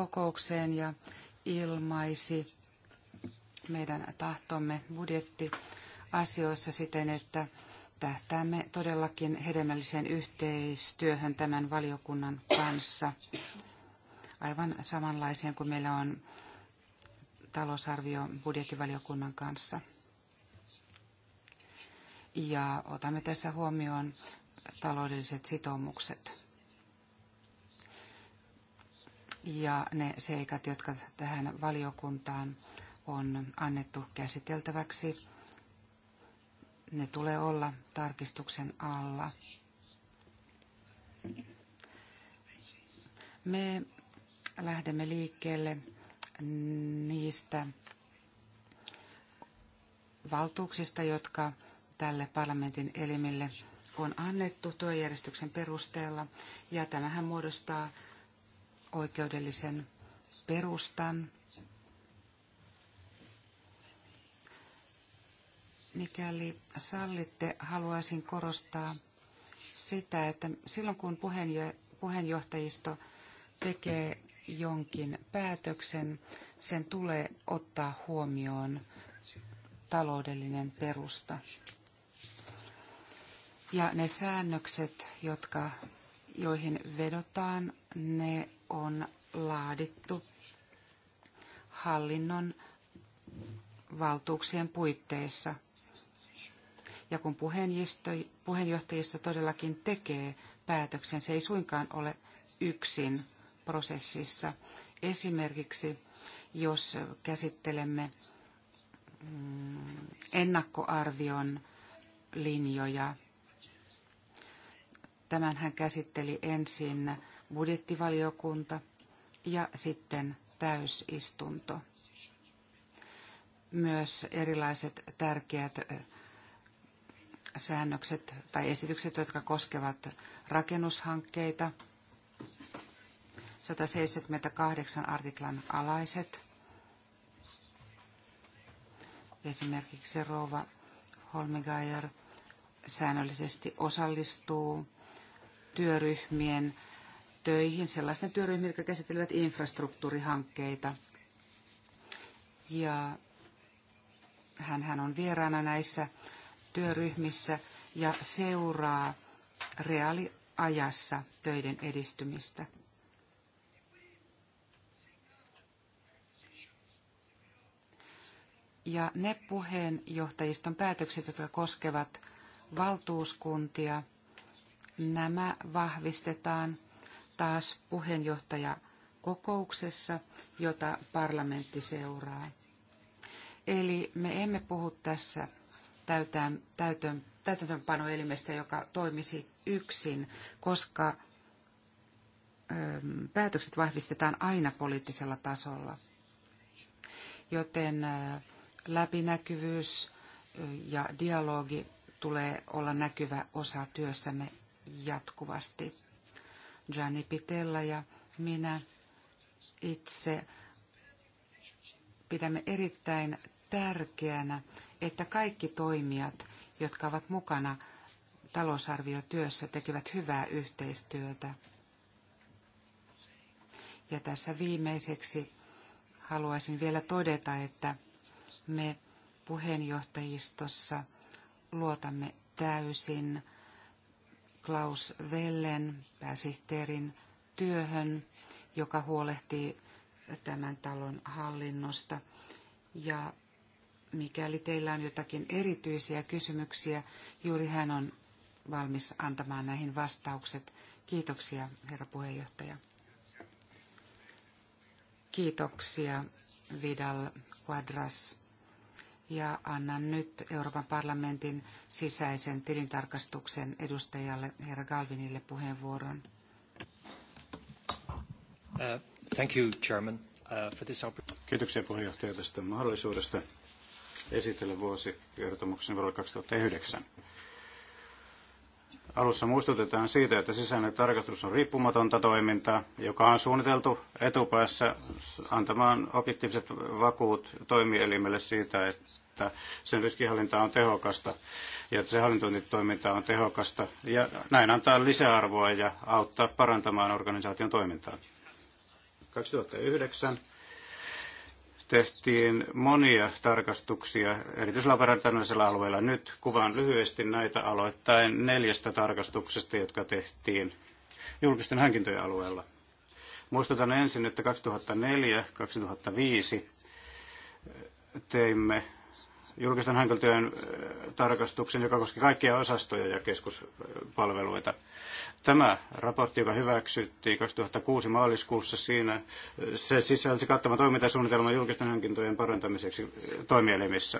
kokoukseen ja ilmaisi meidän tahtomme budjettiasioissa siten, että tähtäämme todellakin hedelmälliseen yhteistyöhön tämän valiokunnan kanssa. Aivan samanlaiseen kuin meillä on talousarvio budjettivaliokunnan kanssa. Ja otamme tässä huomioon taloudelliset sitoumukset ja ne seikat, jotka tähän valiokuntaan on annettu käsiteltäväksi, ne tulee olla tarkistuksen alla. Me lähdemme liikkeelle niistä valtuuksista, jotka tälle parlamentin elimille on annettu työjärjestyksen perusteella, ja tämähän muodostaa oikeudellisen perustan, Mikäli sallitte, haluaisin korostaa sitä, että silloin kun puheenjohtajisto tekee jonkin päätöksen, sen tulee ottaa huomioon taloudellinen perusta. Ja ne säännökset, jotka, joihin vedotaan, ne on laadittu hallinnon valtuuksien puitteissa. Ja kun puheenjohtajista todellakin tekee päätöksen, se ei suinkaan ole yksin prosessissa. Esimerkiksi jos käsittelemme mm, ennakkoarvion linjoja, tämän hän käsitteli ensin budjettivaliokunta ja sitten täysistunto. Myös erilaiset tärkeät säännökset tai esitykset, jotka koskevat rakennushankkeita, 178 artiklan alaiset. Esimerkiksi Rova Holmigeier säännöllisesti osallistuu työryhmien töihin sellaisten työryhmien, jotka käsittelevät infrastruktuurihankkeita. Ja hän, hän on vieraana näissä työryhmissä ja seuraa reaaliajassa töiden edistymistä. Ja ne puheenjohtajiston päätökset, jotka koskevat valtuuskuntia, nämä vahvistetaan – taas puheenjohtaja kokouksessa, jota parlamentti seuraa. Eli me emme puhu tässä täytään, täytön, täytäntöönpanoelimestä, joka toimisi yksin, koska päätökset vahvistetaan aina poliittisella tasolla. Joten läpinäkyvyys ja dialogi tulee olla näkyvä osa työssämme jatkuvasti. Gianni Pitella ja minä itse pidämme erittäin tärkeänä, että kaikki toimijat, jotka ovat mukana talousarviotyössä, tekevät hyvää yhteistyötä. Ja tässä viimeiseksi haluaisin vielä todeta, että me puheenjohtajistossa luotamme täysin Klaus Vellen pääsihteerin työhön, joka huolehtii tämän talon hallinnosta. Ja mikäli teillä on jotakin erityisiä kysymyksiä, juuri hän on valmis antamaan näihin vastaukset. Kiitoksia, herra puheenjohtaja. Kiitoksia, Vidal Quadras ja annan nyt Euroopan parlamentin sisäisen tilintarkastuksen edustajalle herra Galvinille puheenvuoron. Uh, thank you, Chairman, uh, for this Kiitoksia puheenjohtaja tästä mahdollisuudesta esitellä vuosikertomuksen vuodelle 2009. Alussa muistutetaan siitä, että sisäinen tarkastus on riippumatonta toimintaa, joka on suunniteltu etupäässä antamaan objektiiviset vakuut toimielimelle siitä, että sen riskihallinta on tehokasta ja että se hallintointitoiminta on tehokasta ja näin antaa lisäarvoa ja auttaa parantamaan organisaation toimintaa. 2009 tehtiin monia tarkastuksia erityislaboratorioisella alueella. Nyt kuvaan lyhyesti näitä aloittain neljästä tarkastuksesta, jotka tehtiin julkisten hankintojen alueella. Muistutan ensin, että 2004-2005 teimme julkisten hankintojen tarkastuksen, joka koski kaikkia osastoja ja keskuspalveluita. Tämä raportti, joka hyväksyttiin 2006 maaliskuussa, siinä se sisälsi kattava toimintasuunnitelma julkisten hankintojen parantamiseksi toimielimissä.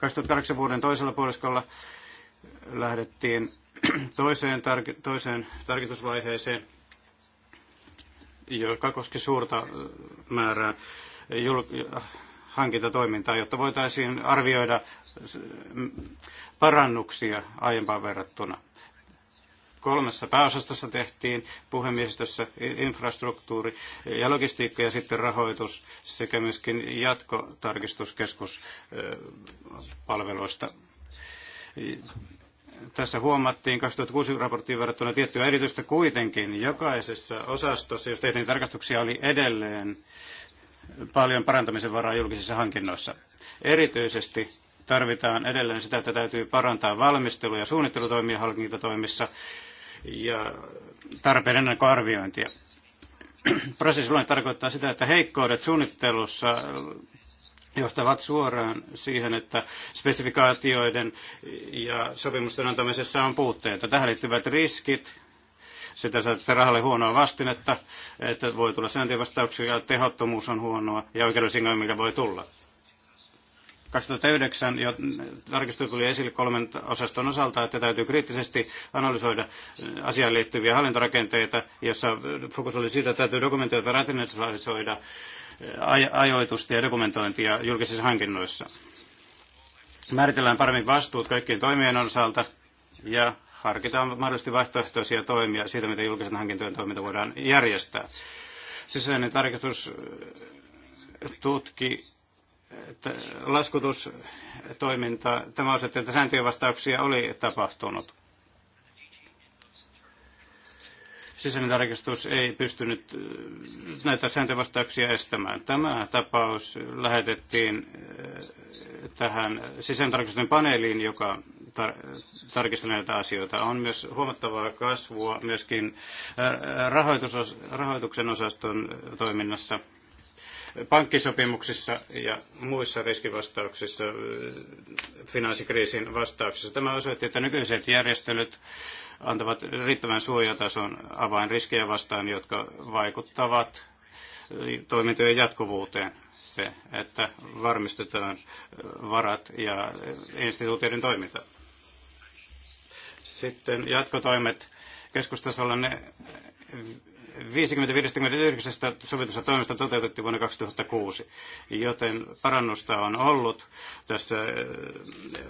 2008 vuoden toisella puoliskolla lähdettiin toiseen, tar- toiseen tarkistusvaiheeseen, joka koski suurta määrää hankintatoimintaa, jotta voitaisiin arvioida parannuksia aiempaan verrattuna. Kolmessa pääosastossa tehtiin puhemiestössä infrastruktuuri ja logistiikka ja sitten rahoitus sekä myöskin jatkotarkistuskeskus palveluista tässä huomattiin 2006 raporttiin verrattuna tiettyä erityistä kuitenkin. Jokaisessa osastossa, jos tehtiin tarkastuksia, oli edelleen paljon parantamisen varaa julkisissa hankinnoissa. Erityisesti tarvitaan edelleen sitä, että täytyy parantaa valmistelu- ja suunnittelutoimia hankintatoimissa ja tarpeen ennakkoarviointia. Prosessiluonne tarkoittaa sitä, että heikkoudet suunnittelussa johtavat suoraan siihen, että spesifikaatioiden ja sopimusten antamisessa on puutteita. Tähän liittyvät riskit sitä raha oli huonoa vastinetta, että voi tulla sääntövastauksia, tehottomuus on huonoa ja oikeudellisia ongelmia voi tulla. 2009 jo tarkistus tuli esille kolmen osaston osalta, että täytyy kriittisesti analysoida äh, asiaan liittyviä hallintorakenteita, jossa fokus oli siitä, että täytyy dokumentoida rationalisoida äh, ajoitusta ja dokumentointia julkisissa hankinnoissa. Määritellään paremmin vastuut kaikkien toimien osalta ja harkitaan mahdollisesti vaihtoehtoisia toimia siitä, miten julkisen hankintojen toiminta voidaan järjestää. Sisäinen tarkastus tutki laskutustoiminta. Tämä osoitti, että sääntöjen vastauksia oli tapahtunut. Sisäinen tarkastus ei pystynyt näitä sääntövastauksia estämään. Tämä tapaus lähetettiin eh, tähän sisäinen paneeliin, joka tar- tarkistella näitä asioita. On myös huomattavaa kasvua myöskin rahoitus- rahoituksen osaston toiminnassa pankkisopimuksissa ja muissa riskivastauksissa, finanssikriisin vastauksissa. Tämä osoitti, että nykyiset järjestelyt antavat riittävän suojatason avainriskejä vastaan, jotka vaikuttavat toimintojen jatkuvuuteen. Se, että varmistetaan varat ja instituutioiden toiminta. Sitten jatkotoimet keskustasolla ne 50-59 sovitusta toimesta toteutettiin vuonna 2006, joten parannusta on ollut tässä eh,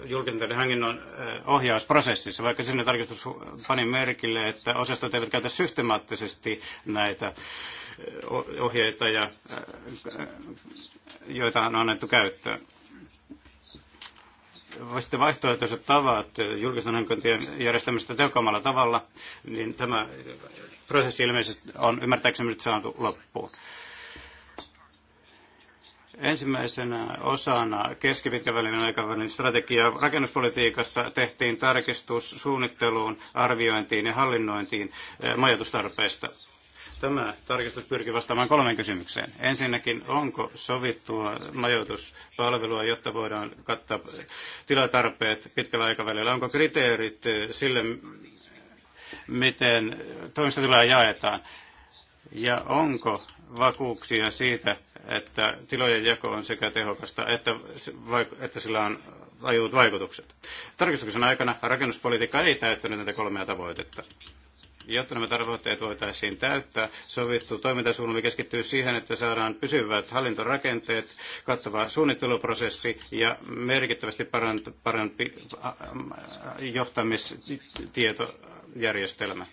julkisen hankinnon eh, ohjausprosessissa, vaikka sinne tarkistus pani merkille, että osastot eivät käytä systemaattisesti näitä eh, ohjeita, ja, joita on annettu käyttöön vasta vaihtoehtoiset tavat julkisen hankintojen järjestämistä tehokkaammalla tavalla, niin tämä prosessi ilmeisesti on ymmärtääkseni nyt saatu loppuun. Ensimmäisenä osana keskipitkävälinen välin aikavälin strategia rakennuspolitiikassa tehtiin tarkistus suunnitteluun, arviointiin ja hallinnointiin eh, majoitustarpeesta. Tämä tarkistus pyrkii vastaamaan kolmeen kysymykseen. Ensinnäkin, onko sovittua majoituspalvelua, jotta voidaan kattaa tilatarpeet pitkällä aikavälillä? Onko kriteerit eh, sille, miten toimistotilaa jaetaan? Ja onko vakuuksia siitä, että tilojen jako on sekä tehokasta että, että sillä on ajut vaikutukset. Tarkistuksen aikana rakennuspolitiikka ei täyttänyt näitä kolmea tavoitetta. Jotta nämä tavoitteet voitaisiin täyttää, sovittu toimintasuunnitelma keskittyy siihen, että saadaan pysyvät hallintorakenteet, kattava suunnitteluprosessi ja merkittävästi parempi johtamistietojärjestelmä.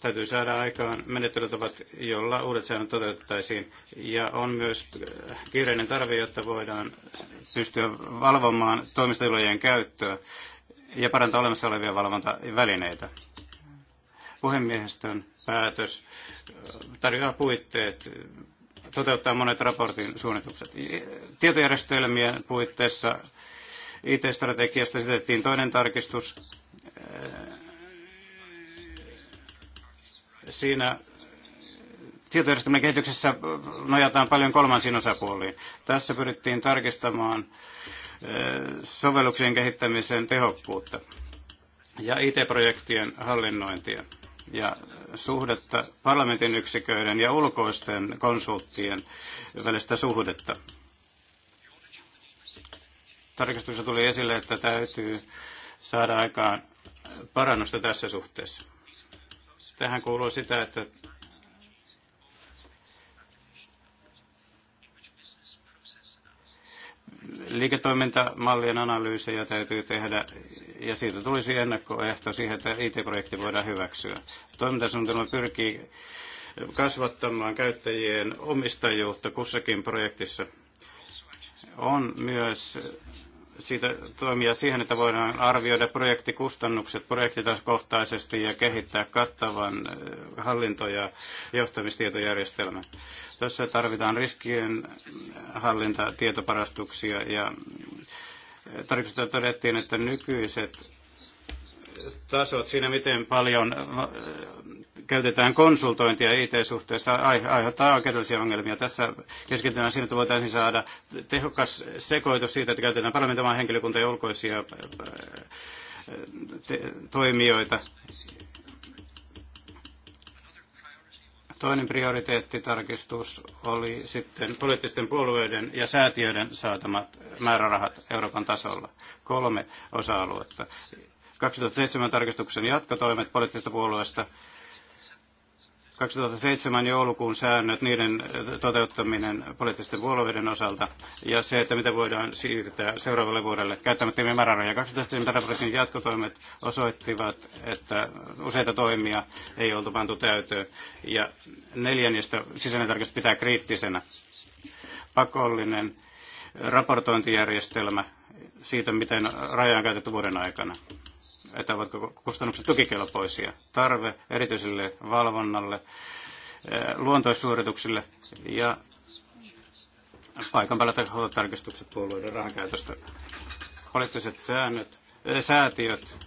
täytyy saada aikaan menettelytavat, jolla uudet säännöt toteutettaisiin. Ja on myös äh, kiireinen tarve, jotta voidaan pystyä valvomaan toimistotilojen käyttöä ja parantaa olemassa olevia valvontavälineitä. Puhemiehistön päätös äh, tarjoaa puitteet äh, toteuttaa monet raportin suunnitukset. Tietojärjestelmien puitteissa IT-strategiasta esitettiin toinen tarkistus. Äh, siinä tietojärjestelmien kehityksessä nojataan paljon kolmansiin osapuoliin. Tässä pyrittiin tarkistamaan sovelluksien kehittämisen tehokkuutta ja IT-projektien hallinnointia ja suhdetta parlamentin yksiköiden ja ulkoisten konsulttien välistä suhdetta. Tarkastuksessa tuli esille, että täytyy saada aikaan parannusta tässä suhteessa. Tähän kuuluu sitä, että Liiketoimintamallien analyysejä täytyy tehdä ja siitä tulisi ennakkoehto siihen, että IT-projekti voidaan hyväksyä. Toimintasuunnitelma pyrkii kasvattamaan käyttäjien omistajuutta kussakin projektissa. On myös siitä toimia siihen, että voidaan arvioida projektikustannukset projektitaskohtaisesti ja kehittää kattavan eh, hallinto- ja johtamistietojärjestelmän. Tässä tarvitaan riskien hallintatietoparastuksia ja eh, tarkistusta todettiin, että nykyiset tasot siinä, miten paljon eh, käytetään konsultointia IT-suhteessa, aiheuttaa oikeudellisia ongelmia. Tässä keskitytään siinä, että voitaisiin saada tehokas sekoitus siitä, että käytetään parlamentomaan henkilökunta ja ulkoisia äh, toimijoita. Toinen prioriteettitarkistus oli sitten poliittisten puolueiden ja säätiöiden saatamat määrärahat Euroopan tasolla. Kolme osa-aluetta. 2007 tarkistuksen jatkotoimet poliittisesta puolueesta 2007 joulukuun säännöt, niiden äh, toteuttaminen poliittisten puolueiden osalta ja se, että mitä voidaan siirtää seuraavalle vuodelle käyttämättömiä määrärahoja. 12 prosentin jatkotoimet osoittivat, että useita toimia ei oltu pantu täytöön ja neljännestä sisäinen tarkastus pitää kriittisenä. Pakollinen raportointijärjestelmä siitä, miten raja on käytetty vuoden aikana että ovatko kustannukset tukikelpoisia. Tarve erityiselle valvonnalle, eh, luontoissuorituksille ja paikan päällä tarkistukset puolueiden rahankäytöstä. Poliittiset säännöt, äh, säätiöt,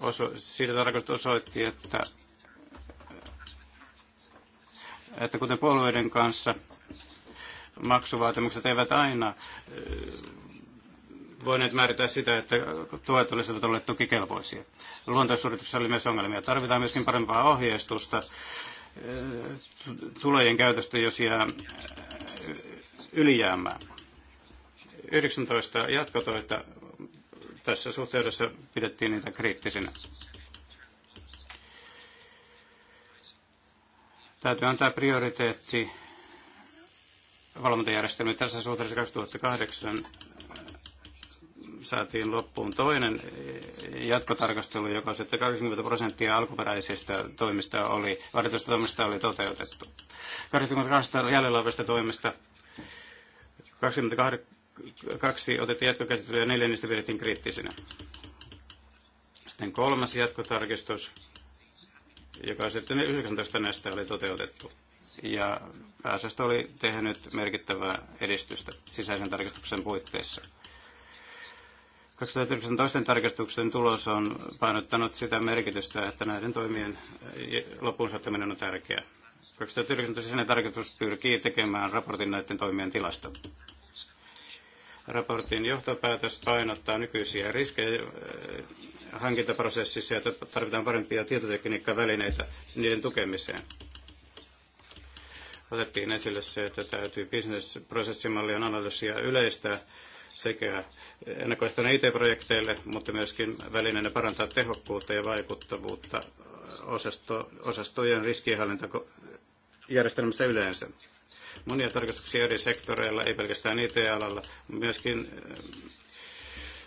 oso, siitä tarkoitus osoitti, että, että kuten puolueiden kanssa maksuvaatimukset eivät aina eh, voineet määrittää sitä, että tuet olisivat olleet tukikelpoisia. Luontoisyrityksessä oli myös ongelmia. Tarvitaan myöskin parempaa ohjeistusta eh, tulojen käytöstä, jos jää eh, ylijäämää. 19 jatkotoita tässä suhteessa pidettiin niitä kriittisinä. Täytyy antaa prioriteetti valvontajärjestelmiin. Tässä suhteessa 2008 saatiin loppuun toinen eh, jatkotarkastelu, joka sitten 80 prosenttia alkuperäisistä toimista oli, vaaditusta toimista oli toteutettu. 22 jäljellä olevista toimista 22 otettiin jatkokäsittelyä ja neljä niistä pidettiin kriittisinä. Sitten kolmas jatkotarkistus, joka sitten 19 näistä oli toteutettu ja pääsästä oli tehnyt merkittävää edistystä sisäisen tarkastuksen puitteissa. 2019 tarkastuksen tulos on painottanut sitä merkitystä, että näiden toimien loppuun saattaminen on tärkeää. 2019 sinne tarkastus pyrkii tekemään raportin näiden toimien tilasta. Raportin johtopäätös painottaa nykyisiä riskejä eh, hankintaprosessissa ja tarvitaan parempia tietotekniikkavälineitä niiden tukemiseen otettiin esille se, että täytyy bisnesprosessimallia analyysiä yleistä sekä ennakoihtana IT-projekteille, mutta myöskin välineenä parantaa tehokkuutta ja vaikuttavuutta osasto, osastojen riskienhallintajärjestelmässä yleensä. Monia tarkastuksia eri sektoreilla, ei pelkästään IT-alalla, myöskin eh,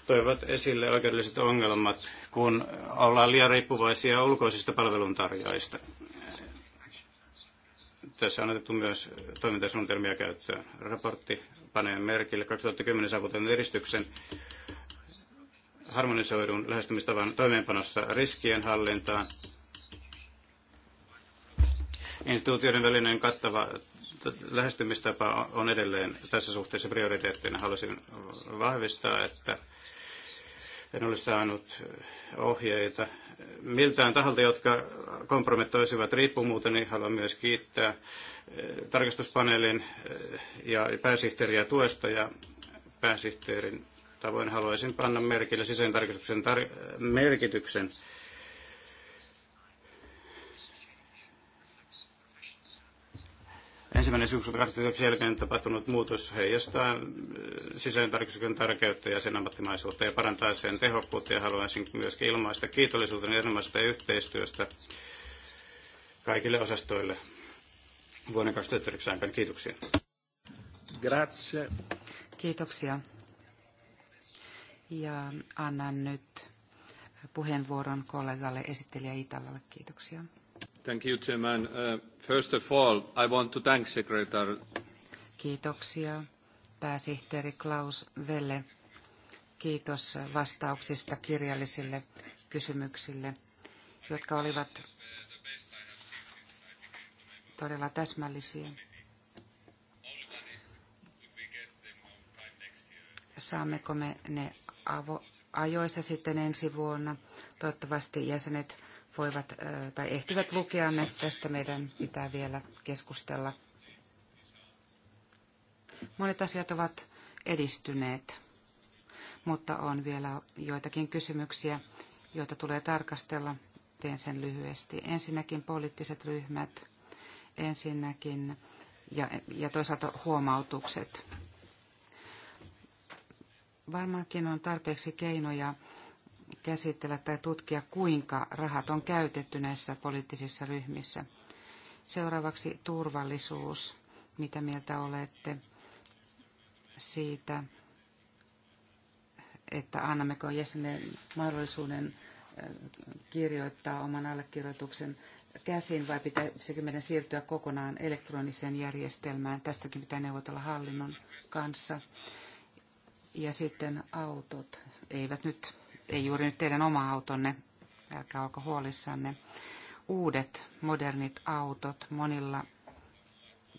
toivat esille oikeudelliset ongelmat, kun ollaan liian riippuvaisia ulkoisista palveluntarjoajista. Tässä on otettu myös toimintasuunnitelmia käyttöön. Raportti panee merkille 2010 saavutetun edistyksen harmonisoidun lähestymistavan toimeenpanossa riskien hallintaan. Instituutioiden välinen kattava lähestymistapa on edelleen tässä suhteessa prioriteettina. Haluaisin vahvistaa, että en ole saanut eh, ohjeita miltään taholta, jotka kompromettoisivat riippumuuteni. Niin haluan myös kiittää eh, tarkastuspaneelin eh, ja pääsihteeriä tuesta ja pääsihteerin tavoin haluaisin panna merkille sisäisen tar- merkityksen Ensimmäinen syksyltä 2009 jälkeen tapahtunut muutos heijastaa äh, sisäinen tärkeyttä ja sen ammattimaisuutta ja parantaa sen tehokkuutta. Ja haluaisin myöskin ilmaista kiitollisuuden erinomaisesta yhteistyöstä kaikille osastoille vuoden 2009 aikana. Kiitoksia. Grazie. Kiitoksia. Ja annan nyt puheenvuoron kollegalle esittelijä Italalle. Kiitoksia. Thank you, Chairman. Uh, first of all, I want to thank Secretary. Kiitoksia pääsihteeri Klaus Velle. Kiitos vastauksista kirjallisille kysymyksille, jotka olivat todella täsmällisiä. Saammeko me ne ajoissa sitten ensi vuonna? Toivottavasti jäsenet voivat tai ehtivät lukea ne. Tästä meidän pitää vielä keskustella. Monet asiat ovat edistyneet, mutta on vielä joitakin kysymyksiä, joita tulee tarkastella. Teen sen lyhyesti. Ensinnäkin poliittiset ryhmät, ensinnäkin ja, ja toisaalta huomautukset. Varmaankin on tarpeeksi keinoja käsitellä tai tutkia, kuinka rahat on käytetty näissä poliittisissa ryhmissä. Seuraavaksi turvallisuus. Mitä mieltä olette siitä, että annammeko jäsenen mahdollisuuden kirjoittaa oman allekirjoituksen käsin vai pitäisikö meidän siirtyä kokonaan elektroniseen järjestelmään? Tästäkin pitää neuvotella hallinnon kanssa. Ja sitten autot eivät nyt ei juuri nyt teidän oma autonne, älkää olko huolissanne. Uudet modernit autot monilla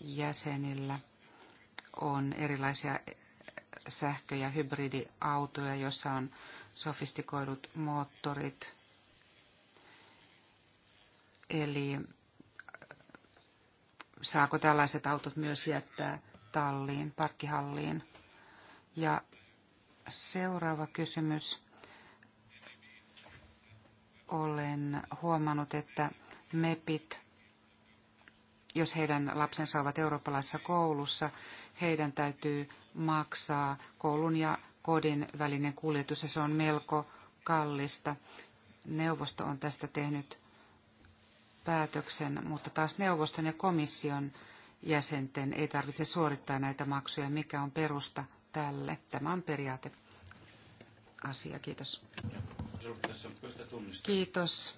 jäsenillä on erilaisia sähkö- ja hybridiautoja, joissa on sofistikoidut moottorit. Eli saako tällaiset autot myös jättää talliin, parkkihalliin? Ja seuraava kysymys olen huomannut, että MEPit, jos heidän lapsensa ovat eurooppalaisessa koulussa, heidän täytyy maksaa koulun ja kodin välinen kuljetus ja se on melko kallista. Neuvosto on tästä tehnyt päätöksen, mutta taas neuvoston ja komission jäsenten ei tarvitse suorittaa näitä maksuja. Mikä on perusta tälle? Tämä on periaate. Asia. Kiitos. Kiitos.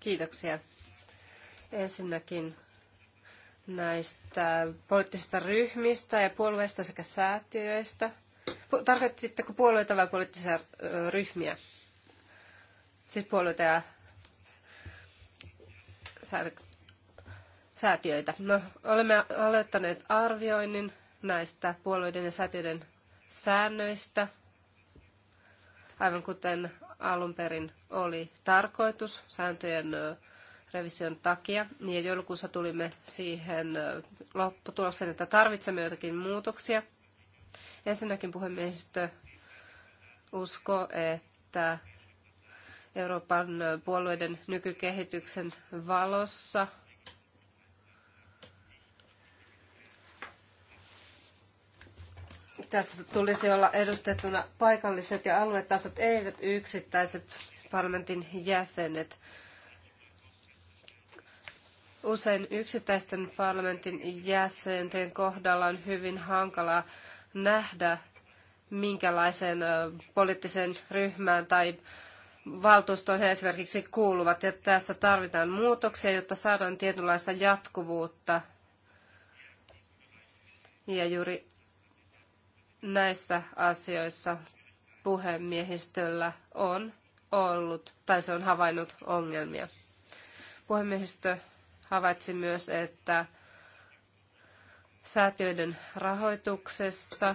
Kiitoksia. Ensinnäkin näistä poliittisista ryhmistä ja puolueista sekä säätiöistä. Tarkoititteko puolueita vai poliittisia ryhmiä? Siis puolueita ja säätiöitä. No, olemme aloittaneet arvioinnin näistä puolueiden ja säätiöiden säännöistä, aivan kuten alun perin oli tarkoitus sääntöjen revision takia. Niin ja joulukuussa tulimme siihen lopputulokseen, että tarvitsemme jotakin muutoksia. Ensinnäkin puhemiehistö Usko, että Euroopan puolueiden nykykehityksen valossa – Tässä tulisi olla edustettuna paikalliset ja aluetasot, eivät yksittäiset parlamentin jäsenet. Usein yksittäisten parlamentin jäsenten kohdalla on hyvin hankalaa nähdä, minkälaiseen poliittiseen ryhmään tai valtuustoon he esimerkiksi kuuluvat. Ja tässä tarvitaan muutoksia, jotta saadaan tietynlaista jatkuvuutta. Ja juuri näissä asioissa puhemiehistöllä on ollut tai se on havainnut ongelmia. Puhemiehistö havaitsi myös, että säätiöiden rahoituksessa,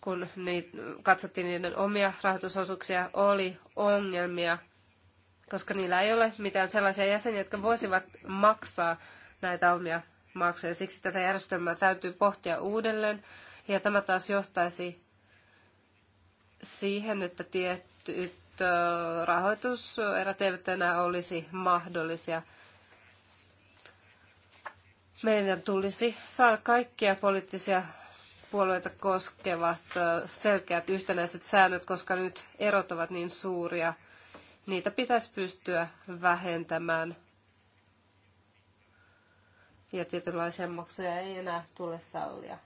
kun niitä, katsottiin niiden omia rahoitusosuuksia, oli ongelmia, koska niillä ei ole mitään sellaisia jäseniä, jotka voisivat maksaa näitä omia maksuja. Siksi tätä järjestelmää täytyy pohtia uudelleen ja tämä taas johtaisi siihen, että tietyt rahoituserät eivät enää olisi mahdollisia. Meidän tulisi saada kaikkia poliittisia puolueita koskevat selkeät yhtenäiset säännöt, koska nyt erot ovat niin suuria. Niitä pitäisi pystyä vähentämään. Ja tietynlaisia maksuja ei enää tule sallia.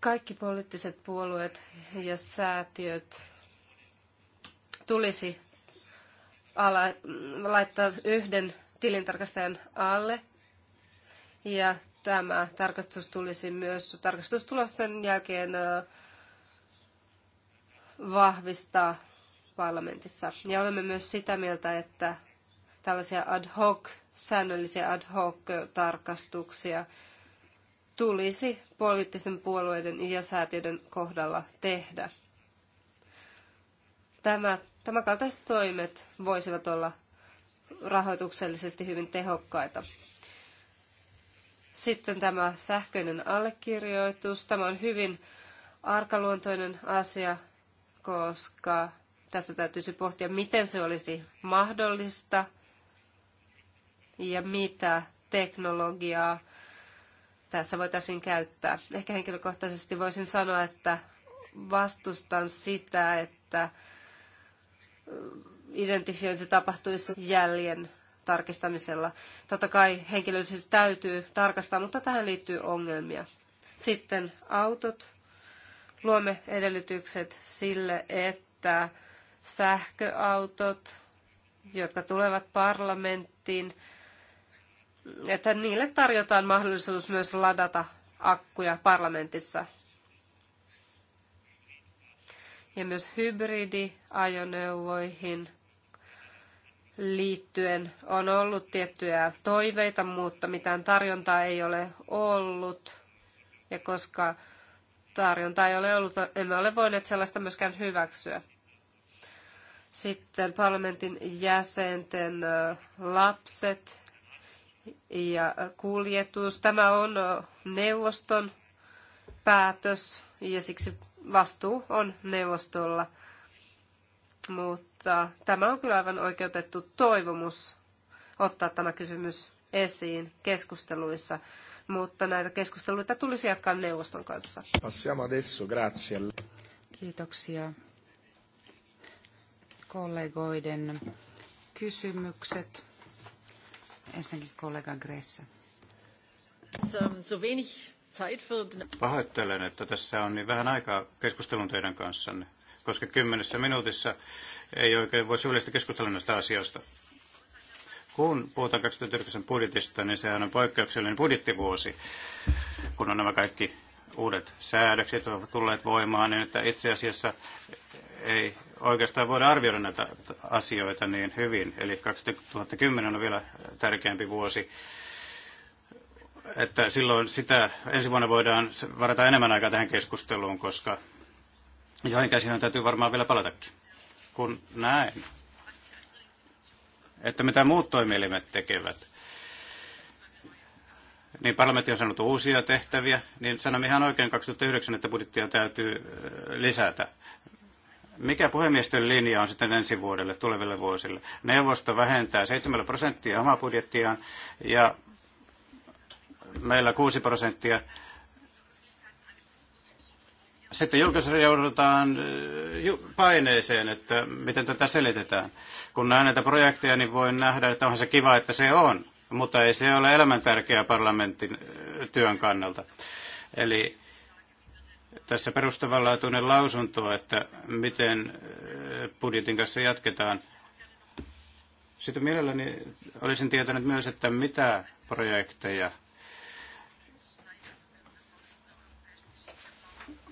Kaikki poliittiset puolueet ja säätiöt tulisi ala, laittaa yhden tilintarkastajan alle. Ja tämä tarkastus tulisi myös tarkastustulosten jälkeen vahvistaa parlamentissa. Ja olemme myös sitä mieltä, että tällaisia ad hoc, säännöllisiä ad hoc tarkastuksia tulisi poliittisten puolueiden ja säätiöiden kohdalla tehdä. Tämä, tämä kaltaiset toimet voisivat olla rahoituksellisesti hyvin tehokkaita. Sitten tämä sähköinen allekirjoitus. Tämä on hyvin arkaluontoinen asia, koska tässä täytyisi pohtia, miten se olisi mahdollista ja mitä teknologiaa tässä voitaisiin käyttää. Ehkä henkilökohtaisesti voisin sanoa, että vastustan sitä, että identifiointi tapahtuisi jäljen tarkistamisella. Totta kai henkilöllisyys täytyy tarkastaa, mutta tähän liittyy ongelmia. Sitten autot. Luomme edellytykset sille, että sähköautot, jotka tulevat parlamenttiin, että niille tarjotaan mahdollisuus myös ladata akkuja parlamentissa. Ja myös hybridiajoneuvoihin liittyen on ollut tiettyjä toiveita, mutta mitään tarjontaa ei ole ollut. Ja koska tarjontaa ei ole ollut, emme ole voineet sellaista myöskään hyväksyä. Sitten parlamentin jäsenten lapset ja kuljetus. Tämä on neuvoston päätös ja siksi vastuu on neuvostolla. Mutta tämä on kyllä aivan oikeutettu toivomus ottaa tämä kysymys esiin keskusteluissa, mutta näitä keskusteluita tulisi jatkaa neuvoston kanssa. Passiamo adesso, grazie. Kiitoksia kollegoiden kysymykset. Ensinnäkin kollega Gressa. Pahoittelen, että tässä on niin vähän aikaa keskustelun teidän kanssanne, koska kymmenessä minuutissa ei oikein voi syvällisesti keskustella näistä asioista. Kun puhutaan 2009 budjetista, niin sehän on poikkeuksellinen budjettivuosi, kun on nämä kaikki uudet säädökset ovat tulleet voimaan, niin että itse asiassa ei oikeastaan voida arvioida näitä asioita niin hyvin. Eli 2010 on vielä tärkeämpi vuosi. Että silloin sitä ensi vuonna voidaan varata enemmän aikaa tähän keskusteluun, koska joihin käsihän täytyy varmaan vielä palatakin. Kun näen, että mitä muut toimielimet tekevät, niin parlamentti on saanut uusia tehtäviä, niin sanomme ihan oikein 2009, että budjettia täytyy lisätä. Mikä puhemiesten linja on sitten ensi vuodelle, tuleville vuosille? Neuvosto vähentää 7 prosenttia omaa budjettiaan ja meillä 6 prosenttia. Sitten julkisessa joudutaan äh, paineeseen, että miten tätä selitetään. Kun näen näitä projekteja, niin voin nähdä, että onhan se kiva, että se on, mutta ei se ole elämäntärkeää parlamentin äh, työn kannalta. Eli tässä perustavanlaatuinen lausunto, että miten äh, budjetin kanssa jatketaan. Sitten mielelläni olisin tietänyt myös, että mitä projekteja.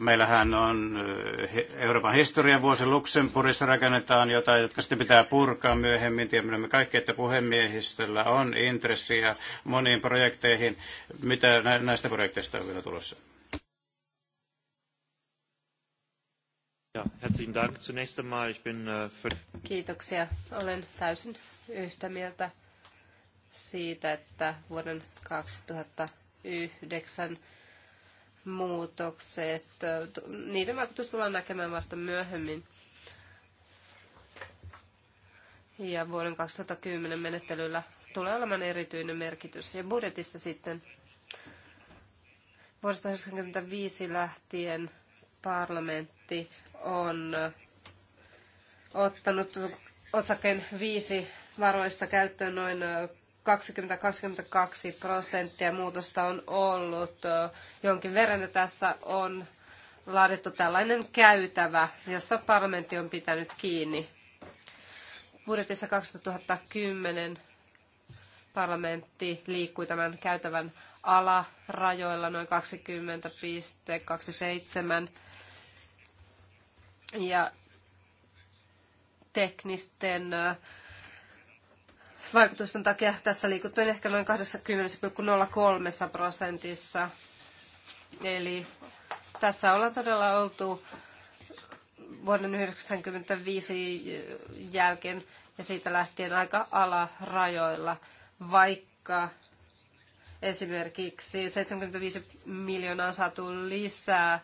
Meillähän on äh, Euroopan historian vuosi Luxemburgissa rakennetaan jotain, jotka sitten pitää purkaa myöhemmin. Tiedämme kaikki, että puhemiehistöllä on intressiä moniin projekteihin. Mitä näistä projekteista on vielä tulossa? Äh, Kiitoksia. Olen täysin yhtä mieltä siitä, että vuoden 2009 muutokset, niiden vaikutus tullaan näkemään vasta myöhemmin. Ja vuoden 2010 menettelyllä tulee olemaan erityinen merkitys. Ja budjetista sitten vuodesta 1995 lähtien parlamentti on ottanut otsakkeen viisi varoista käyttöön noin 20-22 prosenttia muutosta on ollut jonkin verran. Ja tässä on laadittu tällainen käytävä, josta parlamentti on pitänyt kiinni. Budjetissa 2010 parlamentti liikkui tämän käytävän alarajoilla noin 20,27 ja teknisten vaikutusten takia tässä liikuttiin ehkä noin 20,03 prosentissa. Eli tässä ollaan todella oltu vuoden 1995 jälkeen ja siitä lähtien aika alarajoilla, vaikka esimerkiksi 75 miljoonaa saatu lisää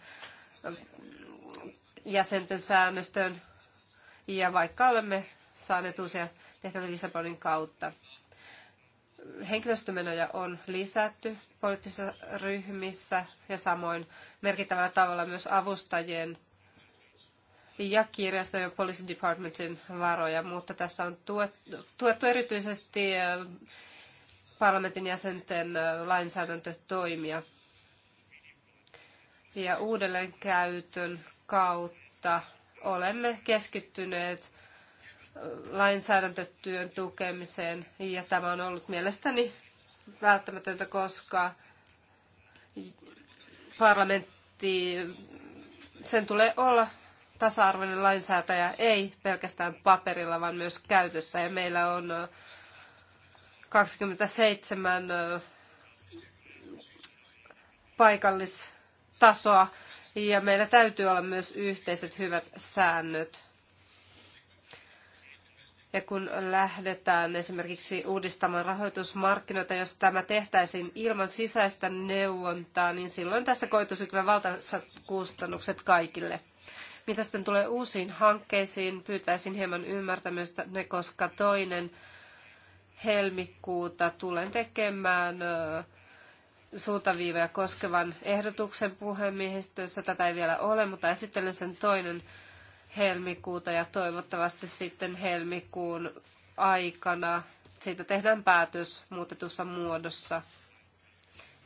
jäsenten säännöstöön ja vaikka olemme saaneet uusia tehtäviä Lissabonin kautta. Henkilöstömenoja on lisätty poliittisissa ryhmissä ja samoin merkittävällä tavalla myös avustajien ja kirjastojen Police Departmentin varoja, mutta tässä on tuettu erityisesti äh, parlamentin jäsenten äh, lainsäädäntötoimia. Ja uudelleenkäytön kautta olemme keskittyneet lainsäädäntötyön tukemiseen ja tämä on ollut mielestäni välttämätöntä, koska parlamentti, sen tulee olla tasa-arvoinen lainsäätäjä, ei pelkästään paperilla, vaan myös käytössä. Ja meillä on 27 paikallistasoa, ja meillä täytyy olla myös yhteiset hyvät säännöt. Ja kun lähdetään esimerkiksi uudistamaan rahoitusmarkkinoita, jos tämä tehtäisiin ilman sisäistä neuvontaa, niin silloin tästä koituisi kyllä valtaisat kustannukset kaikille. Mitä sitten tulee uusiin hankkeisiin, pyytäisin hieman ymmärtämystä ne, koska toinen helmikuuta tulen tekemään suuntaviivoja koskevan ehdotuksen puhemiehistössä. Tätä ei vielä ole, mutta esittelen sen toinen helmikuuta ja toivottavasti sitten helmikuun aikana siitä tehdään päätös muutetussa muodossa.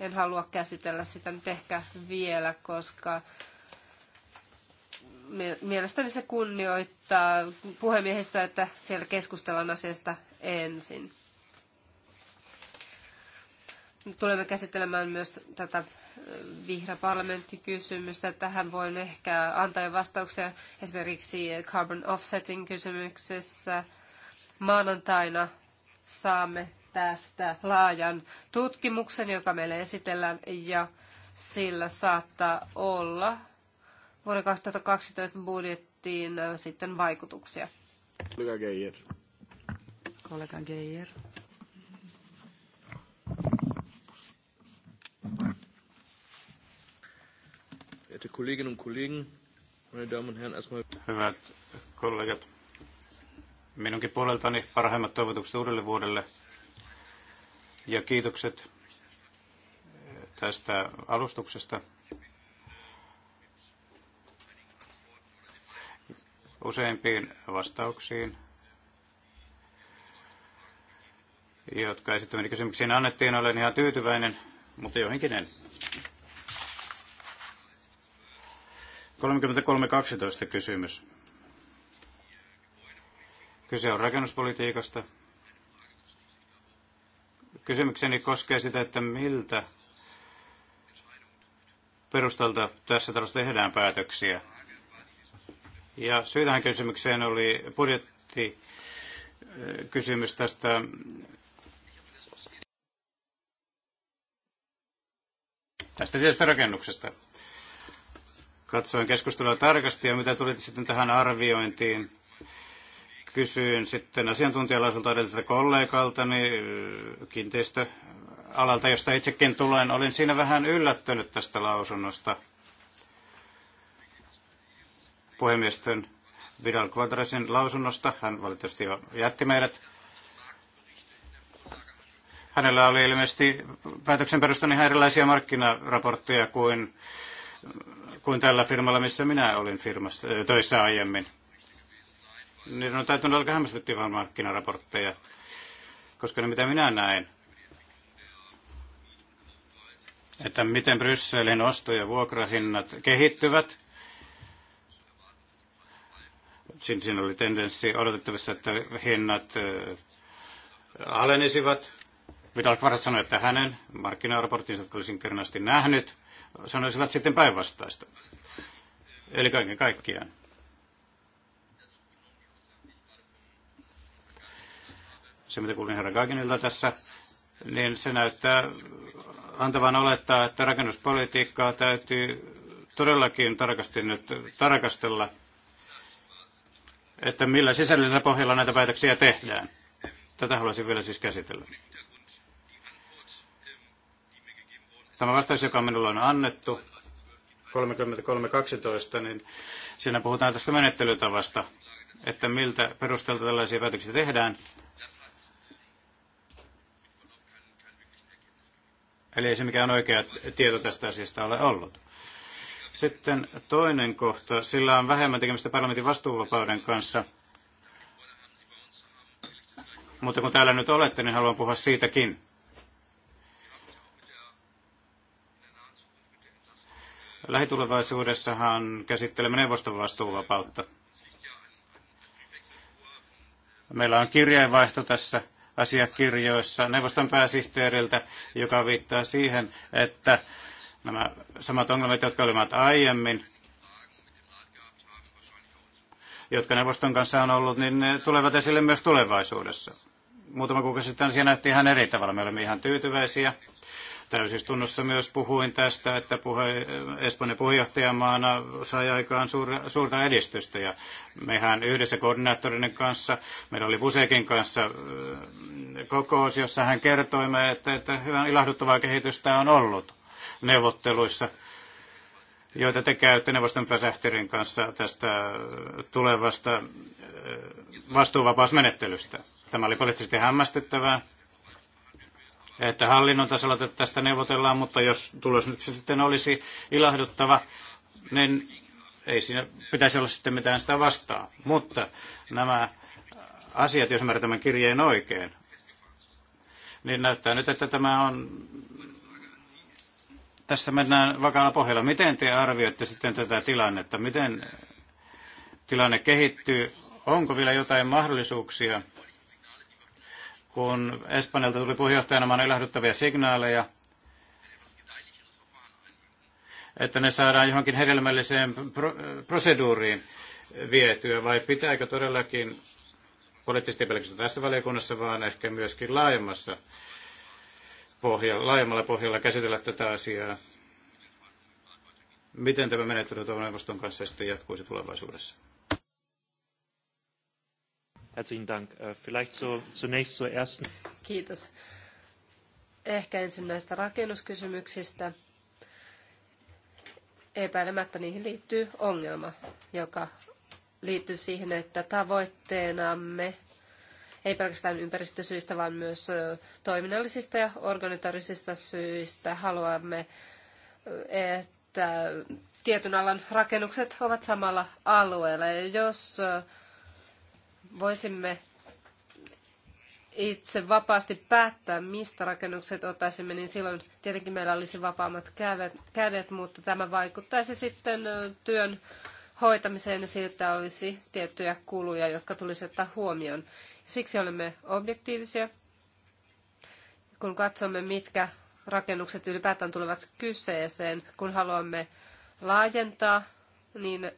En halua käsitellä sitä nyt ehkä vielä, koska mielestäni se kunnioittaa puhemiehistä, että siellä keskustellaan asiasta ensin. Tulemme käsittelemään myös tätä vihreä Tähän voin ehkä antaa jo vastauksia esimerkiksi carbon offsetting kysymyksessä. Maanantaina saamme tästä laajan tutkimuksen, joka meille esitellään ja sillä saattaa olla vuoden 2012 budjettiin sitten vaikutuksia. Kollega Geijer. Kollega Geijer. Verehrte Kolleginnen und Kollegen, meine Damen und Herren, erstmal... Hyvät kollegat, minunkin puoleltani parhaimmat toivotukset uudelle vuodelle ja kiitokset eh, tästä alustuksesta. Useimpiin vastauksiin, jotka esittämieni kysymyksiin annettiin, olen ihan tyytyväinen mutta joihinkin en. 33.12 kysymys. Kyse on rakennuspolitiikasta. Kysymykseni koskee sitä, että miltä perustalta tässä talossa tehdään päätöksiä. Ja syy tähän kysymykseen oli budjetti kysymys tästä tästä tietystä rakennuksesta. Katsoin keskustelua tarkasti ja mitä tuli sitten tähän arviointiin. Kysyin sitten asiantuntijalaiselta edelliseltä kollegaltani äh, kiinteistöalalta, josta itsekin tulen. Olin siinä vähän yllättynyt tästä lausunnosta Puhemiestön Vidal Quadrasin lausunnosta. Hän valitettavasti jo jätti meidät Hänellä oli ilmeisesti päätöksen perustani ihan erilaisia markkinaraportteja kuin, kuin tällä firmalla, missä minä olin firmassa, töissä aiemmin. Niin on täytynyt aika hämmästyttävän markkinaraportteja, koska ne mitä minä näen, että miten Brysselin osto- ja vuokrahinnat kehittyvät. Siinä oli tendenssi odotettavissa, että hinnat alenisivat. Vidal Quadras sanoi, että hänen markkinaraporttinsa, jotka olisin kernaasti nähnyt, sanoisivat sitten päinvastaista. Eli kaiken kaikkiaan. Se, mitä kuulin herra Gaginilta tässä, niin se näyttää antavan olettaa, että rakennuspolitiikkaa täytyy todellakin tarkasti nyt tarkastella, että millä sisällisellä pohjalla näitä päätöksiä tehdään. Tätä haluaisin vielä siis käsitellä. Tämä vastaus, joka minulla on annettu, 33.12, niin siinä puhutaan tästä menettelytavasta, että miltä perusteelta tällaisia päätöksiä tehdään. Eli ei se mikään oikea tieto tästä asiasta ole ollut. Sitten toinen kohta, sillä on vähemmän tekemistä parlamentin vastuuvapauden kanssa. Mutta kun täällä nyt olette, niin haluan puhua siitäkin. Lähitulevaisuudessahan käsittelemme neuvoston vastuuvapautta. Meillä on kirjeenvaihto tässä asiakirjoissa neuvoston pääsihteeriltä, joka viittaa siihen, että nämä samat ongelmat, jotka olivat aiemmin, jotka neuvoston kanssa on ollut, niin ne tulevat esille myös tulevaisuudessa. Muutama kuukausi sitten asia nähtiin ihan eri tavalla. Me olemme ihan tyytyväisiä Täysistunnossa myös puhuin tästä, että puhe, Espanjan puheenjohtajamaana sai aikaan suur, suurta edistystä ja mehän yhdessä koordinaattorinen kanssa, meillä oli Busekin kanssa mm, kokous, jossa hän kertoi, että, että hyvän ilahduttavaa kehitystä on ollut neuvotteluissa joita te käytte neuvoston pääsähtirin kanssa tästä tulevasta mm, vastuuvapausmenettelystä. Tämä oli poliittisesti hämmästyttävää että hallinnon tasolla tästä neuvotellaan, mutta jos tulos nyt sitten olisi ilahduttava, niin ei siinä pitäisi olla sitten mitään sitä vastaan. Mutta nämä asiat, jos ymmärrän tämän kirjeen oikein, niin näyttää nyt, että tämä on tässä mennään vakaalla pohjalla. Miten te arvioitte sitten tätä tilannetta? Miten tilanne kehittyy? Onko vielä jotain mahdollisuuksia kun Espanjalta tuli puheenjohtajana maana ilahduttavia signaaleja, että ne saadaan johonkin hedelmälliseen proseduuriin vietyä, vai pitääkö todellakin poliittisesti pelkästään tässä valiokunnassa, vaan ehkä myöskin laajemmassa pohjalla, laajemmalla pohjalla käsitellä tätä asiaa. Miten tämä menettely neuvoston kanssa sitten jatkuisi tulevaisuudessa? Herzlichen Dank. Äh, vielleicht so, zunächst zur ersten. Kiitos. Ehkä ensin näistä rakennuskysymyksistä. Epäilemättä niihin liittyy ongelma, joka liittyy siihen, että tavoitteenamme ei pelkästään ympäristösyistä, vaan myös toiminnallisista ja organisatorisista syistä haluamme, että tietyn alan rakennukset ovat samalla alueella. Ja jos voisimme itse vapaasti päättää, mistä rakennukset ottaisimme, niin silloin tietenkin meillä olisi vapaammat kädet, mutta tämä vaikuttaisi sitten työn hoitamiseen ja siitä olisi tiettyjä kuluja, jotka tulisi ottaa huomioon. Siksi olemme objektiivisia, kun katsomme, mitkä rakennukset ylipäätään tulevat kyseeseen, kun haluamme laajentaa, niin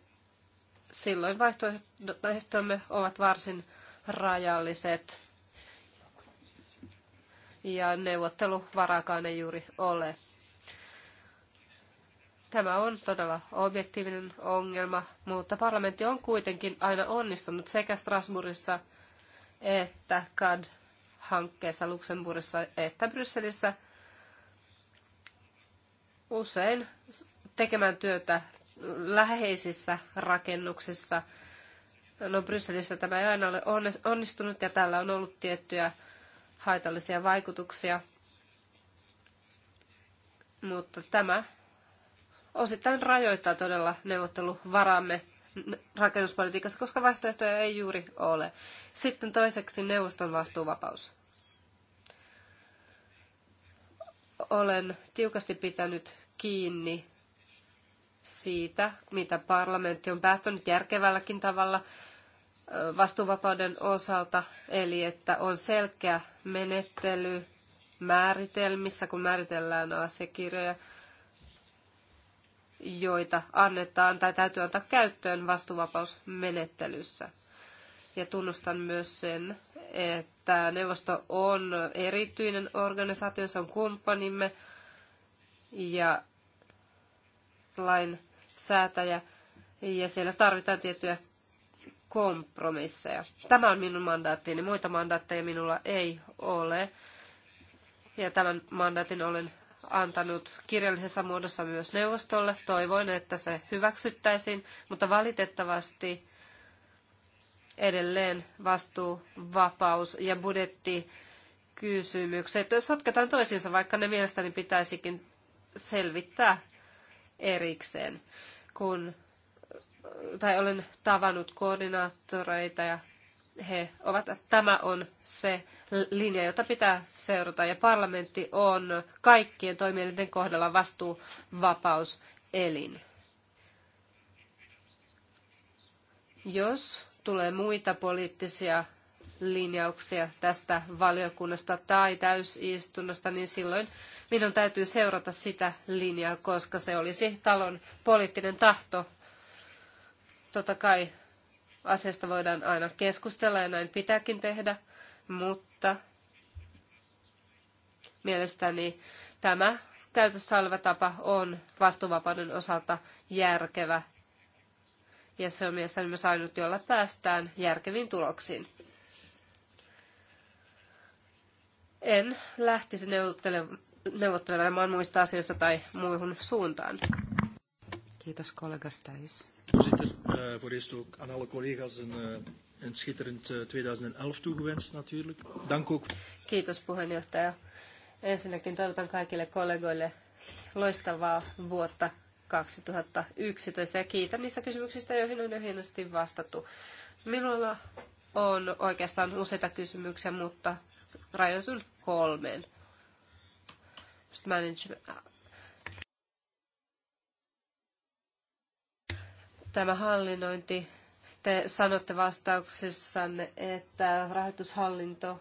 silloin vaihtoehtomme ovat varsin rajalliset ja neuvotteluvaraakaan ei juuri ole. Tämä on todella objektiivinen ongelma, mutta parlamentti on kuitenkin aina onnistunut sekä Strasbourgissa että CAD-hankkeessa Luxemburgissa että Brysselissä usein tekemään työtä läheisissä rakennuksissa. No Brysselissä tämä ei aina ole onnistunut ja tällä on ollut tiettyjä haitallisia vaikutuksia. Mutta tämä osittain rajoittaa todella neuvotteluvaramme rakennuspolitiikassa, koska vaihtoehtoja ei juuri ole. Sitten toiseksi neuvoston vastuuvapaus. Olen tiukasti pitänyt kiinni siitä, mitä parlamentti on päättänyt järkevälläkin tavalla vastuuvapauden osalta, eli että on selkeä menettely määritelmissä, kun määritellään asiakirjoja, joita annetaan tai täytyy antaa käyttöön vastuuvapausmenettelyssä. Ja tunnustan myös sen, että neuvosto on erityinen organisaatio, se on kumppanimme ja lain säätäjä ja siellä tarvitaan tiettyjä kompromisseja. Tämä on minun mandaattini. Muita mandaatteja minulla ei ole. Ja tämän mandaatin olen antanut kirjallisessa muodossa myös neuvostolle. Toivoin, että se hyväksyttäisiin, mutta valitettavasti edelleen vastuu, vapaus ja budjetti kysymykset sotketaan toisiinsa, vaikka ne mielestäni pitäisikin selvittää erikseen. Kun, tai olen tavannut koordinaattoreita ja he ovat, tämä on se linja, jota pitää seurata. Ja parlamentti on kaikkien toimielinten kohdalla vastuuvapauselin. Jos tulee muita poliittisia linjauksia tästä valiokunnasta tai täysistunnosta, niin silloin minun täytyy seurata sitä linjaa, koska se olisi talon poliittinen tahto. Totta kai asiasta voidaan aina keskustella ja näin pitääkin tehdä, mutta mielestäni tämä käytössä oleva tapa on vastuuvapauden osalta järkevä. Ja se on mielestäni myös ainut, jolla päästään järkeviin tuloksiin. en lähtisi neuvottelemaan muista asioista tai muuhun suuntaan. Kiitos collega Stais. Voorzitter, eh, voor eerst ook aan alle collega's een, eh, een schitterend 2011 eh, toegewenst natuurlijk. Dank ook. Kiitos puheenjohtaja. Ensinnäkin toivotan kaikille kollegoille loistavaa vuotta 2011 ja kiitän niistä kysymyksistä, joihin on jo hienosti vastattu. Minulla on oikeastaan useita kysymyksiä, mutta rajoitunut kolmeen. Tämä hallinnointi, te sanotte vastauksessanne, että rahoitushallinto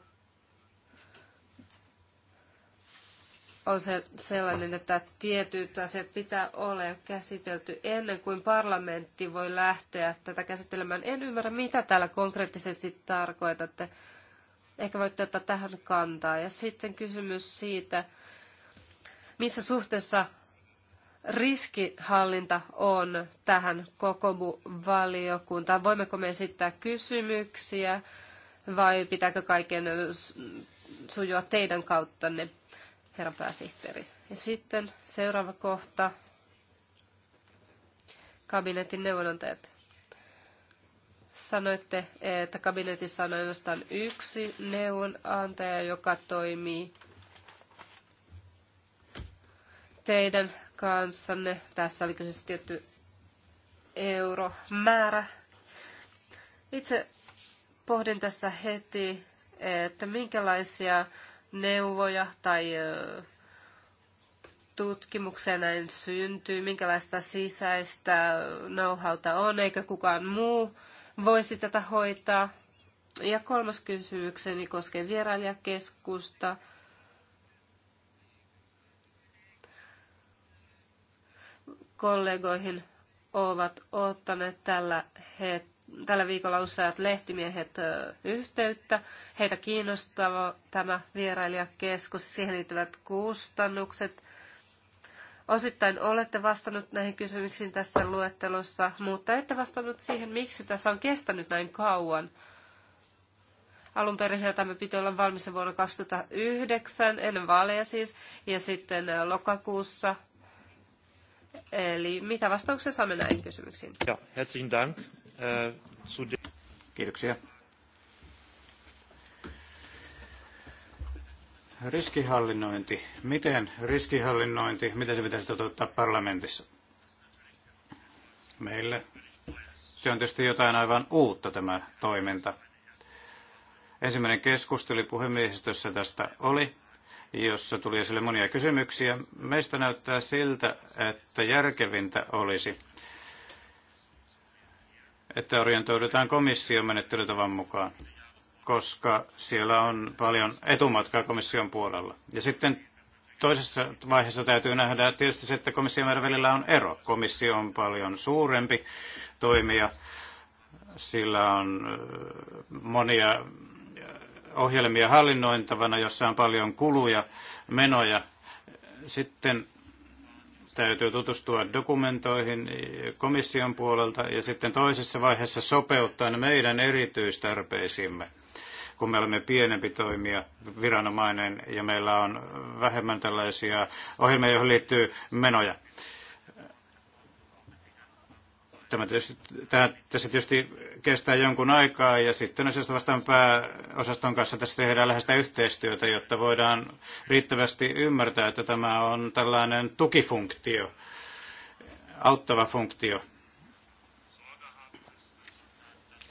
on se sellainen, että tietyt asiat pitää olla käsitelty ennen kuin parlamentti voi lähteä tätä käsittelemään. En ymmärrä, mitä täällä konkreettisesti tarkoitatte. Ehkä voitte ottaa tähän kantaa. Ja sitten kysymys siitä, missä suhteessa riskihallinta on tähän koko valiokuntaan. Voimmeko me esittää kysymyksiä vai pitääkö kaiken sujua teidän kauttanne, herra pääsihteeri? Ja sitten seuraava kohta, kabinetin neuvonantajat. Sanoitte, että kabinetissa on ainoastaan yksi neuvonantaja, joka toimii teidän kanssanne. Tässä oli kyseessä tietty euromäärä. Itse pohdin tässä heti, että minkälaisia neuvoja tai tutkimuksia näin syntyy, minkälaista sisäistä know on, eikä kukaan muu voisi tätä hoitaa. Ja kolmas kysymykseni koskee vierailijakeskusta. Kollegoihin ovat ottaneet tällä, het, tällä viikolla useat lehtimiehet yhteyttä. Heitä kiinnostava tämä vierailijakeskus, siihen liittyvät kustannukset – Osittain olette vastannut näihin kysymyksiin tässä luettelossa, mutta ette vastannut siihen, miksi tässä on kestänyt näin kauan. Alun perin tämä piti olla valmis vuonna 2009, ennen vaaleja siis, ja sitten lokakuussa. Eli mitä vastauksia saamme näihin kysymyksiin? Ja, herzlichen Dank. Kiitoksia riskihallinnointi. Miten riskihallinnointi, miten se pitäisi toteuttaa parlamentissa? Meille se on tietysti jotain aivan uutta tämä toiminta. Ensimmäinen keskustelu puhemiehistössä tästä oli, jossa tuli esille monia kysymyksiä. Meistä näyttää siltä, että järkevintä olisi, että orientoidutaan komission menettelytavan mukaan koska siellä on paljon etumatkaa komission puolella. Ja sitten toisessa vaiheessa täytyy nähdä että tietysti se, että komission meidän välillä on ero. Komissio on paljon suurempi toimija. Sillä on monia ohjelmia hallinnointavana, jossa on paljon kuluja, menoja. Sitten täytyy tutustua dokumentoihin komission puolelta ja sitten toisessa vaiheessa sopeuttaa meidän erityistarpeisiimme kun me olemme pienempi toimija, viranomainen, ja meillä on vähemmän tällaisia ohjelmia, joihin liittyy menoja. Tämä tietysti, tämä, tässä tietysti kestää jonkun aikaa ja sitten asiasta vastaan pääosaston kanssa tässä tehdään lähestä yhteistyötä, jotta voidaan riittävästi ymmärtää, että tämä on tällainen tukifunktio, auttava funktio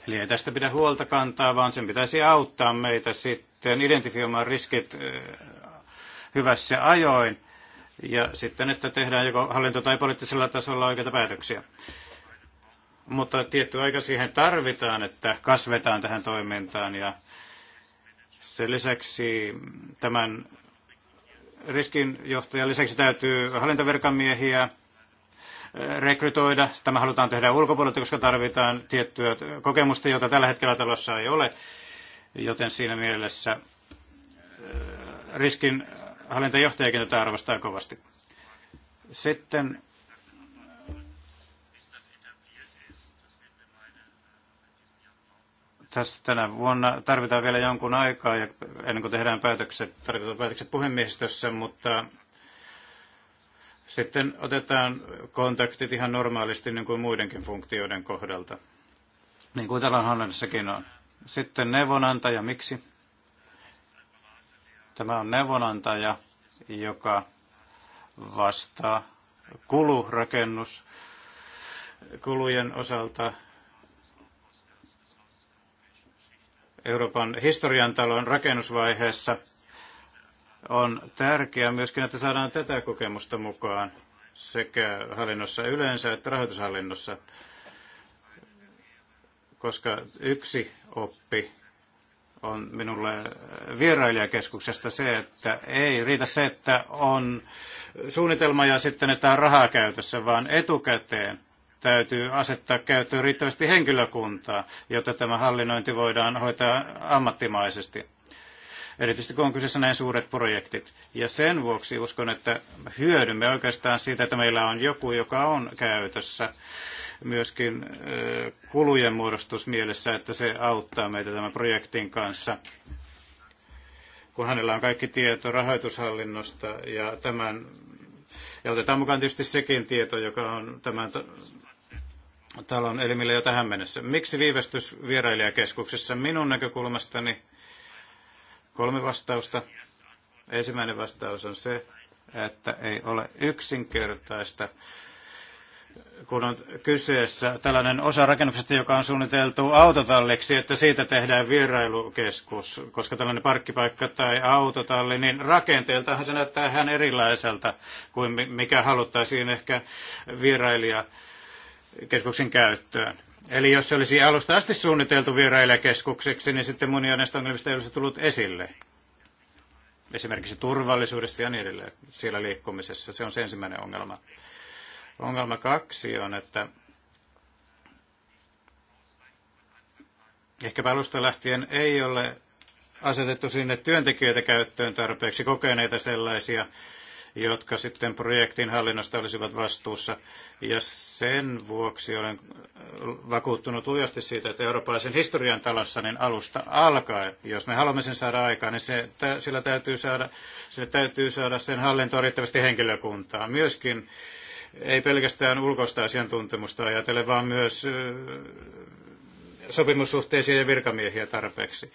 Eli ei tästä pidä huolta kantaa, vaan sen pitäisi auttaa meitä sitten identifioimaan riskit hyvässä ajoin ja sitten, että tehdään joko hallinto- tai poliittisella tasolla oikeita päätöksiä. Mutta tietty aika siihen tarvitaan, että kasvetaan tähän toimintaan ja sen lisäksi tämän riskinjohtajan lisäksi täytyy hallintavirkamiehiä rekrytoida. Tämä halutaan tehdä ulkopuolelta, koska tarvitaan tiettyä kokemusta, jota tällä hetkellä talossa ei ole. Joten siinä mielessä äh, riskin hallintajohtajakin tätä arvostaa kovasti. Sitten tässä tänä vuonna tarvitaan vielä jonkun aikaa ja ennen kuin tehdään päätökset, tarvitaan päätökset puhemiehistössä, mutta sitten otetaan kontaktit ihan normaalisti niin kuin muidenkin funktioiden kohdalta, niin kuin täällä Hollannassakin on. Sitten neuvonantaja, miksi? Tämä on neuvonantaja, joka vastaa kulurakennus kulujen osalta Euroopan historian talon rakennusvaiheessa – on tärkeää myöskin, että saadaan tätä kokemusta mukaan sekä hallinnossa yleensä että rahoitushallinnossa, koska yksi oppi on minulle vierailijakeskuksesta se, että ei riitä se, että on suunnitelma ja sitten, että on rahaa käytössä, vaan etukäteen täytyy asettaa käyttöön riittävästi henkilökuntaa, jotta tämä hallinnointi voidaan hoitaa ammattimaisesti erityisesti kun on kyseessä näin suuret projektit. Ja sen vuoksi uskon, että hyödymme oikeastaan siitä, että meillä on joku, joka on käytössä myöskin kulujen muodostus mielessä, että se auttaa meitä tämän projektin kanssa kun hänellä on kaikki tieto rahoitushallinnosta ja tämän, ja otetaan mukaan tietysti sekin tieto, joka on tämän talon elimille jo tähän mennessä. Miksi viivästys vierailijakeskuksessa? Minun näkökulmastani Kolme vastausta. Ensimmäinen vastaus on se, että ei ole yksinkertaista, kun on kyseessä tällainen osa rakennuksesta, joka on suunniteltu autotalliksi, että siitä tehdään vierailukeskus, koska tällainen parkkipaikka tai autotalli, niin rakenteeltahan se näyttää ihan erilaiselta kuin mikä haluttaisiin ehkä vierailijakeskuksen käyttöön. Eli jos se olisi alusta asti suunniteltu vierailijakeskukseksi, niin sitten monia näistä ongelmista ei olisi tullut esille. Esimerkiksi turvallisuudessa ja niin edelleen siellä liikkumisessa. Se on se ensimmäinen ongelma. Ongelma kaksi on, että ehkäpä alusta lähtien ei ole asetettu sinne työntekijöitä käyttöön tarpeeksi kokeneita sellaisia, jotka sitten projektin hallinnasta olisivat vastuussa. Ja sen vuoksi olen äh, vakuuttunut lujasti siitä, että eurooppalaisen historian talossa niin alusta alkaa, jos me haluamme sen saada aikaan, niin se, sillä, täytyy saada, sillä täytyy saada sen hallintoon riittävästi henkilökuntaa. Myöskin ei pelkästään ulkoista asiantuntemusta ajatellen, vaan myös äh, sopimussuhteisia ja virkamiehiä tarpeeksi.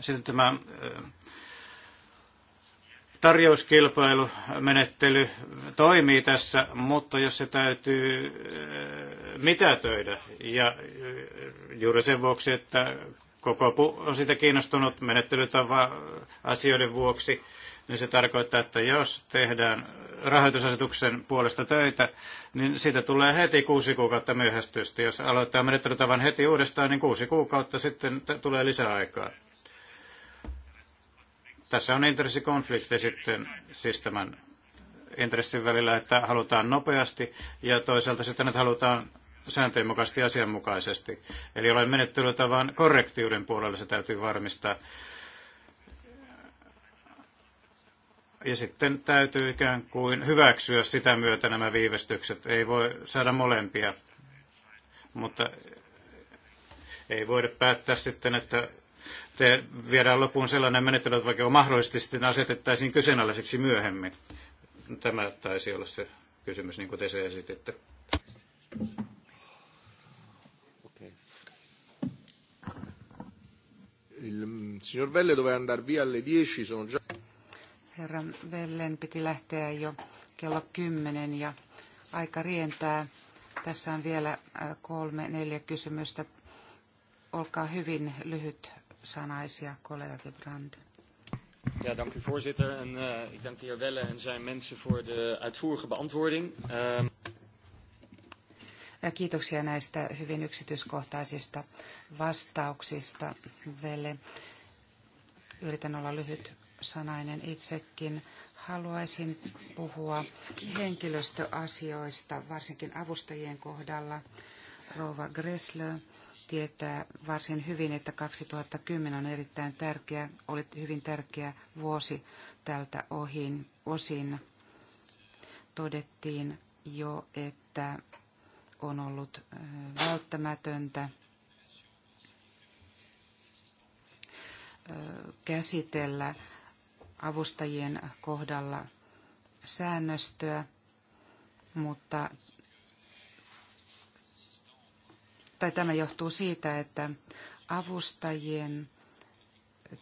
Sitten tämä äh, tarjouskilpailumenettely toimii tässä, mutta jos se täytyy äh, mitätöidä ja äh, juuri sen vuoksi, että koko on siitä kiinnostunut menettelytavan asioiden vuoksi, niin se tarkoittaa, että jos tehdään rahoitusasetuksen puolesta töitä, niin siitä tulee heti kuusi kuukautta myöhästystä. Jos aloittaa menettelytavan heti uudestaan, niin kuusi kuukautta sitten tulee lisäaikaa. aikaa. Tässä on intressikonflikti sitten siis tämän intressin välillä, että halutaan nopeasti ja toisaalta sitten, että halutaan sääntöjen mukaisesti asianmukaisesti. Eli olen menettelytavan korrektiuden puolella, se täytyy varmistaa. Ja sitten täytyy ikään kuin hyväksyä sitä myötä nämä viivästykset. Ei voi saada molempia, mutta ei voida päättää sitten, että sitten viedään lopuun sellainen menettely, että vaikka on mahdollisesti sitten niin asetettaisiin kyseenalaiseksi myöhemmin. Tämä taisi olla se kysymys, niin kuin te se esititte. Okay. Il signor Velle doveva andare via alle 10, sono già... Herra Vellen piti lähteä jo kello 10 ja aika rientää. Tässä on vielä äh, kolme, neljä kysymystä. Olkaa hyvin lyhyt sanaisia, collega Gebrand. Ja, dank u voorzitter. En uh, ik dank de heer Welle en zijn mensen voor de uitvoerige beantwoording. Ehm, kiitoksia näistä hyvin yksityiskohtaisista vastauksista, Welle. Yritän olla lyhyt sanainen itsekin. Haluaisin puhua henkilöstöasioista, varsinkin avustajien kohdalla. Rova Gressler tietää varsin hyvin, että 2010 on erittäin tärkeä, oli hyvin tärkeä vuosi tältä ohin, osin. Todettiin jo, että on ollut välttämätöntä käsitellä avustajien kohdalla säännöstöä, mutta tai tämä johtuu siitä, että avustajien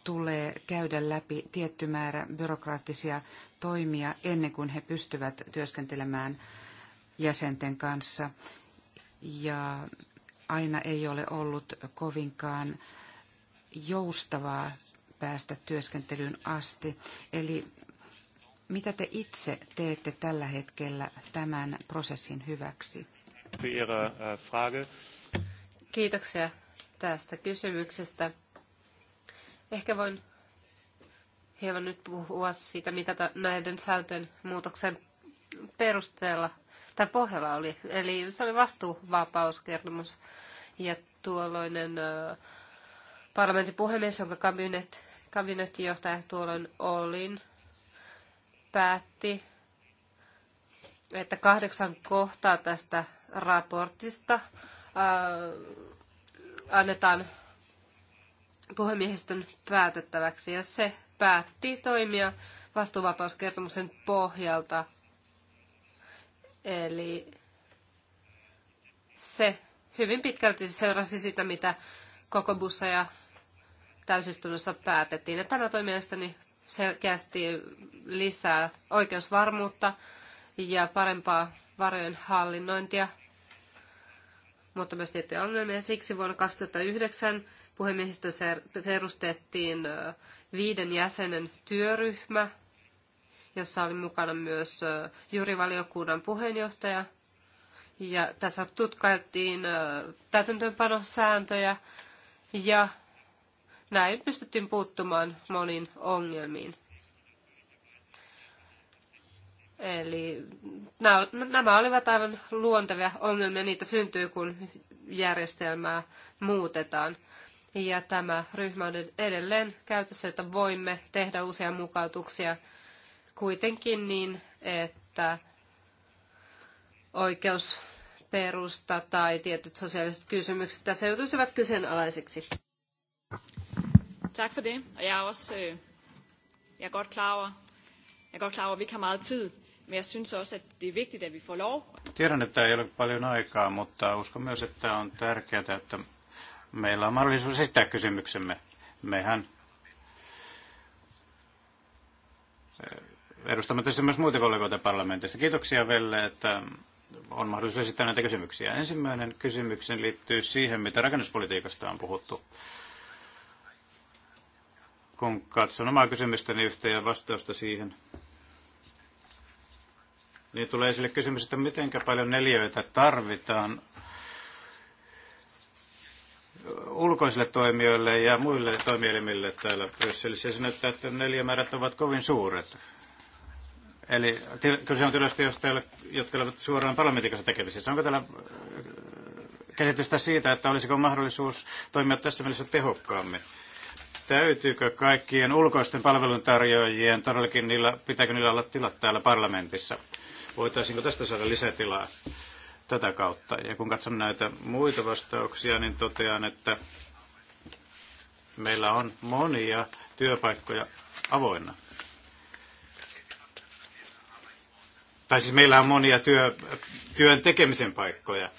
tulee käydä läpi tietty määrä byrokraattisia toimia ennen kuin he pystyvät työskentelemään jäsenten kanssa. Ja aina ei ole ollut kovinkaan joustavaa päästä työskentelyyn asti. Eli mitä te itse teette tällä hetkellä tämän prosessin hyväksi? Für Ihre äh, Frage. Kiitoksia tästä kysymyksestä. Ehkä voin hieman nyt puhua siitä, mitä näiden säyten muutoksen perusteella tai pohjalla oli. Eli se oli vastuuvapauskertomus ja tuolloinen parlamentin puhemies, jonka kabinet, kabinettijohtaja tuolloin olin, päätti, että kahdeksan kohtaa tästä raportista Äh, annetaan puhemiehistön päätettäväksi ja se päätti toimia vastuuvapauskertomuksen pohjalta. Eli se hyvin pitkälti seurasi sitä, mitä koko bussa ja täysistunnossa päätettiin. Ja tämä toi mielestäni selkeästi lisää oikeusvarmuutta ja parempaa varojen hallinnointia mutta myös tiettyjä ongelmia. Siksi vuonna 2009 puhemiehistö perustettiin viiden jäsenen työryhmä, jossa oli mukana myös juurivaliokunnan puheenjohtaja. Ja tässä tutkailtiin täytäntöönpanosääntöjä ja näin pystyttiin puuttumaan moniin ongelmiin. Eli nämä olivat aivan luontevia ongelmia, niitä syntyy kun järjestelmää muutetaan. Ja tämä ryhmä on edelleen käytössä, että voimme tehdä uusia mukautuksia kuitenkin niin, että oikeusperusta tai tietyt sosiaaliset kysymykset tässä joutuisivat kyseenalaiseksi. Tak for det, og jeg er også øh, jeg er godt klar over, jeg er godt klar over, at vi ikke har meget tid Mies synes også, det er vi får lov. Tiedän, että ei ole paljon aikaa, mutta uskon myös, että on tärkeää, että meillä on mahdollisuus esittää kysymyksemme. Mehän eh, edustamme tässä myös muita kollegoita parlamentista. Kiitoksia Velle, että on mahdollisuus esittää näitä kysymyksiä. Ensimmäinen kysymyksen liittyy siihen, mitä rakennuspolitiikasta on puhuttu. Kun katson omaa kysymystäni yhteen ja vastausta siihen, niin tulee esille kysymys, että miten paljon neljöitä tarvitaan ulkoisille toimijoille ja muille toimielimille täällä Brysselissä. Se näyttää, että neljämäärät ovat kovin suuret. Eli kyse on jos teillä, jotka ovat suoraan parlamentin kanssa tekemisissä. Onko täällä äh, käsitystä siitä, että olisiko mahdollisuus toimia tässä mielessä tehokkaammin? Täytyykö kaikkien ulkoisten palveluntarjoajien, todellakin niillä, pitääkö niillä olla tilat täällä parlamentissa? Voitaisiinko tästä saada lisätilaa tätä kautta? Ja kun katson näitä muita vastauksia, niin totean, että meillä on monia työpaikkoja avoinna. Tai siis meillä on monia työ, työn tekemisen paikkoja.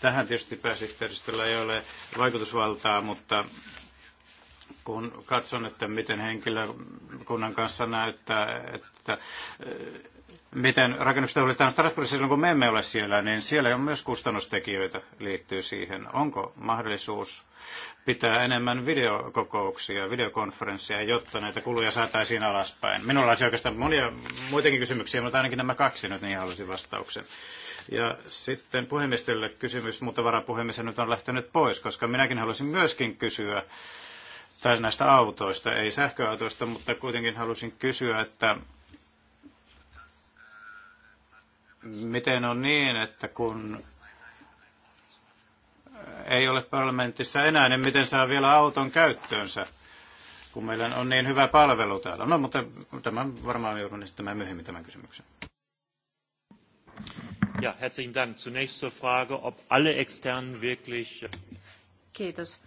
Tähän tietysti pääsihteeristöllä ei ole vaikutusvaltaa, mutta kun katson, että miten henkilökunnan kanssa näyttää, että miten rakennukset huolehditaan Strasbourgissa silloin, kun me emme ole siellä, niin siellä on myös kustannustekijöitä liittyy siihen. Onko mahdollisuus pitää enemmän videokokouksia, videokonferensseja, jotta näitä kuluja saataisiin alaspäin? Minulla olisi oikeastaan monia muitakin kysymyksiä, mutta ainakin nämä kaksi nyt niin halusin vastauksen. Ja sitten puhemiestölle kysymys, mutta varapuhemies nyt on lähtenyt pois, koska minäkin haluaisin myöskin kysyä tai näistä autoista, ei sähköautoista, mutta kuitenkin halusin kysyä, että miten on niin, että kun ei ole parlamentissa enää, niin miten saa vielä auton käyttöönsä, kun meillä on niin hyvä palvelu täällä. No, mutta tämän varmaan joudun esittämään myöhemmin tämän kysymyksen. Ja, herzlichen Dank. Zunächst zur Frage, ob alle externen wirklich... Kiitos.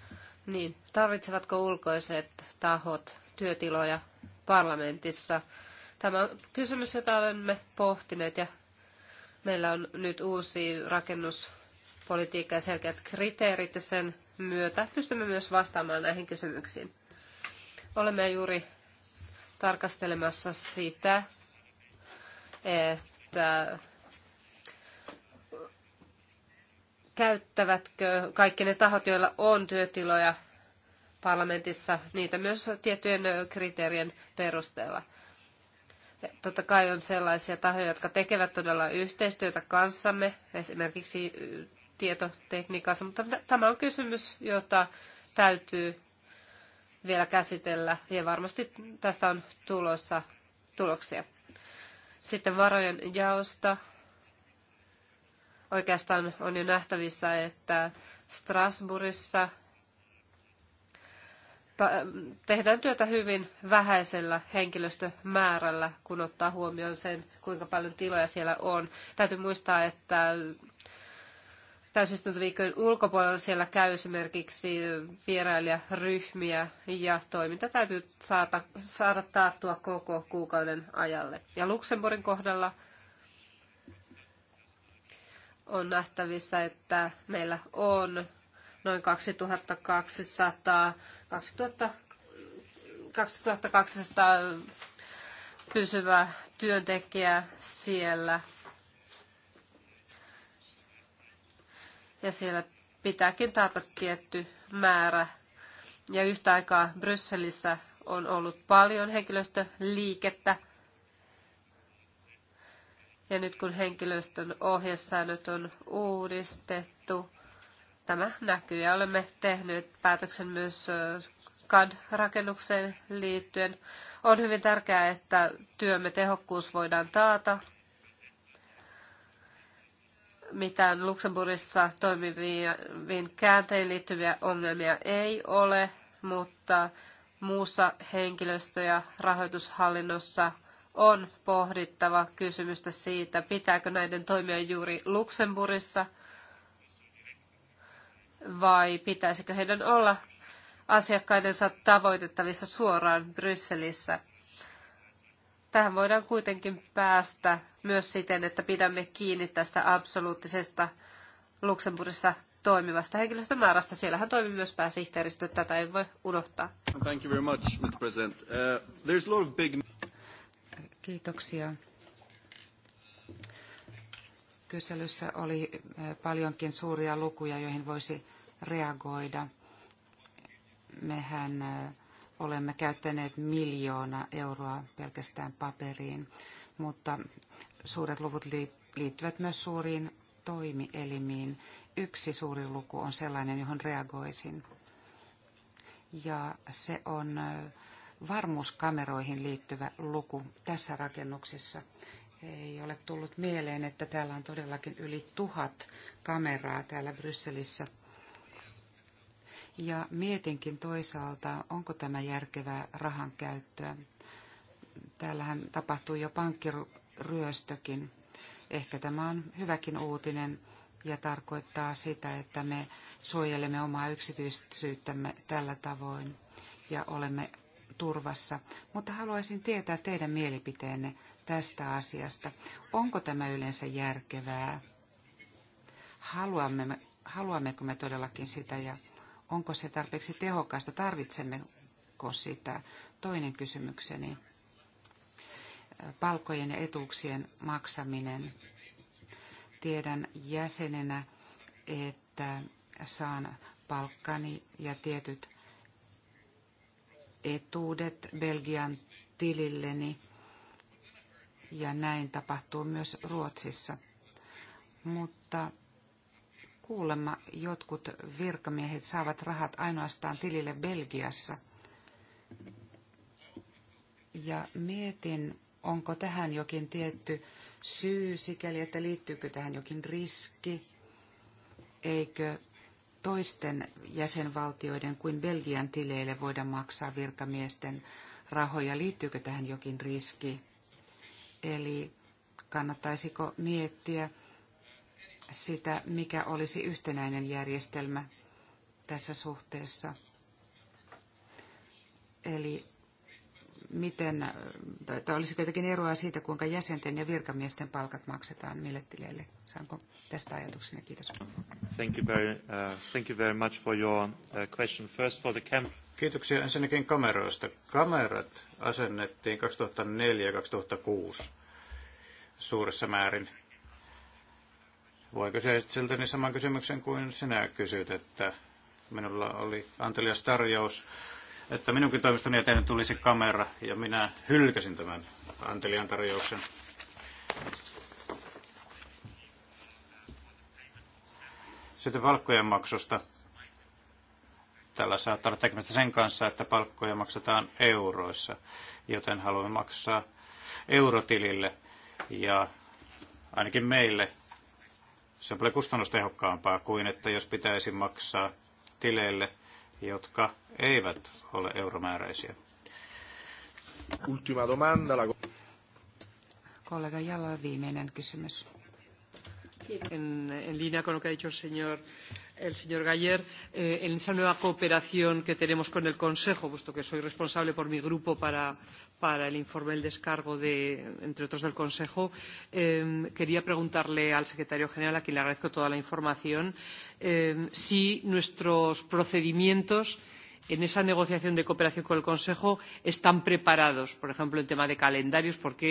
Niin, tarvitsevatko ulkoiset tahot työtiloja parlamentissa? Tämä on kysymys, jota olemme pohtineet ja Meillä on nyt uusi rakennuspolitiikka ja selkeät kriteerit ja sen myötä pystymme myös vastaamaan näihin kysymyksiin. Olemme juuri tarkastelemassa sitä, että käyttävätkö kaikki ne tahot, joilla on työtiloja parlamentissa, niitä myös tiettyjen kriteerien perusteella. Totta kai on sellaisia tahoja, jotka tekevät todella yhteistyötä kanssamme, esimerkiksi tietotekniikassa, mutta tämä on kysymys, jota täytyy vielä käsitellä ja varmasti tästä on tulossa tuloksia. Sitten varojen jaosta. Oikeastaan on jo nähtävissä, että Strasbourgissa Ähm, tehdään työtä hyvin vähäisellä henkilöstömäärällä, kun ottaa huomioon sen, kuinka paljon tiloja siellä on. Täytyy muistaa, että täysistuntoviikkojen ulkopuolella siellä käy esimerkiksi vierailijaryhmiä ja toiminta täytyy saada, saada taattua koko kuukauden ajalle. Ja Luxemburgin kohdalla on nähtävissä, että meillä on noin 2200, 2000, 2200 pysyvää työntekijää siellä. Ja siellä pitääkin taata tietty määrä. Ja yhtä aikaa Brysselissä on ollut paljon henkilöstöliikettä. Ja nyt kun henkilöstön ohjesäännöt on uudistettu, tämä näkyy ja olemme tehneet päätöksen myös CAD-rakennukseen liittyen. On hyvin tärkeää, että työmme tehokkuus voidaan taata. Mitään Luxemburgissa toimiviin käänteen liittyviä ongelmia ei ole, mutta muussa henkilöstö- ja rahoitushallinnossa on pohdittava kysymystä siitä, pitääkö näiden toimia juuri Luxemburgissa – vai pitäisikö heidän olla asiakkaidensa tavoitettavissa suoraan Brysselissä? Tähän voidaan kuitenkin päästä myös siten, että pidämme kiinni tästä absoluuttisesta Luxemburgissa toimivasta henkilöstömäärästä. Siellähän toimii myös pääsihteeristö, tätä ei voi unohtaa. Thank you very much, Mr. President. Uh, there's a lot of big... Kiitoksia kyselyssä oli paljonkin suuria lukuja, joihin voisi reagoida. Mehän olemme käyttäneet miljoona euroa pelkästään paperiin, mutta suuret luvut liittyvät myös suuriin toimielimiin. Yksi suuri luku on sellainen, johon reagoisin. Ja se on varmuuskameroihin liittyvä luku tässä rakennuksessa ei ole tullut mieleen, että täällä on todellakin yli tuhat kameraa täällä Brysselissä. Ja mietinkin toisaalta, onko tämä järkevää rahan käyttöä. Täällähän tapahtuu jo pankkiryöstökin. Ehkä tämä on hyväkin uutinen ja tarkoittaa sitä, että me suojelemme omaa yksityisyyttämme tällä tavoin ja olemme turvassa. Mutta haluaisin tietää teidän mielipiteenne tästä asiasta. Onko tämä yleensä järkevää? Haluamme, haluammeko me todellakin sitä ja onko se tarpeeksi tehokasta? Tarvitsemmeko sitä? Toinen kysymykseni. Palkojen ja etuuksien maksaminen. Tiedän jäsenenä, että saan palkkani ja tietyt etuudet Belgian tililleni ja näin tapahtuu myös Ruotsissa. Mutta kuulemma jotkut virkamiehet saavat rahat ainoastaan tilille Belgiassa. Ja mietin, onko tähän jokin tietty syy sikäli, että liittyykö tähän jokin riski, eikö toisten jäsenvaltioiden kuin Belgian tileille voida maksaa virkamiesten rahoja, liittyykö tähän jokin riski. Eli kannattaisiko miettiä sitä, mikä olisi yhtenäinen järjestelmä tässä suhteessa. Eli miten, tai, olisiko jotakin eroa siitä, kuinka jäsenten ja virkamiesten palkat maksetaan mille tileille? Saanko tästä ajatuksena? Kiitos. Thank you very, uh, thank you very much for your uh, question. First for the camp. Kiitoksia ensinnäkin kameroista. Kamerat asennettiin 2004-2006 suuressa määrin. Voin kysyä siltä niin saman kysymyksen kuin sinä kysyt, että minulla oli antelias tarjous, että minunkin toimistoni eteen tulisi kamera ja minä hylkäsin tämän antelian tarjouksen. Sitten valkkojen maksusta. Tällä saattaa olla tekemistä sen kanssa, että palkkoja maksetaan euroissa, joten haluamme maksaa eurotilille ja ainakin meille se on paljon kustannustehokkaampaa kuin että jos pitäisi maksaa tileille, jotka eivät ole euromääräisiä. Ultima domanda. La... Kollega Jalla, viimeinen kysymys. En, en línea con lo que ha dicho el señor, el señor Galler, eh, en esa nueva cooperación que tenemos con el Consejo, puesto que soy responsable por mi grupo para, para el informe del descargo, de, entre otros del Consejo, eh, quería preguntarle al secretario general, a quien le agradezco toda la información, eh, si nuestros procedimientos en esa negociación de cooperación con el Consejo están preparados, por ejemplo, en tema de calendarios, porque,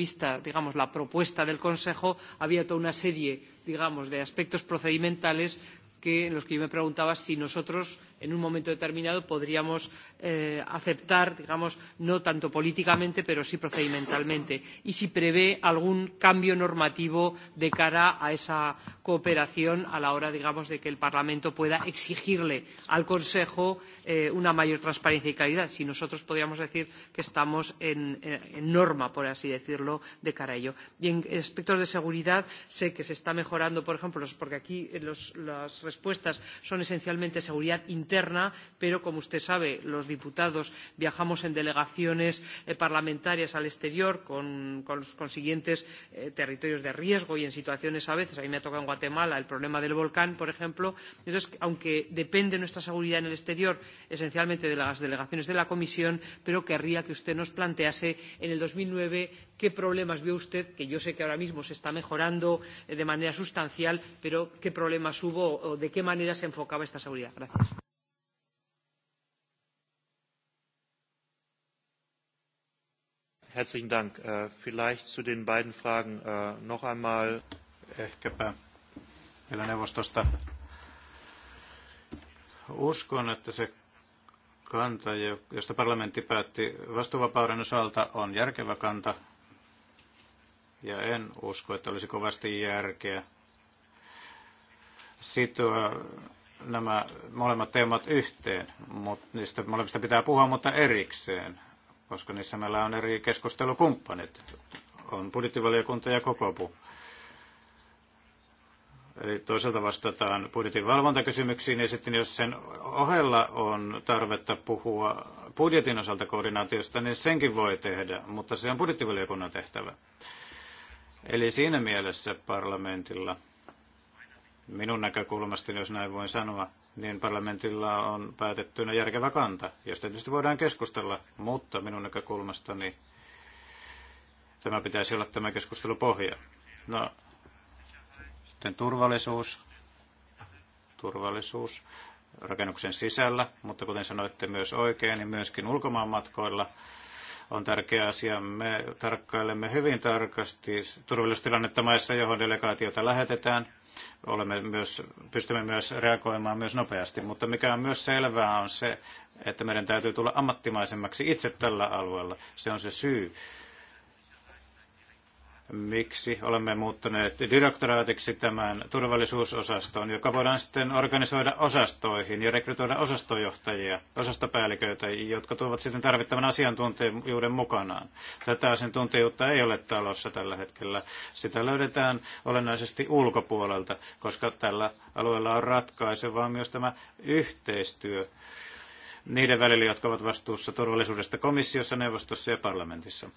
vista digamos, la propuesta del Consejo, había toda una serie digamos, de aspectos procedimentales que, en los que yo me preguntaba si nosotros en un momento determinado podríamos eh, aceptar digamos no tanto políticamente pero sí procedimentalmente y si prevé algún cambio normativo de cara a esa cooperación a la hora digamos de que el parlamento pueda exigirle al consejo eh, una mayor transparencia y claridad si nosotros podríamos decir que estamos en, eh, en norma por así decirlo de cara a ello. y en aspectos de seguridad sé que se está mejorando por ejemplo porque aquí eh, las respuestas son esencialmente seguridad interna interna pero como usted sabe los diputados viajamos en delegaciones eh, parlamentarias al exterior con, con los consiguientes eh, territorios de riesgo y en situaciones a veces a mí me ha tocado en guatemala el problema del volcán por ejemplo entonces aunque depende nuestra seguridad en el exterior esencialmente de las delegaciones de la comisión pero querría que usted nos plantease en dos mil nueve qué problemas vio usted que yo sé que ahora mismo se está mejorando eh, de manera sustancial pero qué problemas hubo o de qué manera se enfocaba esta seguridad? Gracias. Herzlichen Dank. Äh, vielleicht zu den beiden Fragen äh, noch einmal. Ehkäpä vielä neuvostosta. Uskon, että se kanta, josta parlamentti päätti vastuuvapauden osalta, on järkevä kanta. Ja en usko, että olisi kovasti järkeä sitoa nämä molemmat teemat yhteen, mutta niistä molemmista pitää puhua, mutta erikseen koska niissä meillä on eri keskustelukumppanit. On budjettivaliokunta ja kokopu. Eli toisaalta vastataan budjetin valvontakysymyksiin ja sitten jos sen ohella on tarvetta puhua budjetin osalta koordinaatiosta, niin senkin voi tehdä, mutta se on budjettivaliokunnan tehtävä. Eli siinä mielessä parlamentilla – minun näkökulmastani, jos näin voin sanoa, niin parlamentilla on päätettynä järkevä kanta, josta tietysti voidaan keskustella, mutta minun näkökulmastani tämä pitäisi olla tämä pohja. No, sitten turvallisuus. Turvallisuus rakennuksen sisällä, mutta kuten sanoitte myös oikein, niin myöskin ulkomaanmatkoilla matkoilla on tärkeä asia. Me tarkkailemme hyvin tarkasti turvallisuustilannetta maissa, johon delegaatiota lähetetään. Olemme myös, pystymme myös reagoimaan myös nopeasti, mutta mikä on myös selvää on se, että meidän täytyy tulla ammattimaisemmaksi itse tällä alueella. Se on se syy, miksi olemme muuttuneet direktoraatiksi tämän turvallisuusosaston, joka voidaan sitten organisoida osastoihin ja rekrytoida osastojohtajia, osastopäälliköitä, jotka tuovat sitten tarvittavan asiantuntijuuden mukanaan. Tätä asiantuntijuutta ei ole talossa tällä hetkellä. Sitä löydetään olennaisesti ulkopuolelta, koska tällä alueella on ratkaisevaa myös tämä yhteistyö niiden välillä, jotka ovat vastuussa turvallisuudesta komissiossa, neuvostossa ja parlamentissa.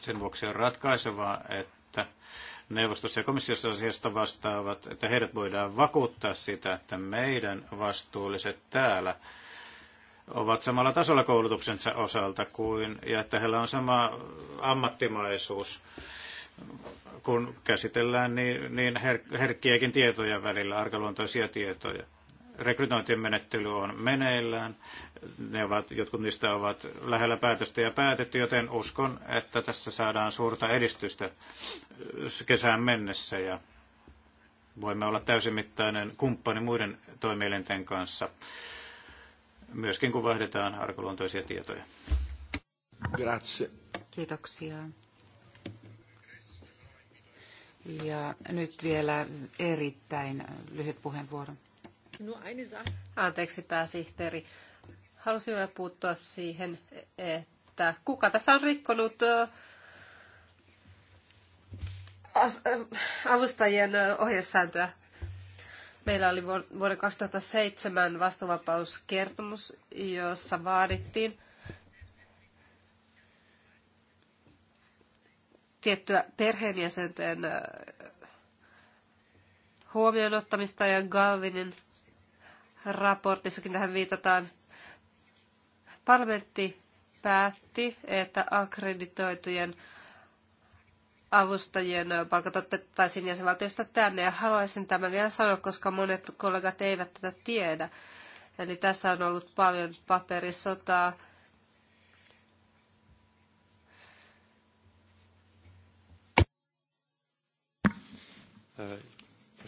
Sen vuoksi on ratkaisevaa, että neuvostossa ja komissiossa asiasta vastaavat, että heidät voidaan vakuuttaa sitä, että meidän vastuulliset täällä ovat samalla tasolla koulutuksensa osalta kuin, ja että heillä on sama ammattimaisuus, kun käsitellään niin, niin herkkiäkin tietoja välillä, arkaluontoisia tietoja rekrytointimenettely on meneillään. Ne ovat, jotkut niistä ovat lähellä päätöstä ja päätetty, joten uskon, että tässä saadaan suurta edistystä kesään mennessä ja voimme olla täysimittainen kumppani muiden toimielinten kanssa, myöskin kun vaihdetaan arkaluontoisia tietoja. Grazie. Kiitoksia. Ja nyt vielä erittäin lyhyt puheenvuoro. Anteeksi pääsihteeri. Halusin vielä puuttua siihen, että kuka tässä on rikkonut avustajien ohjesääntöä. Meillä oli vuoden 2007 vastuvapauskertomus, jossa vaadittiin tiettyä perheenjäsenten huomioon ottamista ja Galvinin raportissakin tähän viitataan. Parlamentti päätti, että akkreditoitujen avustajien palkat otettaisiin jäsenvaltioista tänne. Ja haluaisin tämän vielä sanoa, koska monet kollegat eivät tätä tiedä. Eli tässä on ollut paljon paperisotaa. Uh,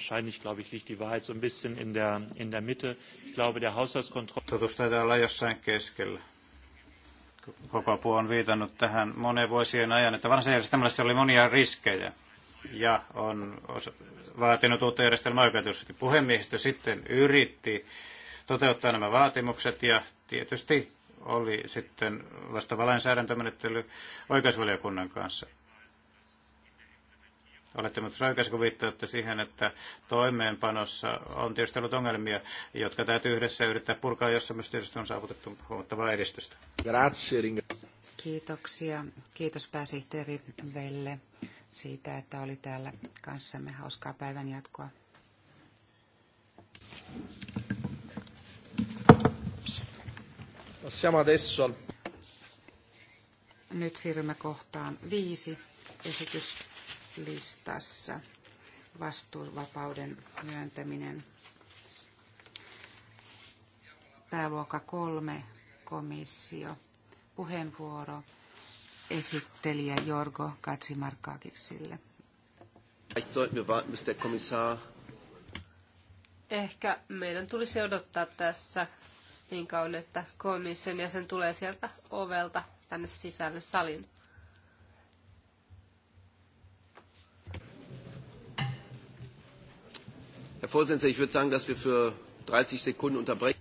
wahrscheinlich, glaube ich, liegt die Wahrheit so ein bisschen in der, in der Mitte. Ich glaube, der Haushaltskontrolle... keskellä. on viitannut tähän monen vuosien ajan, että vanhassa järjestelmässä oli monia riskejä ja on vaatinut uutta järjestelmää oikeutusti. Puhemiehistö sitten yritti toteuttaa nämä vaatimukset ja tietysti oli sitten vastaava lainsäädäntömenettely oikeusvaliokunnan kanssa. Olette myös oikeassa, kun viittaatte siihen, että toimeenpanossa on tietysti ollut ongelmia, jotka täytyy yhdessä yrittää purkaa, jossa myös tietysti on saavutettu huomattavaa edistystä. Kiitoksia. Kiitos pääsihteeri Velle siitä, että oli täällä kanssamme. Hauskaa päivän jatkoa. Nyt siirrymme kohtaan viisi. Esitys listassa vastuuvapauden myöntäminen. Pääluokka kolme, komissio, puheenvuoro, esittelijä Jorgo Katsimarkaakiksille. Ehkä meidän tulisi odottaa tässä niin kauan, että komission jäsen tulee sieltä ovelta tänne sisälle salin. Herr Vorsitzender, ich würde sagen, dass wir für 30 Sekunden unterbrechen.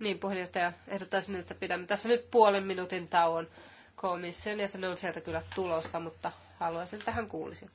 Niin, puheenjohtaja, ehdottaisin, että pidämme tässä nyt puolen minuutin tauon komission ja se on sieltä kyllä tulossa, mutta haluaisin, tähän kuulisin.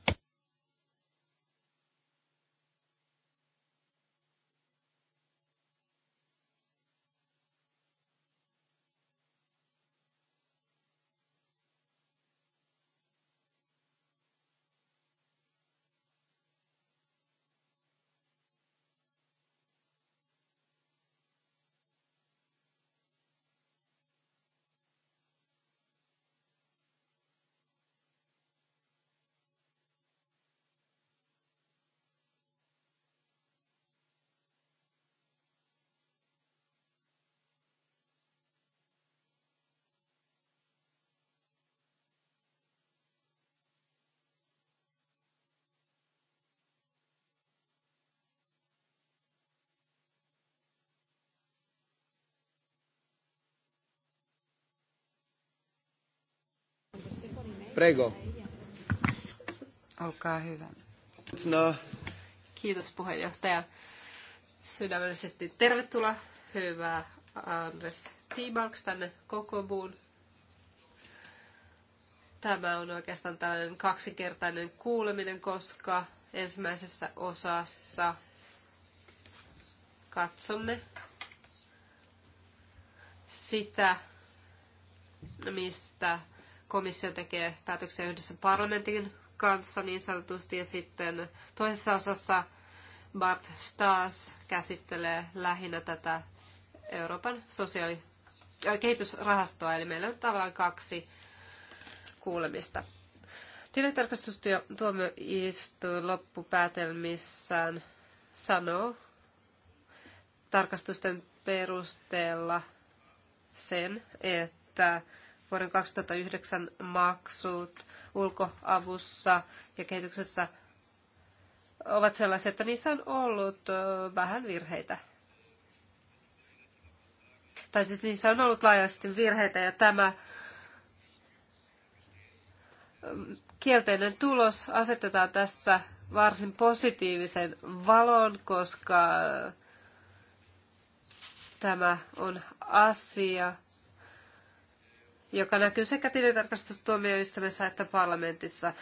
Prego. Olkaa hyvä. No. Kiitos puheenjohtaja. Sydämellisesti tervetuloa. Hyvää Andres Tiibalks tänne kokoomuun. Tämä on oikeastaan tällainen kaksikertainen kuuleminen, koska ensimmäisessä osassa katsomme sitä, mistä komissio tekee päätöksiä yhdessä parlamentin kanssa niin sanotusti, ja sitten toisessa osassa Bart Stas käsittelee lähinnä tätä Euroopan sosiaali- ja kehitysrahastoa, eli meillä on tavallaan kaksi kuulemista. tuomioistuin loppupäätelmissään sanoo tarkastusten perusteella sen, että vuoden 2009 maksut ulkoavussa ja kehityksessä ovat sellaisia, että niissä on ollut vähän virheitä. Tai siis niissä on ollut laajasti virheitä ja tämä kielteinen tulos asetetaan tässä varsin positiivisen valon, koska tämä on asia, joka näkyy sekä tilintarkastustuomioistuimessa että parlamentissa.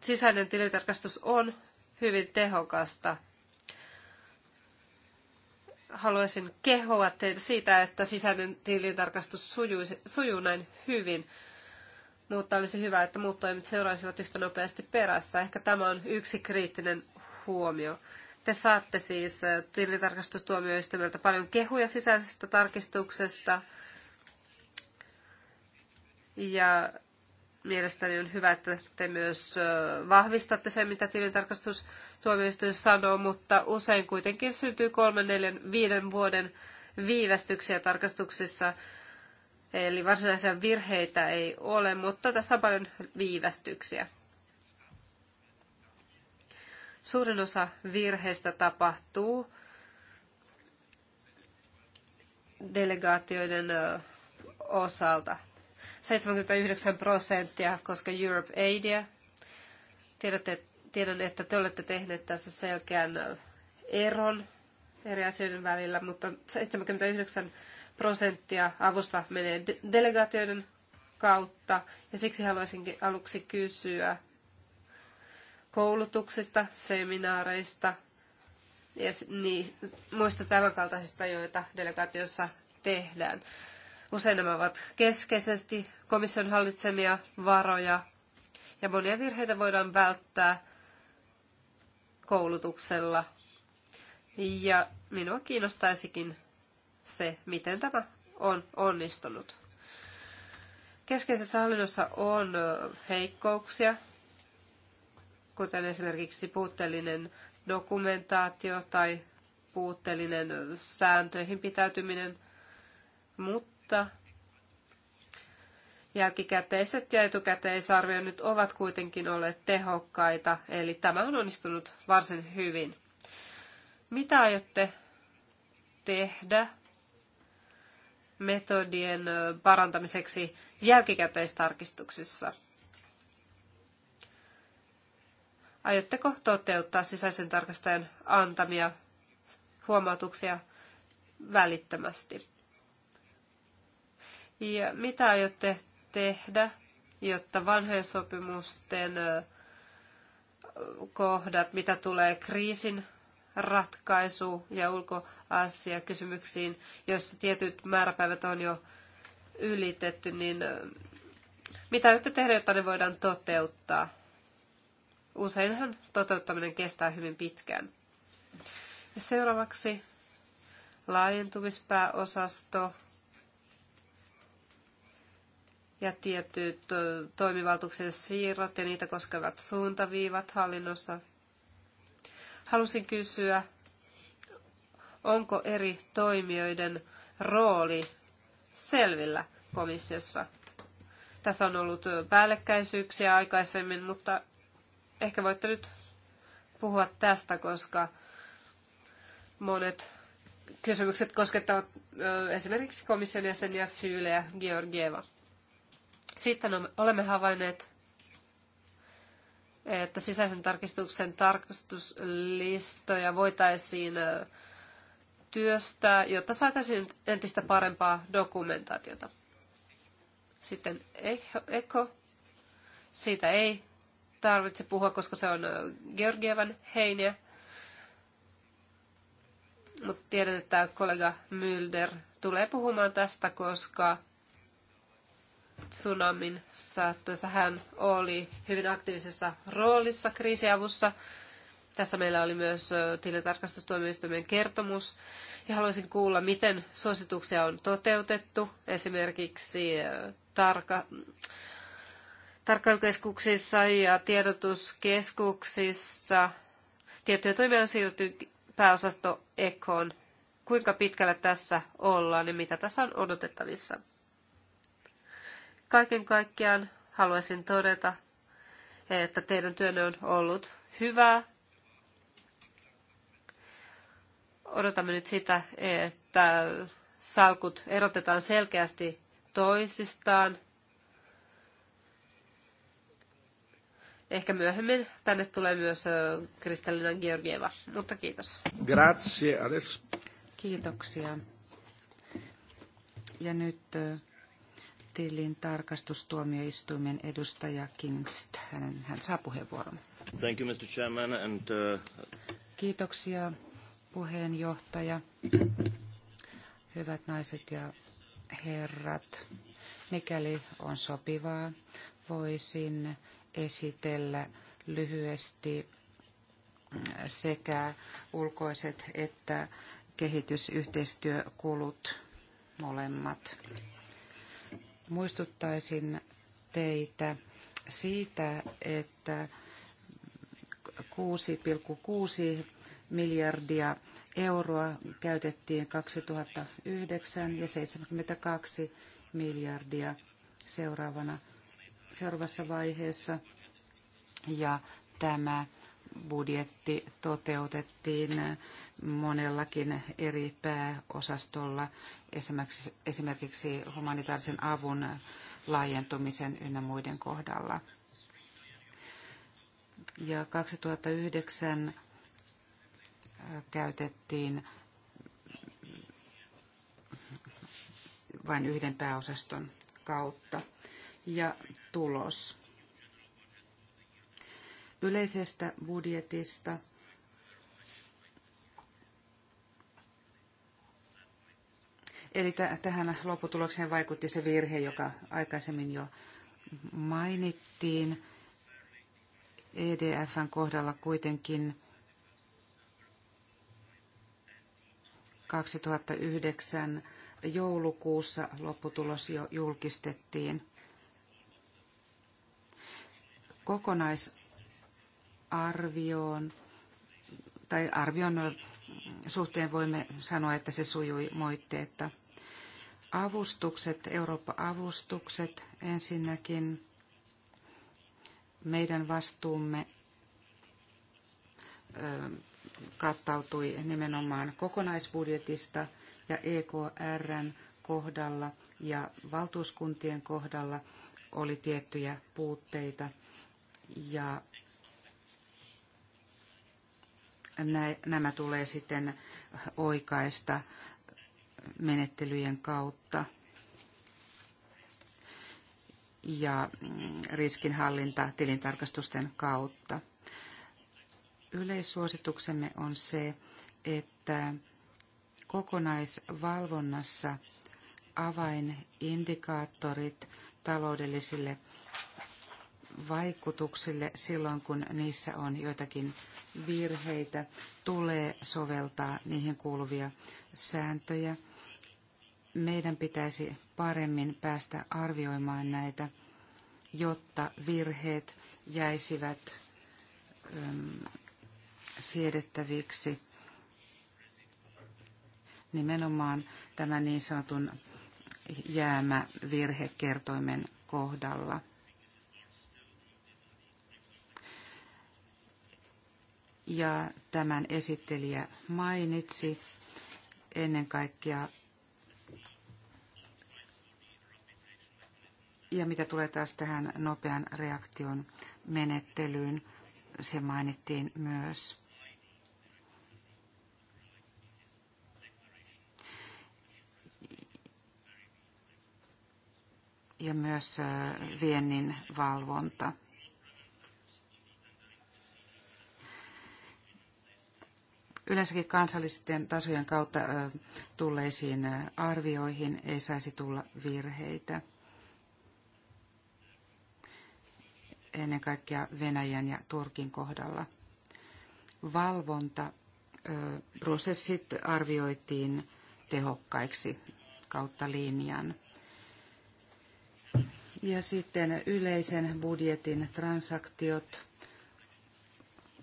Sisäinen tilintarkastus on hyvin tehokasta. Haluaisin kehoa teitä siitä, että sisäinen tilintarkastus sujuu, sujuu näin hyvin, mutta olisi hyvä, että muut toimet seuraisivat yhtä nopeasti perässä. Ehkä tämä on yksi kriittinen huomio. Te saatte siis eh, tilintarkastustuomioistuimelta paljon kehuja sisäisestä tarkistuksesta – ja mielestäni on hyvä, että te myös vahvistatte sen, mitä tilintarkastustuomioistuin sanoo, mutta usein kuitenkin syntyy kolmen, neljän, viiden vuoden viivästyksiä tarkastuksissa. Eli varsinaisia virheitä ei ole, mutta tässä on paljon viivästyksiä. Suurin osa virheistä tapahtuu delegaatioiden osalta. 79 prosenttia, koska Europe Aidia. Tiedätte, tiedän, että te olette tehneet tässä selkeän eron eri asioiden välillä, mutta 79 prosenttia avusta menee delegaatioiden kautta. Ja siksi haluaisinkin aluksi kysyä koulutuksista, seminaareista ja niin, muista tämänkaltaisista, joita delegaatiossa tehdään. Usein nämä ovat keskeisesti komission hallitsemia varoja ja monia virheitä voidaan välttää koulutuksella. Ja minua kiinnostaisikin se, miten tämä on onnistunut. Keskeisessä hallinnossa on heikkouksia, kuten esimerkiksi puutteellinen dokumentaatio tai puutteellinen sääntöihin pitäytyminen, mutta mutta jälkikäteiset ja etukäteisarvioinnit ovat kuitenkin olleet tehokkaita, eli tämä on onnistunut varsin hyvin. Mitä aiotte tehdä metodien parantamiseksi jälkikäteistarkistuksissa? Aiotteko toteuttaa sisäisen tarkastajan antamia huomautuksia välittömästi? Ja mitä aiotte tehdä, jotta vanhojen sopimusten kohdat, mitä tulee kriisin ratkaisu- ja ulkoasiakysymyksiin, joissa tietyt määräpäivät on jo ylitetty, niin mitä aiotte tehdä, jotta ne voidaan toteuttaa? Useinhan toteuttaminen kestää hyvin pitkään. Ja seuraavaksi laajentumispääosasto ja tietyt toimivaltuuksien siirrot ja niitä koskevat suuntaviivat hallinnossa. Halusin kysyä, onko eri toimijoiden rooli selvillä komissiossa? Tässä on ollut päällekkäisyyksiä aikaisemmin, mutta ehkä voitte nyt puhua tästä, koska monet kysymykset koskettavat esimerkiksi komission jäseniä Fyyle ja Georgieva. Sitten olemme havainneet, että sisäisen tarkistuksen tarkastuslistoja voitaisiin työstää, jotta saataisiin entistä parempaa dokumentaatiota. Sitten Eko. Siitä ei tarvitse puhua, koska se on Georgievan heiniä. Mutta tiedän, että kollega Mylder tulee puhumaan tästä, koska tsunamin saattuessa hän oli hyvin aktiivisessa roolissa kriisiavussa. Tässä meillä oli myös tilintarkastustuomioistuimen kertomus. Ja haluaisin kuulla, miten suosituksia on toteutettu esimerkiksi tarka, tarkkailukeskuksissa ja tiedotuskeskuksissa. Tiettyjä toimia on siirretty pääosasto Ekoon. Kuinka pitkällä tässä ollaan ja mitä tässä on odotettavissa? Kaiken kaikkiaan haluaisin todeta, että teidän työnne on ollut hyvää. Odotamme nyt sitä, että salkut erotetaan selkeästi toisistaan. Ehkä myöhemmin tänne tulee myös Kristallina Georgieva, mutta kiitos. Grazie. Adesso. Kiitoksia. Ja nyt tilin tarkastustuomioistuimen edustaja Kingst. Hän, hän saa puheenvuoron. Thank you, Mr. Chairman, and, uh... Kiitoksia puheenjohtaja. Hyvät naiset ja herrat, mikäli on sopivaa, voisin esitellä lyhyesti sekä ulkoiset että kehitysyhteistyökulut molemmat. Muistuttaisin teitä siitä, että 6,6 miljardia euroa käytettiin 2009 ja 72 miljardia seuraavana, seuraavassa vaiheessa. Ja tämä budjetti toteutettiin monellakin eri pääosastolla, esimerkiksi humanitaarisen avun laajentumisen ynnä muiden kohdalla. Ja 2009 käytettiin vain yhden pääosaston kautta. Ja tulos yleisestä budjetista. Eli tähän lopputulokseen vaikutti se virhe, joka aikaisemmin jo mainittiin. EDFn kohdalla kuitenkin 2009 joulukuussa lopputulos jo julkistettiin. Kokonais arvioon tai arvion suhteen voimme sanoa, että se sujui moitteetta. Avustukset, Eurooppa-avustukset ensinnäkin meidän vastuumme kattautui nimenomaan kokonaisbudjetista ja EKRn kohdalla ja valtuuskuntien kohdalla oli tiettyjä puutteita ja nämä tulee sitten oikaista menettelyjen kautta. ja mm, riskinhallinta tilintarkastusten kautta. Yleissuosituksemme on se, että kokonaisvalvonnassa avainindikaattorit taloudellisille vaikutuksille silloin, kun niissä on joitakin virheitä, tulee soveltaa niihin kuuluvia sääntöjä. Meidän pitäisi paremmin päästä arvioimaan näitä, jotta virheet jäisivät siedettäviksi nimenomaan tämän niin sanotun jäämävirhekertoimen kohdalla. ja tämän esittelijä mainitsi ennen kaikkea. Ja mitä tulee taas tähän nopean reaktion menettelyyn, se mainittiin myös. Ja myös viennin valvonta. yleensäkin kansallisten tasojen kautta tulleisiin arvioihin ei saisi tulla virheitä. Ennen kaikkea Venäjän ja Turkin kohdalla. Valvontaprosessit arvioitiin tehokkaiksi kautta linjan. Ja sitten yleisen budjetin transaktiot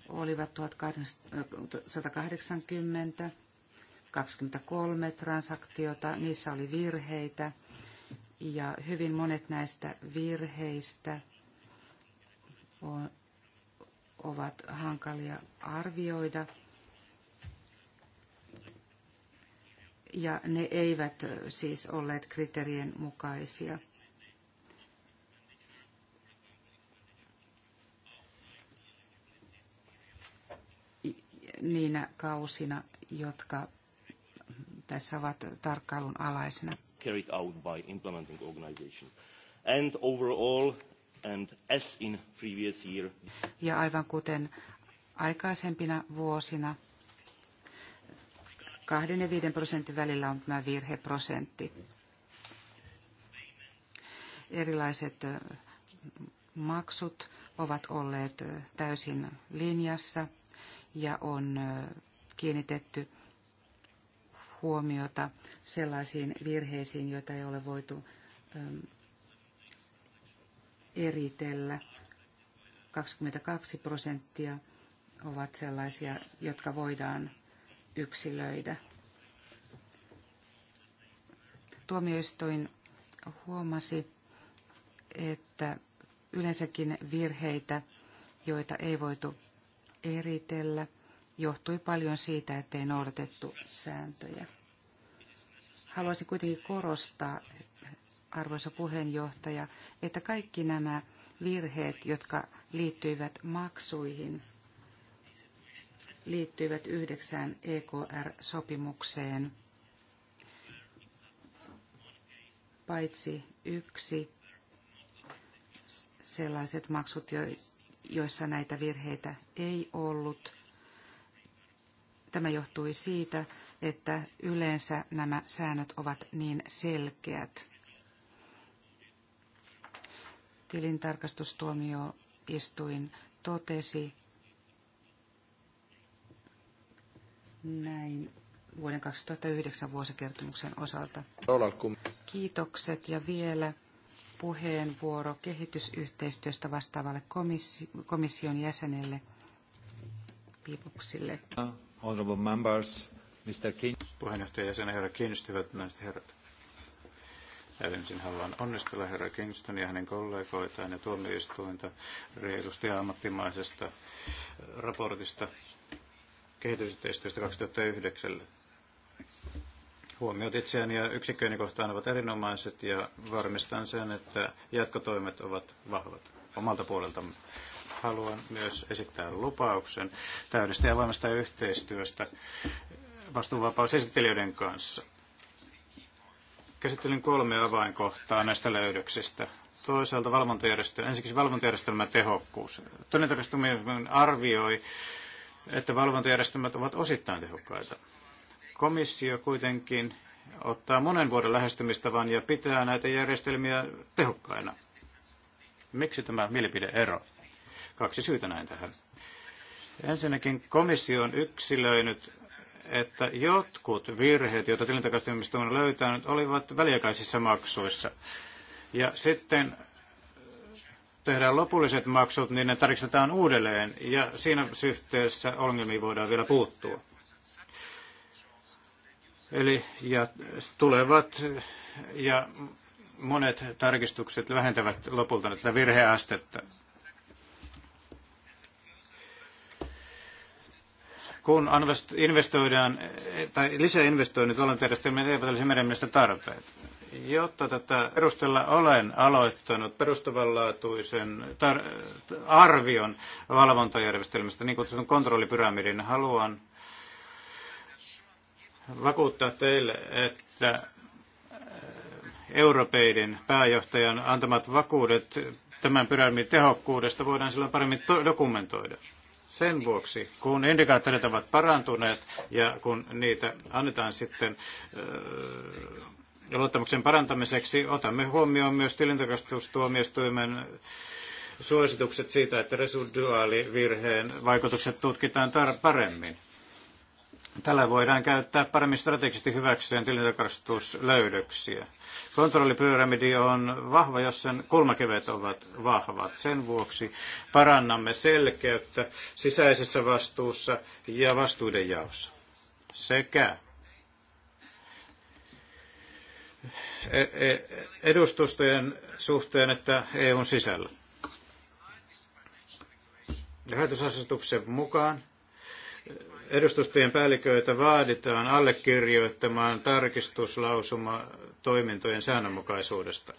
olivat 1880, 23 transaktiota, niissä oli virheitä ja hyvin monet näistä virheistä ovat hankalia arvioida. Ja ne eivät siis olleet kriteerien mukaisia. niinä kausina, jotka tässä ovat tarkkailun alaisena. Carried out by implementing organization. And overall, and as in previous year. Ja aivan kuten aikaisempina vuosina, kahden ja viiden prosentin välillä on tämä virheprosentti. Erilaiset maksut ovat olleet täysin linjassa – ja on kiinnitetty huomiota sellaisiin virheisiin, joita ei ole voitu eritellä. 22 prosenttia ovat sellaisia, jotka voidaan yksilöidä. Tuomioistuin huomasi, että yleensäkin virheitä, joita ei voitu eritellä johtui paljon siitä, ettei noudatettu sääntöjä. Haluaisin kuitenkin korostaa, arvoisa puheenjohtaja, että kaikki nämä virheet, jotka liittyivät maksuihin, liittyivät yhdeksään EKR-sopimukseen, paitsi yksi sellaiset maksut, joissa näitä virheitä ei ollut. Tämä johtui siitä, että yleensä nämä säännöt ovat niin selkeät. Tilintarkastustuomioistuin totesi näin vuoden 2009 vuosikertomuksen osalta. Kiitokset ja vielä puheenvuoro kehitysyhteistyöstä vastaavalle komissi- komission jäsenelle Piipuksille. Honorable members, Mr. King. Puheenjohtaja jäsen herra Kiinnistyvät naiset herrat. Ensin haluan onnistella herra Kingston ja hänen kollegoitaan ja tuomioistuinta reilusta ja ammattimaisesta raportista kehitysyhteistyöstä 2009. Huomiot itseään ja yksikköni kohtaan ovat erinomaiset ja varmistan sen, että jatkotoimet ovat vahvat omalta puoleltamme. Haluan myös esittää lupauksen täydestä ja avoimesta yhteistyöstä vastuunvapausesittelijöiden kanssa. Käsittelin kolme avainkohtaa näistä löydöksistä toisaalta valvontajärjestelmä, ensiksi valvontajärjestelmän tehokkuus. Todennäköisesti arvioi, että valvontajärjestelmät ovat osittain tehokkaita. Komissio kuitenkin ottaa monen vuoden lähestymistavan ja pitää näitä järjestelmiä tehokkaina. Miksi tämä mielipideero? Kaksi syytä näin tähän. Ensinnäkin komissio on yksilöinyt, että jotkut virheet, joita tilintarkastustoimisto on löytänyt, olivat väliaikaisissa maksuissa. Ja sitten tehdään lopulliset maksut, niin ne tarkistetaan uudelleen, ja siinä suhteessa ongelmiin voidaan vielä puuttua. Eli ja tulevat ja monet tarkistukset vähentävät lopulta tätä virheastetta. Kun investoidaan tai lisäinvestoinnit valmiintajärjestelmien eivät olisi meidän mielestä tarpeet. Jotta tätä perustella olen aloittanut perustavanlaatuisen tar- arvion valvontajärjestelmästä, niin kutsutun kontrollipyramidin, haluan vakuuttaa teille, että eh, Europeiden pääjohtajan antamat vakuudet tämän pyramidin tehokkuudesta voidaan silloin paremmin dokumentoida. Sen vuoksi, kun indikaattorit ovat parantuneet ja kun niitä annetaan sitten eh, luottamuksen parantamiseksi, otamme huomioon myös tilintarkastustuomioistuimen suositukset siitä, että residuaalivirheen vaikutukset tutkitaan tar- paremmin. Tällä voidaan käyttää paremmin strategisesti hyväkseen tilintarkastuslöydöksiä. Kontrollipyramidi on vahva, jos sen kulmakivet ovat vahvat. Sen vuoksi parannamme selkeyttä sisäisessä vastuussa ja vastuuden jaossa. Sekä e- e- edustustojen suhteen että EUn sisällä. Rahoitusasetuksen mukaan edustustojen päälliköitä vaaditaan allekirjoittamaan tarkistuslausuma toimintojen säännönmukaisuudesta.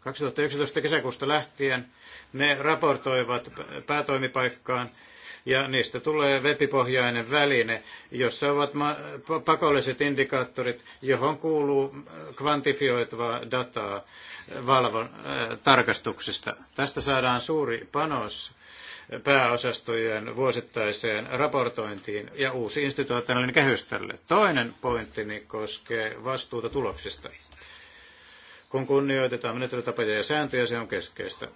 2019 kesäkuusta lähtien ne raportoivat päätoimipaikkaan ja niistä tulee webipohjainen väline, jossa ovat pakolliset indikaattorit, johon kuuluu kvantifioitavaa dataa valvon, äh, tarkastuksesta. Tästä saadaan suuri panos pääosastojen vuosittaiseen raportointiin ja uusi institutionaalinen kehys tälle. Toinen pointtini koskee vastuuta tuloksista. Kun kunnioitetaan menettelytapoja ja sääntöjä, se on keskeistä.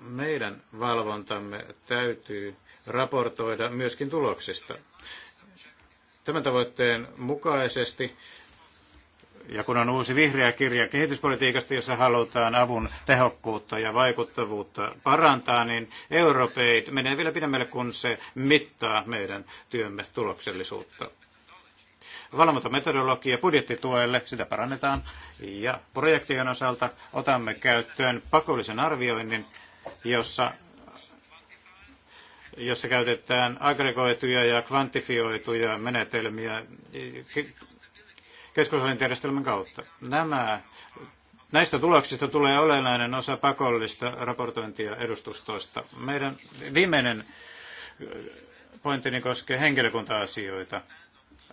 Meidän valvontamme täytyy raportoida myöskin tuloksista. Tämän tavoitteen mukaisesti ja kun on uusi vihreä kirja kehityspolitiikasta, jossa halutaan avun tehokkuutta ja vaikuttavuutta parantaa, niin Europeit menee vielä pidemmälle, kun se mittaa meidän työmme tuloksellisuutta. metodologia budjettituelle, sitä parannetaan. Ja projektien osalta otamme käyttöön pakollisen arvioinnin, jossa jossa käytetään aggregoituja ja kvantifioituja menetelmiä keskushallintojärjestelmän kautta. Nämä, näistä tuloksista tulee olennainen osa pakollista raportointia edustustoista. Meidän viimeinen äh, pointtini koskee henkilökunta-asioita.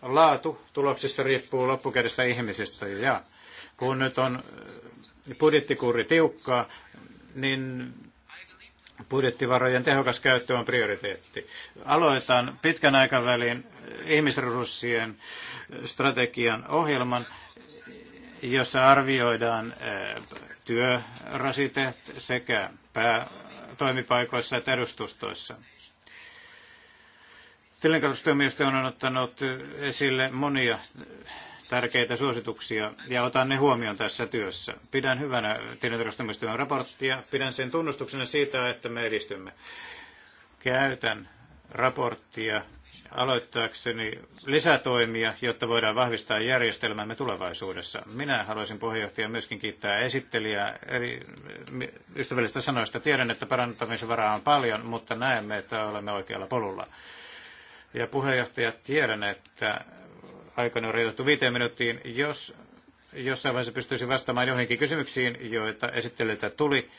Laatu tuloksista riippuu loppukädestä ihmisistä ja kun nyt on äh, budjettikuuri tiukkaa, niin budjettivarojen tehokas käyttö on prioriteetti. Aloitan pitkän aikavälin ihmisresurssien strategian ohjelman, jossa arvioidaan eh, työrasite sekä päätoimipaikoissa että edustustoissa. Tilinkalustuomioistuin on ottanut esille monia tärkeitä suosituksia ja otan ne huomioon tässä työssä. Pidän hyvänä tilintarkastustoimistojen raporttia, pidän sen tunnustuksena siitä, että me edistymme. Käytän raporttia aloittaakseni lisätoimia, jotta voidaan vahvistaa järjestelmämme tulevaisuudessa. Minä haluaisin puheenjohtaja myöskin kiittää esittelijää eri eh, ystävällistä sanoista. Tiedän, että parantamisen varaa on paljon, mutta näemme, että olemme oikealla polulla. Ja puheenjohtaja, tiedän, että aikana on rajoitettu viiteen minuuttiin. Jos jossain vaiheessa pystyisin vastaamaan johonkin kysymyksiin, joita esittelijöiltä tuli,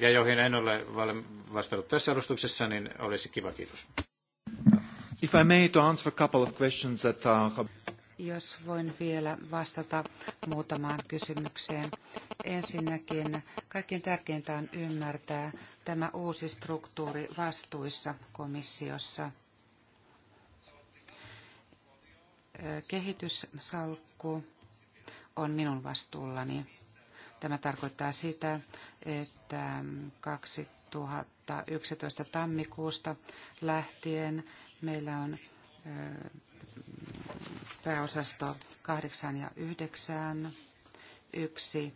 ja joihin en ole vastannut tässä alustuksessa, niin olisi kiva kiitos. If I may, to answer a couple of questions that uh, Jos voin vielä vastata muutamaan kysymykseen. Ensinnäkin kaikkein tärkeintä on ymmärtää tämä uusi struktuuri vastuissa komissiossa. Kehityssalkku on minun vastuullani. Tämä tarkoittaa sitä, että 2011 tammikuusta lähtien Meillä on pääosasto 8 ja 9, yksi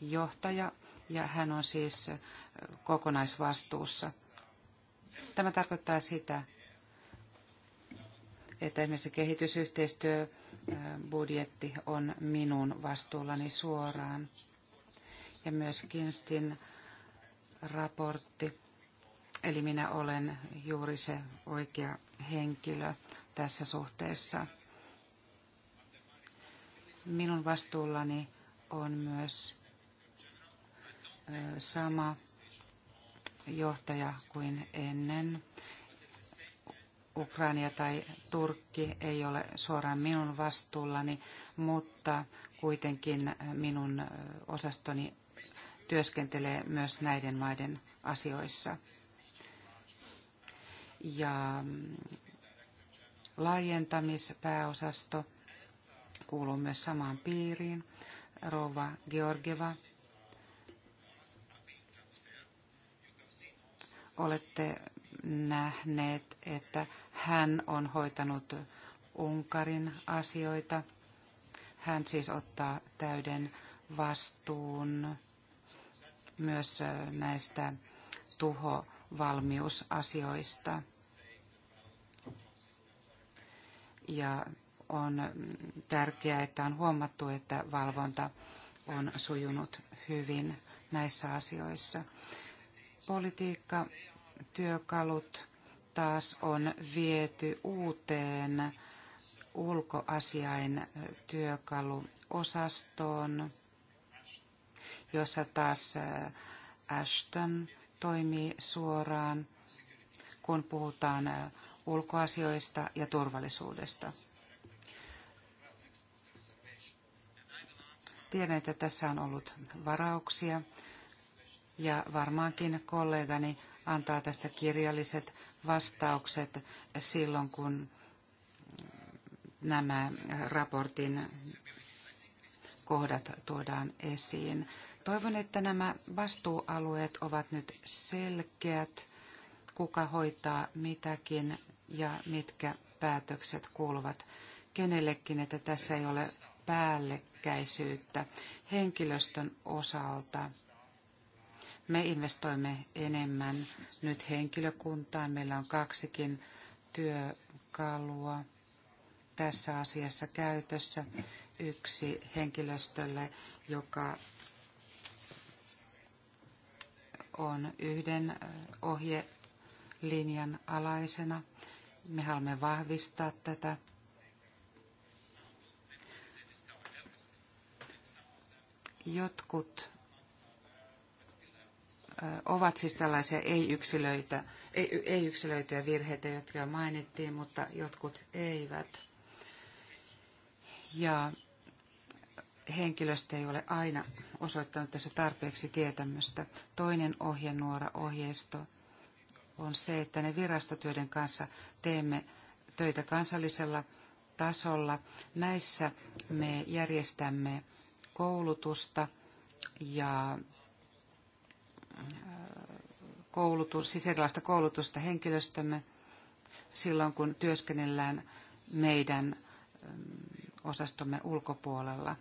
johtaja ja hän on siis kokonaisvastuussa. Tämä tarkoittaa sitä, että esimerkiksi kehitysyhteistyöbudjetti on minun vastuullani suoraan. Ja myös Kinstin raportti Eli minä olen juuri se oikea henkilö tässä suhteessa. Minun vastuullani on myös sama johtaja kuin ennen. Ukraina tai Turkki ei ole suoraan minun vastuullani, mutta kuitenkin minun osastoni työskentelee myös näiden maiden asioissa ja mm, laajentamispääosasto kuuluu myös samaan piiriin. Rova Georgieva, olette nähneet, että hän on hoitanut Unkarin asioita. Hän siis ottaa täyden vastuun myös äh, näistä tuhovalmiusasioista. ja on tärkeää, että on huomattu, että valvonta on sujunut hyvin näissä asioissa. Politiikka, työkalut taas on viety uuteen ulkoasiain työkaluosastoon, jossa taas äh, Ashton toimii suoraan, kun puhutaan äh, ulkoasioista ja turvallisuudesta. Tiedän, että tässä on ollut varauksia ja varmaankin kollegani antaa tästä kirjalliset vastaukset silloin, kun nämä raportin kohdat tuodaan esiin. Toivon, että nämä vastuualueet ovat nyt selkeät, kuka hoitaa mitäkin ja mitkä päätökset kuuluvat kenellekin, että tässä ei ole päällekkäisyyttä henkilöstön osalta. Me investoimme enemmän nyt henkilökuntaan. Meillä on kaksikin työkalua tässä asiassa käytössä. Yksi henkilöstölle, joka on yhden ohjelinjan alaisena me haluamme vahvistaa tätä. Jotkut ovat siis tällaisia ei-yksilöitä, ei-yksilöityjä virheitä, jotka jo mainittiin, mutta jotkut eivät. Ja henkilöstö ei ole aina osoittanut tässä tarpeeksi tietämystä. Toinen ohjenuora, ohjeisto on se, että ne virastot, joiden kanssa teemme töitä kansallisella tasolla, näissä me järjestämme koulutusta ja äh, koulutus, siis erilaista koulutusta henkilöstömme silloin, kun työskennellään meidän ähm, osastomme ulkopuolella.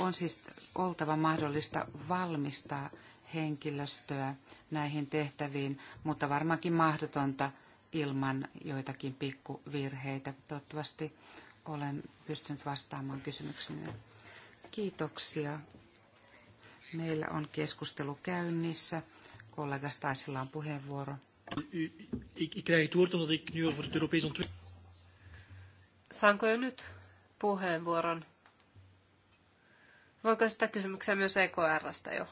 On siis oltava mahdollista valmistaa henkilöstöä näihin tehtäviin, mutta varmaankin mahdotonta ilman joitakin pikkuvirheitä. Toivottavasti olen pystynyt vastaamaan kysymyksiin. Kiitoksia. Meillä on keskustelu käynnissä. Kollega Staisilla on puheenvuoro. Saanko jo nyt puheenvuoron? Voiko sitä kysymyksiä myös EKRstä jo?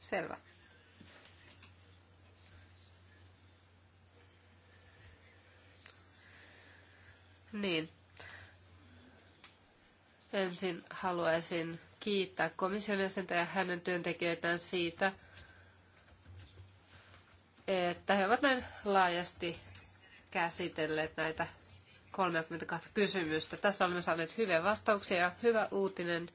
Selvä. Niin. Ensin haluaisin kiittää komission jäsentä ja hänen työntekijöitään siitä, että he ovat näin laajasti käsitelleet näitä 32 kysymystä. Tässä olemme saaneet hyviä vastauksia ja hyvä uutinen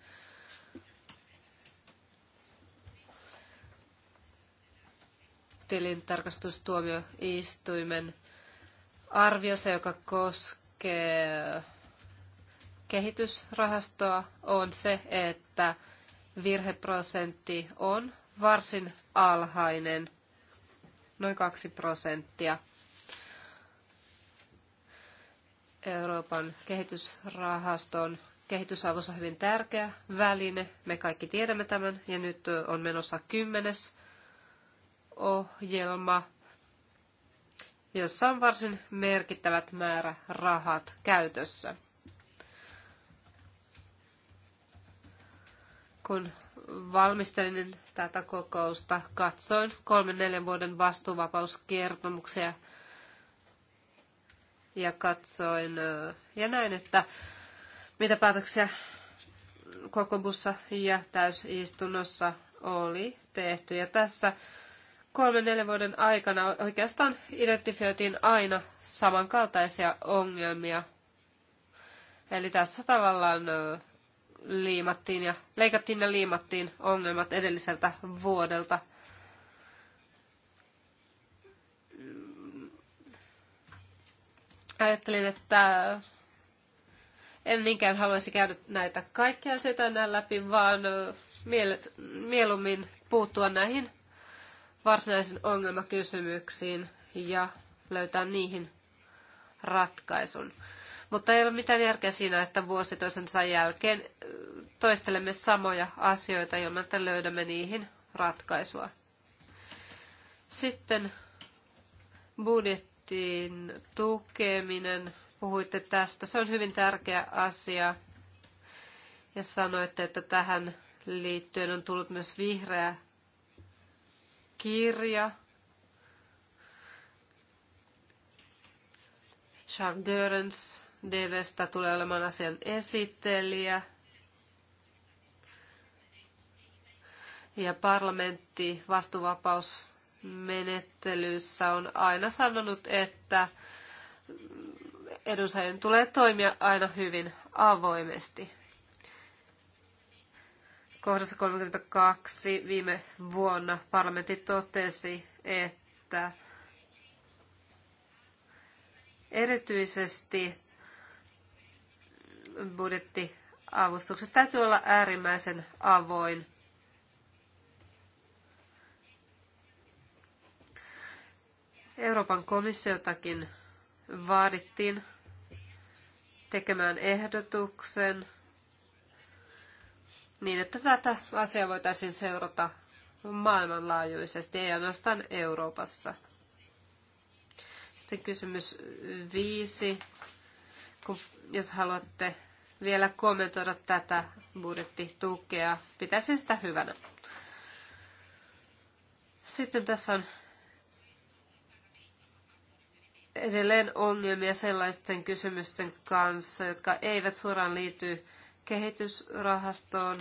tilintarkastustuomioistuimen arviossa, joka koskee kehitysrahastoa, on se, että virheprosentti on varsin alhainen, noin 2 prosenttia. Euroopan kehitysrahaston kehitysavussa hyvin tärkeä väline. Me kaikki tiedämme tämän ja nyt on menossa kymmenes ohjelma, jossa on varsin merkittävät määrä rahat käytössä. Kun valmistelin tätä kokousta, katsoin kolmen neljän vuoden vastuuvapauskertomuksia ja katsoin ja näin, että mitä päätöksiä kokoomussa ja täysistunnossa oli tehty. Ja tässä kolmen neljän vuoden aikana oikeastaan identifioitiin aina samankaltaisia ongelmia. Eli tässä tavallaan liimattiin ja leikattiin ja liimattiin ongelmat edelliseltä vuodelta. Ajattelin, että en niinkään haluaisi käydä näitä kaikkia asioita läpi, vaan mieluummin puuttua näihin varsinaisiin ongelmakysymyksiin ja löytää niihin ratkaisun. Mutta ei ole mitään järkeä siinä, että vuosi toisensa jälkeen toistelemme samoja asioita ilman, että löydämme niihin ratkaisua. Sitten budjettiin tukeminen. Puhuitte tästä. Se on hyvin tärkeä asia. Ja sanoitte, että tähän liittyen on tullut myös vihreä kirja. Charles Görens Devestä tulee olemaan asian esittelijä. Ja parlamentti vastuvapausmenettelyssä on aina sanonut, että edunsaajien tulee toimia aina hyvin avoimesti. Kohdassa 32 viime vuonna parlamentti totesi, että erityisesti budjettiavustukset täytyy olla äärimmäisen avoin. Euroopan komissiotakin vaadittiin tekemään ehdotuksen – niin että tätä asiaa voitaisiin seurata maailmanlaajuisesti, ei ainoastaan Euroopassa. Sitten kysymys viisi. Kun, jos haluatte vielä kommentoida tätä budjettitukea, pitäisin sitä hyvänä. Sitten tässä on edelleen ongelmia sellaisten kysymysten kanssa, jotka eivät suoraan liity kehitysrahastoon.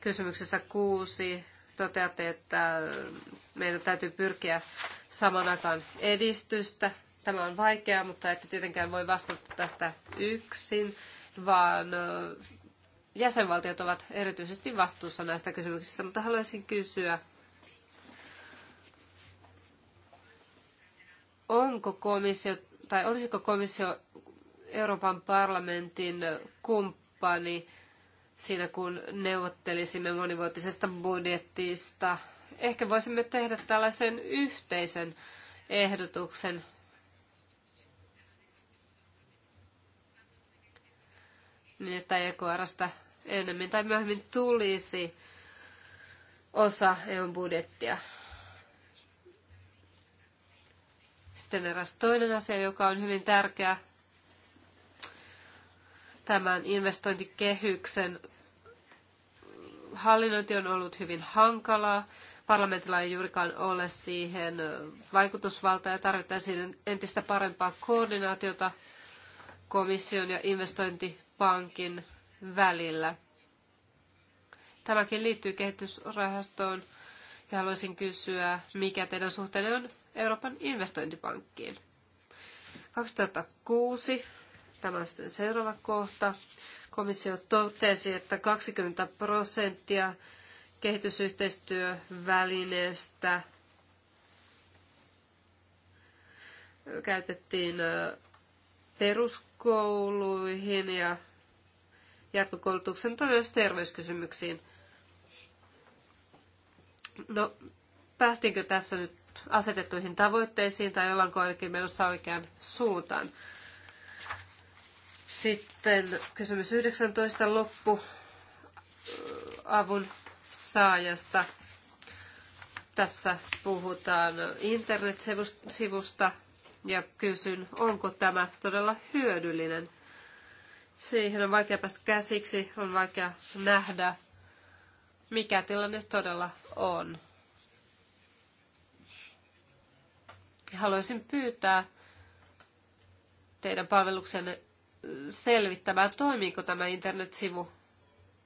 Kysymyksessä kuusi toteatte, että meidän täytyy pyrkiä saman aikaan edistystä. Tämä on vaikeaa, mutta ette tietenkään voi vastata tästä yksin, vaan jäsenvaltiot ovat erityisesti vastuussa näistä kysymyksistä, mutta haluaisin kysyä, onko komissio tai olisiko komissio Euroopan parlamentin kumppani siinä, kun neuvottelisimme monivuotisesta budjettista. Ehkä voisimme tehdä tällaisen yhteisen ehdotuksen niin, että EKRstä enemmän tai myöhemmin tulisi osa EUn budjettia. Sitten eräs toinen asia, joka on hyvin tärkeä Tämän investointikehyksen hallinnointi on ollut hyvin hankalaa. Parlamentilla ei juurikaan ole siihen vaikutusvaltaa ja tarvittaisiin entistä parempaa koordinaatiota komission ja investointipankin välillä. Tämäkin liittyy kehitysrahastoon ja haluaisin kysyä, mikä teidän suhteenne on Euroopan investointipankkiin. 2006 Tämä on sitten seuraava kohta. Komissio totesi, että 20 prosenttia kehitysyhteistyövälineestä käytettiin peruskouluihin ja jatkokoulutuksen mutta myös terveyskysymyksiin. No, päästiinkö tässä nyt asetettuihin tavoitteisiin tai ollaanko ainakin menossa oikeaan suuntaan? Sitten kysymys 19 loppu äh, avun saajasta. Tässä puhutaan internetsivusta ja kysyn, onko tämä todella hyödyllinen. Siihen on vaikea päästä käsiksi, on vaikea nähdä, mikä tilanne todella on. Haluaisin pyytää teidän palveluksenne selvittämään, toimiiko tämä internetsivu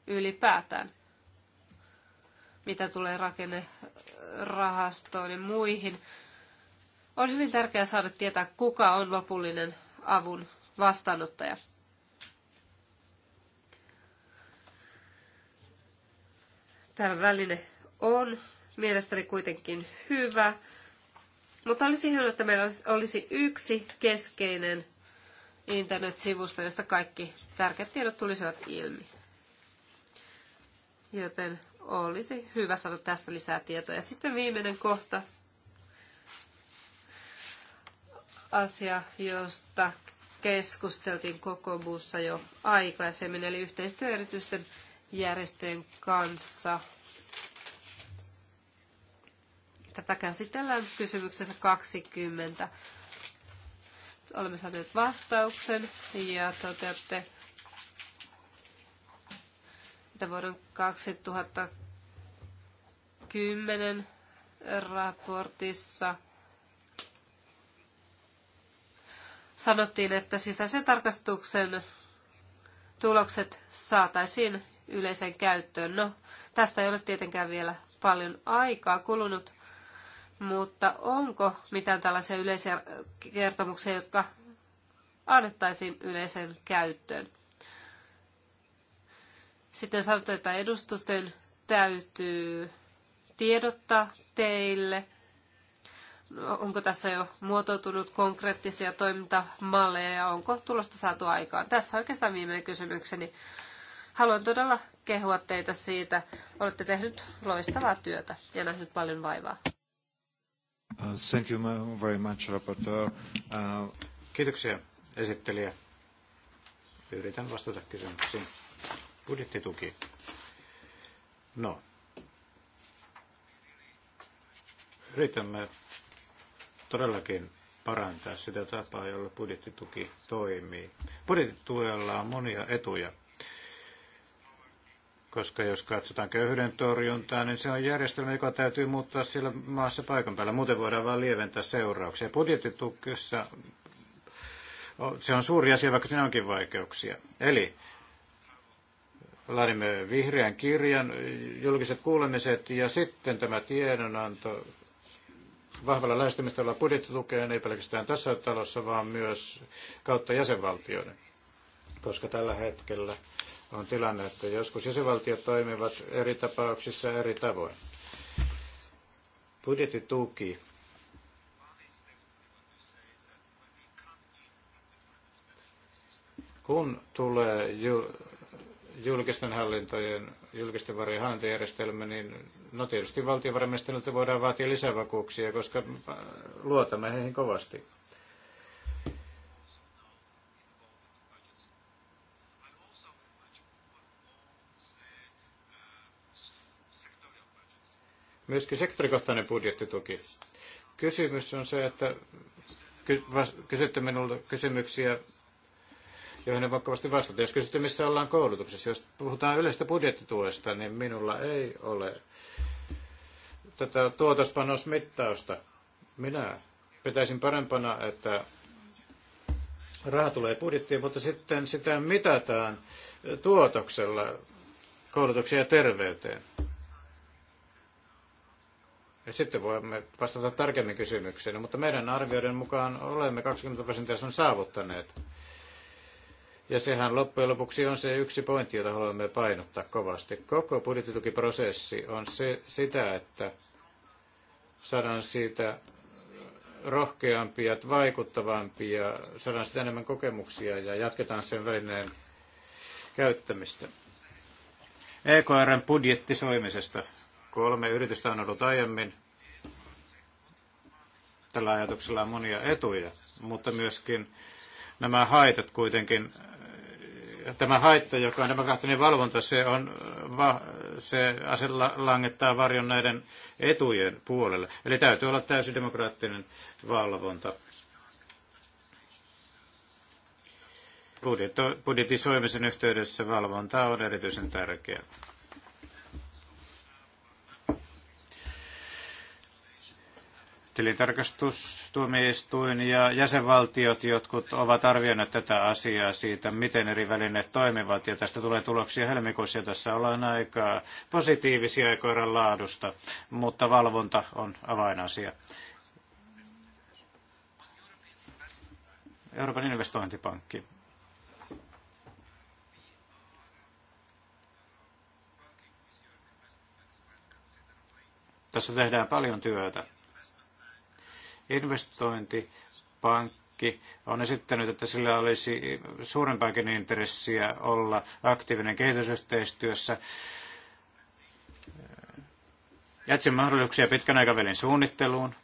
ylipäätään. Mitä tulee rakennerahastoon ja muihin. On hyvin tärkeää saada tietää, kuka on lopullinen avun vastaanottaja. Tämä väline on mielestäni kuitenkin hyvä, mutta olisi hyvä, että meillä olisi yksi keskeinen internetsivusto, josta kaikki tärkeät tiedot tulisivat ilmi. Joten olisi hyvä saada tästä lisää tietoa. Ja sitten viimeinen kohta, asia, josta keskusteltiin koko bussa jo aikaisemmin, eli yhteistyö erityisten järjestöjen kanssa. Tätä käsitellään kysymyksessä 20 olemme saaneet vastauksen ja toteatte, että vuoden 2010 raportissa sanottiin, että sisäisen tarkastuksen tulokset saataisiin yleiseen käyttöön. No, tästä ei ole tietenkään vielä paljon aikaa kulunut, mutta onko mitään tällaisia yleisiä kertomuksia, jotka annettaisiin yleisen käyttöön? Sitten sanotaan, että edustusten täytyy tiedottaa teille. No, onko tässä jo muotoutunut konkreettisia toimintamalleja ja onko tulosta saatu aikaan? Tässä oikeastaan viimeinen kysymykseni. Haluan todella kehua teitä siitä. Olette tehnyt loistavaa työtä ja nähnyt paljon vaivaa. Uh, thank you very much, rapporteur. Uh, Kiitoksia esittelijä. Yritän vastata kysymyksiin. Budjettituki. No. Yritämme todellakin parantaa sitä tapaa, jolla budjettituki toimii. Budjettituella on monia etuja. Koska jos katsotaan köyhyyden torjuntaa, niin se on järjestelmä, joka täytyy muuttaa siellä maassa paikan päällä. Muuten voidaan vain lieventää seurauksia. Budjettitukessa se on suuri asia, vaikka siinä onkin vaikeuksia. Eli laadimme vihreän kirjan, julkiset kuulemiset ja sitten tämä tiedonanto vahvalla lähestymistöllä budjettitukeen, ei pelkästään tässä talossa, vaan myös kautta jäsenvaltioiden. Koska tällä hetkellä on tilanne, että joskus jäsenvaltiot toimivat eri tapauksissa eri tavoin. Budjettituki kun tulee julkisten hallintojen, julkisten varojen hallintojärjestelmä, niin no tietysti valtiovarainministeriöltä voidaan vaatia lisävakuuksia, koska luotamme heihin kovasti. Myöskin sektorikohtainen budjettituki. Kysymys on se, että kysytte minulle kysymyksiä, joihin en vakavasti vastata. Jos kysytte, missä ollaan koulutuksessa, jos puhutaan yleistä budjettituesta, niin minulla ei ole tätä tuotospanosmittausta. Minä pitäisin parempana, että raha tulee budjettiin, mutta sitten sitä mitataan tuotoksella koulutukseen ja terveyteen. Ja Sitten voimme vastata tarkemmin kysymykseen, no, mutta meidän arvioiden mukaan olemme 20 prosenttia sen saavuttaneet. Ja sehän loppujen lopuksi on se yksi pointti, jota haluamme painottaa kovasti. Koko budjettitukiprosessi on se, sitä, että saadaan siitä rohkeampia, vaikuttavampia, ja saadaan sitä enemmän kokemuksia ja jatketaan sen välineen käyttämistä. EKRn budjettisoimisesta Kolme yritystä on ollut aiemmin. Tällä ajatuksella on monia etuja, mutta myöskin nämä haitat kuitenkin, tämä haitta, joka on demokraattinen valvonta, se, on, se asella langettaa varjon näiden etujen puolelle. Eli täytyy olla täysin demokraattinen valvonta. Budjetisoimisen yhteydessä valvonta on erityisen tärkeää. tilintarkastustuomioistuin ja jäsenvaltiot jotkut ovat arvioineet tätä asiaa siitä, miten eri välineet toimivat, ja tästä tulee tuloksia helmikuussa, ja tässä ollaan aika positiivisia koiran laadusta, mutta valvonta on avainasia. Euroopan investointipankki. Tässä tehdään paljon työtä investointipankki on esittänyt, että sillä olisi suurempaakin intressiä olla aktiivinen kehitysyhteistyössä. Etsin mahdollisuuksia pitkän aikavälin suunnitteluun,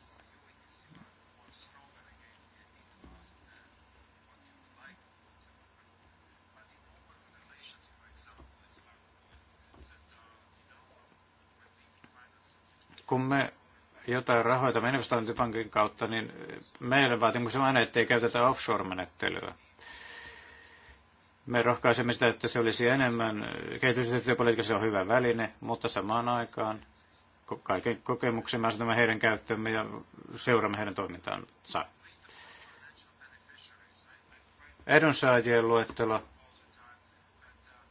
kun me jotain rahoita investointipankin kautta, niin meidän vaatimus on aina, ettei käytetä offshore-menettelyä. Me rohkaisemme sitä, että se olisi enemmän, kehitysyhteistyöpolitiikassa on hyvä väline, mutta samaan aikaan kaiken kokemuksen asetamme heidän käyttöömme ja seuraamme heidän toimintaansa. Edunsaajien luettelo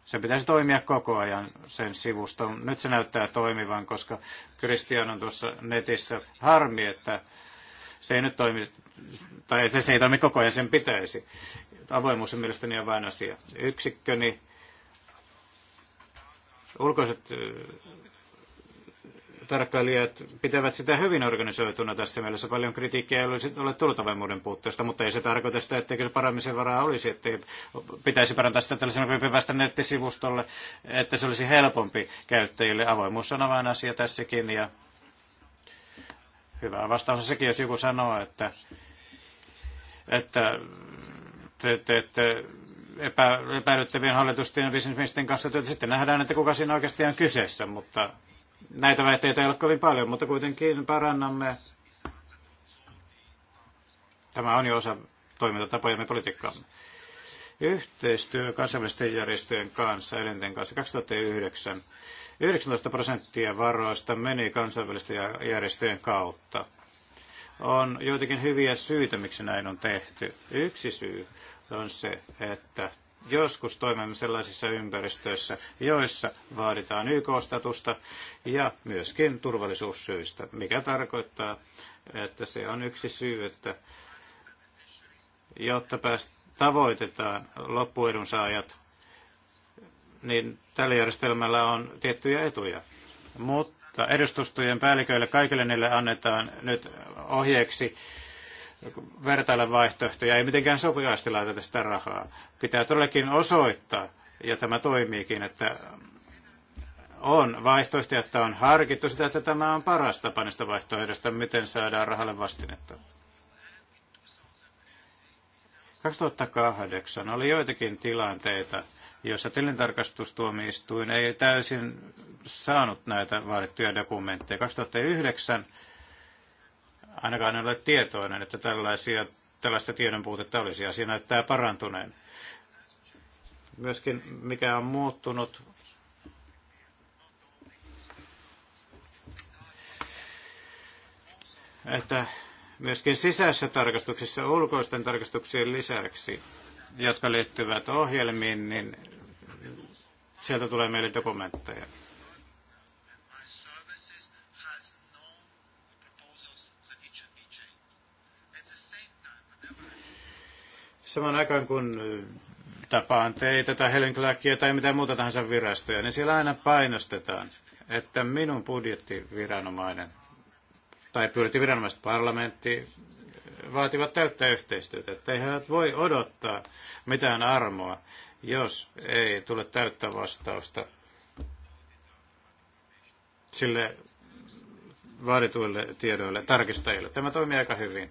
sen pitäisi toimia koko ajan sen sivuston. Nyt se näyttää toimivan, koska Christian on tuossa netissä. Harmi, että se ei nyt toimi, tai että se ei toimi koko ajan, sen pitäisi. Avoimuus on mielestäni vain asia. Yksikköni ulkoiset tarkkailijat pitävät sitä hyvin organisoituna tässä mielessä. Paljon kritiikkiä ei olisi ole avoimuuden puutteesta, mutta ei se tarkoita sitä, etteikö se parantamisen varaa olisi, että pitäisi parantaa sitä tällaisena hyppivästä nettisivustolle, että se olisi helpompi käyttäjille. Avoimuus on asia tässäkin ja hyvä vastaus on sekin, jos joku sanoo, että, että te, te, te epä, epäilyttävien hallitusten ja bisnesmiesten kanssa työtä. Sitten nähdään, että kuka siinä oikeasti on kyseessä, mutta Näitä väitteitä ei ole kovin paljon, mutta kuitenkin parannamme. Tämä on jo osa toimintatapojamme politiikkaamme. Yhteistyö kansainvälisten järjestöjen kanssa, elinten kanssa 2009. 19 prosenttia varoista meni kansainvälisten järjestöjen kautta. On joitakin hyviä syitä, miksi näin on tehty. Yksi syy on se, että Joskus toimimme sellaisissa ympäristöissä, joissa vaaditaan YK-statusta ja myöskin turvallisuussyistä, mikä tarkoittaa, että se on yksi syy, että jotta päästä tavoitetaan loppuedunsaajat, niin tällä järjestelmällä on tiettyjä etuja. Mutta edustustojen päälliköille kaikille niille annetaan nyt ohjeeksi vertailla vaihtoehtoja, ei mitenkään sopivasti laiteta sitä rahaa. Pitää todellakin osoittaa, ja tämä toimiikin, että on vaihtoehtoja, että on harkittu sitä, että tämä on paras tapa niistä vaihtoehdosta, miten saadaan rahalle vastinetta. 2008 oli joitakin tilanteita, joissa tilintarkastustuomioistuin ei täysin saanut näitä vaadittuja dokumentteja. 2009 Ainakaan en ole tietoinen, että tällaisia, tällaista tiedon puutetta olisi. Asia näyttää parantuneen. Myöskin mikä on muuttunut, että myöskin sisäisessä tarkastuksessa ulkoisten tarkastuksien lisäksi, jotka liittyvät ohjelmiin, niin sieltä tulee meille dokumentteja. Samaan aikaan kun tapaan teitä tai Helen Clarkia tai mitä muuta tahansa virastoja, niin siellä aina painostetaan, että minun budjettiviranomainen tai budjettiviranomaiset parlamentti vaativat täyttä yhteistyötä, että eihän voi odottaa mitään armoa, jos ei tule täyttä vastausta sille vaadituille tiedoille tarkistajille. Tämä toimii aika hyvin.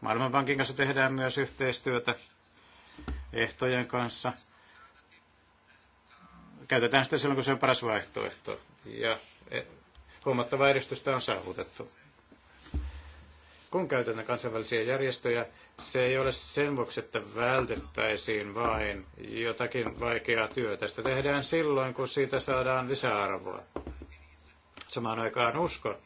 Maailmanpankin kanssa tehdään myös yhteistyötä ehtojen kanssa. Käytetään sitä silloin, kun se on paras vaihtoehto. Ja e, huomattavaa edistystä on saavutettu. Kun käytetään kansainvälisiä järjestöjä, se ei ole sen vuoksi, että vältettäisiin vain jotakin vaikeaa työtä. Sitä tehdään silloin, kun siitä saadaan lisäarvoa. Samaan aikaan uskon,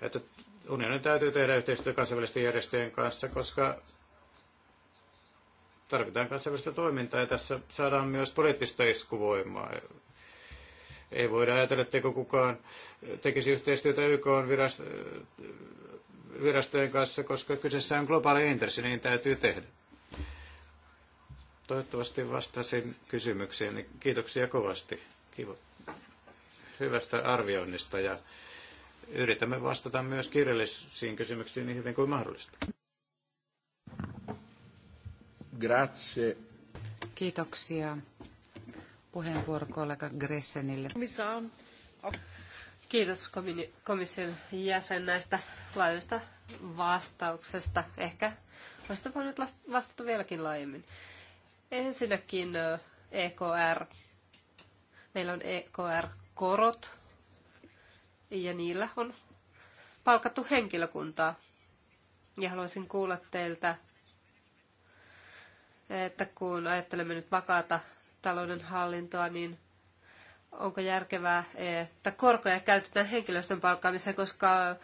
että unionin täytyy tehdä yhteistyötä kansainvälisten järjestöjen kanssa, koska Tarvitaan kansainvälistä toimintaa ja tässä saadaan myös poliittista iskuvoimaa. Ei voida ajatella, että kukaan tekisi yhteistyötä YK virastojen kanssa, koska kyseessä on globaali intressi, niin täytyy tehdä. Toivottavasti vastasin kysymykseen. Kiitoksia kovasti. Kiva. Hyvästä arvioinnista ja yritämme vastata myös kirjallisiin kysymyksiin niin hyvin kuin mahdollista. Grazie. Kiitoksia puheenvuoro kollega Gressenille. Kiitos komission jäsen näistä laajoista vastauksesta. Ehkä voisitte voinut vastata vieläkin laajemmin. Ensinnäkin EKR. Meillä on EKR-korot ja niillä on palkattu henkilökuntaa. Ja haluaisin kuulla teiltä että kun ajattelemme nyt vakaata talouden hallintoa, niin onko järkevää, että korkoja käytetään henkilöstön palkkaamiseen, koska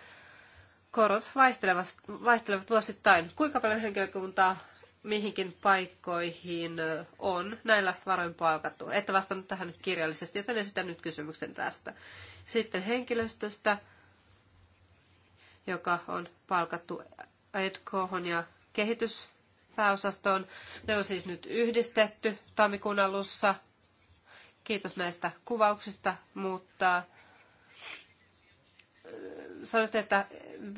korot vaihtelevat, vaihtelevat vuosittain. Kuinka paljon henkilökuntaa mihinkin paikkoihin on näillä varoin palkattu? Että vastannut tähän kirjallisesti, joten esitän nyt kysymyksen tästä. Sitten henkilöstöstä, joka on palkattu EDCOhon ja kehitys pääosastoon. Ne on siis nyt yhdistetty tammikuun alussa. Kiitos näistä kuvauksista, mutta äh, sanot että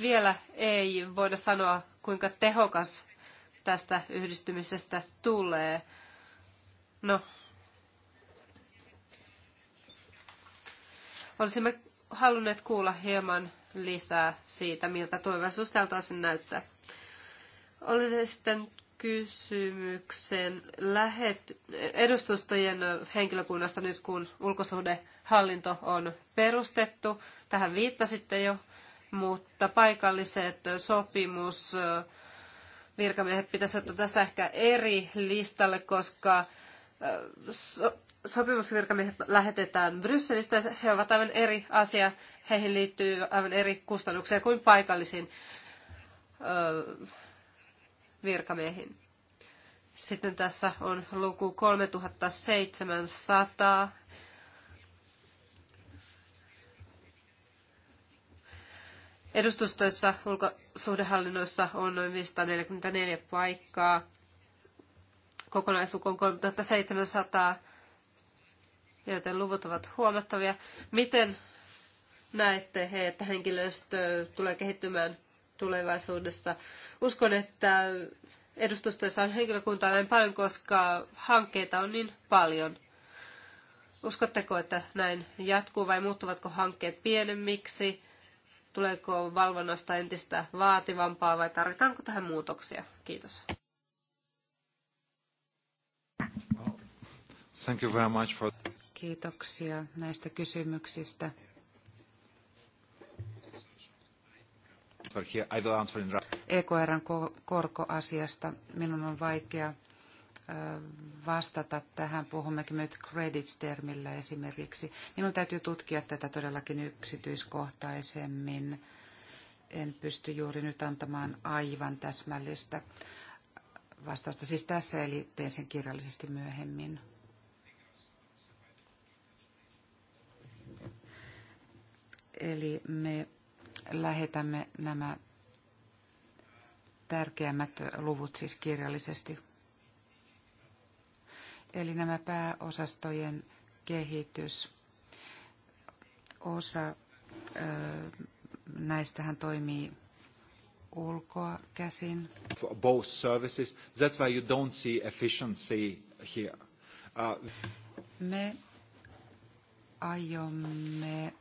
vielä ei voida sanoa, kuinka tehokas tästä yhdistymisestä tulee. No, olisimme halunneet kuulla hieman lisää siitä, miltä tulevaisuus tältä osin näyttää. Olen sitten kysymyksen lähet, edustustojen henkilökunnasta nyt, kun ulkosuhdehallinto on perustettu. Tähän viittasitte jo, mutta paikalliset sopimus virkamiehet pitäisi ottaa tässä ehkä eri listalle, koska so- sopimusvirkamiehet lähetetään Brysselistä ja he ovat aivan eri asia. Heihin liittyy aivan eri kustannuksia kuin paikallisiin virkamiehiin. Sitten tässä on luku 3700. Edustustoissa ulkosuhdehallinnoissa on noin 544 paikkaa. Kokonaisluku on 3700, joten luvut ovat huomattavia. Miten näette, että henkilöstö tulee kehittymään tulevaisuudessa. Uskon, että edustustoissa on henkilökuntaa näin paljon, koska hankkeita on niin paljon. Uskotteko, että näin jatkuu vai muuttuvatko hankkeet pienemmiksi? Tuleeko valvonnasta entistä vaativampaa vai tarvitaanko tähän muutoksia? Kiitos. Thank you very much for... Kiitoksia näistä kysymyksistä. But here I will answer in... EKRn korkoasiasta minun on vaikea vastata tähän. Puhummekin nyt credits-termillä esimerkiksi. Minun täytyy tutkia tätä todellakin yksityiskohtaisemmin. En pysty juuri nyt antamaan aivan täsmällistä vastausta siis tässä, eli teen sen kirjallisesti myöhemmin. Eli me lähetämme nämä tärkeimmät luvut siis kirjallisesti. Eli nämä pääosastojen kehitys. Osa ö, näistähän toimii ulkoa käsin. For both services. That's why you don't see efficiency here. Uh... Me aiomme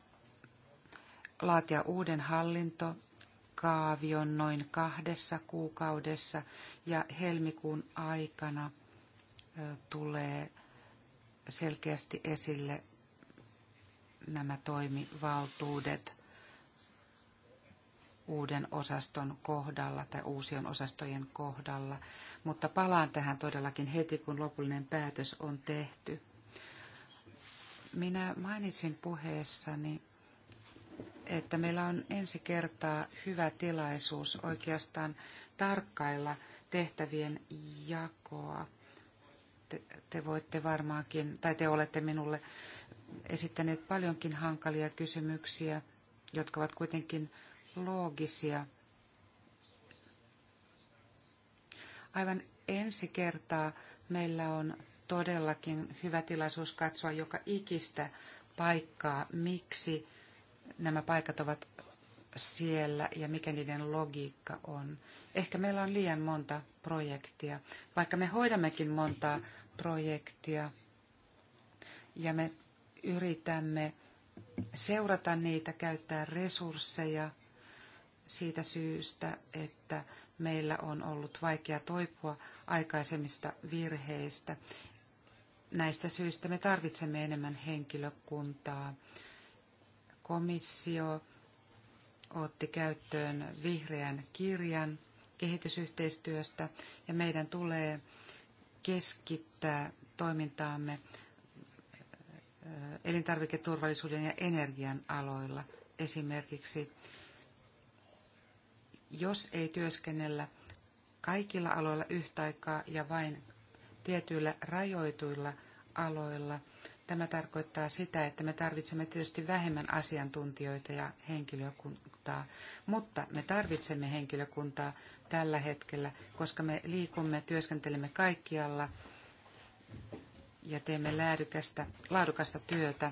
laatia uuden hallintokaavion noin kahdessa kuukaudessa ja helmikuun aikana tulee selkeästi esille nämä toimivaltuudet uuden osaston kohdalla tai uusien osastojen kohdalla, mutta palaan tähän todellakin heti, kun lopullinen päätös on tehty. Minä mainitsin puheessani että meillä on ensi kertaa hyvä tilaisuus oikeastaan tarkkailla tehtävien jakoa. Te, te voitte varmaankin, tai te olette minulle esittäneet paljonkin hankalia kysymyksiä, jotka ovat kuitenkin loogisia. Aivan ensi kertaa meillä on todellakin hyvä tilaisuus katsoa joka ikistä paikkaa, miksi nämä paikat ovat siellä ja mikä niiden logiikka on. Ehkä meillä on liian monta projektia, vaikka me hoidammekin montaa projektia ja me yritämme seurata niitä, käyttää resursseja siitä syystä, että meillä on ollut vaikea toipua aikaisemmista virheistä. Näistä syistä me tarvitsemme enemmän henkilökuntaa komissio otti käyttöön vihreän kirjan kehitysyhteistyöstä ja meidän tulee keskittää toimintaamme elintarviketurvallisuuden ja energian aloilla esimerkiksi. Jos ei työskennellä kaikilla aloilla yhtä aikaa ja vain tietyillä rajoituilla aloilla, Tämä tarkoittaa sitä, että me tarvitsemme tietysti vähemmän asiantuntijoita ja henkilökuntaa, mutta me tarvitsemme henkilökuntaa tällä hetkellä, koska me liikumme, työskentelemme kaikkialla ja teemme laadukasta työtä.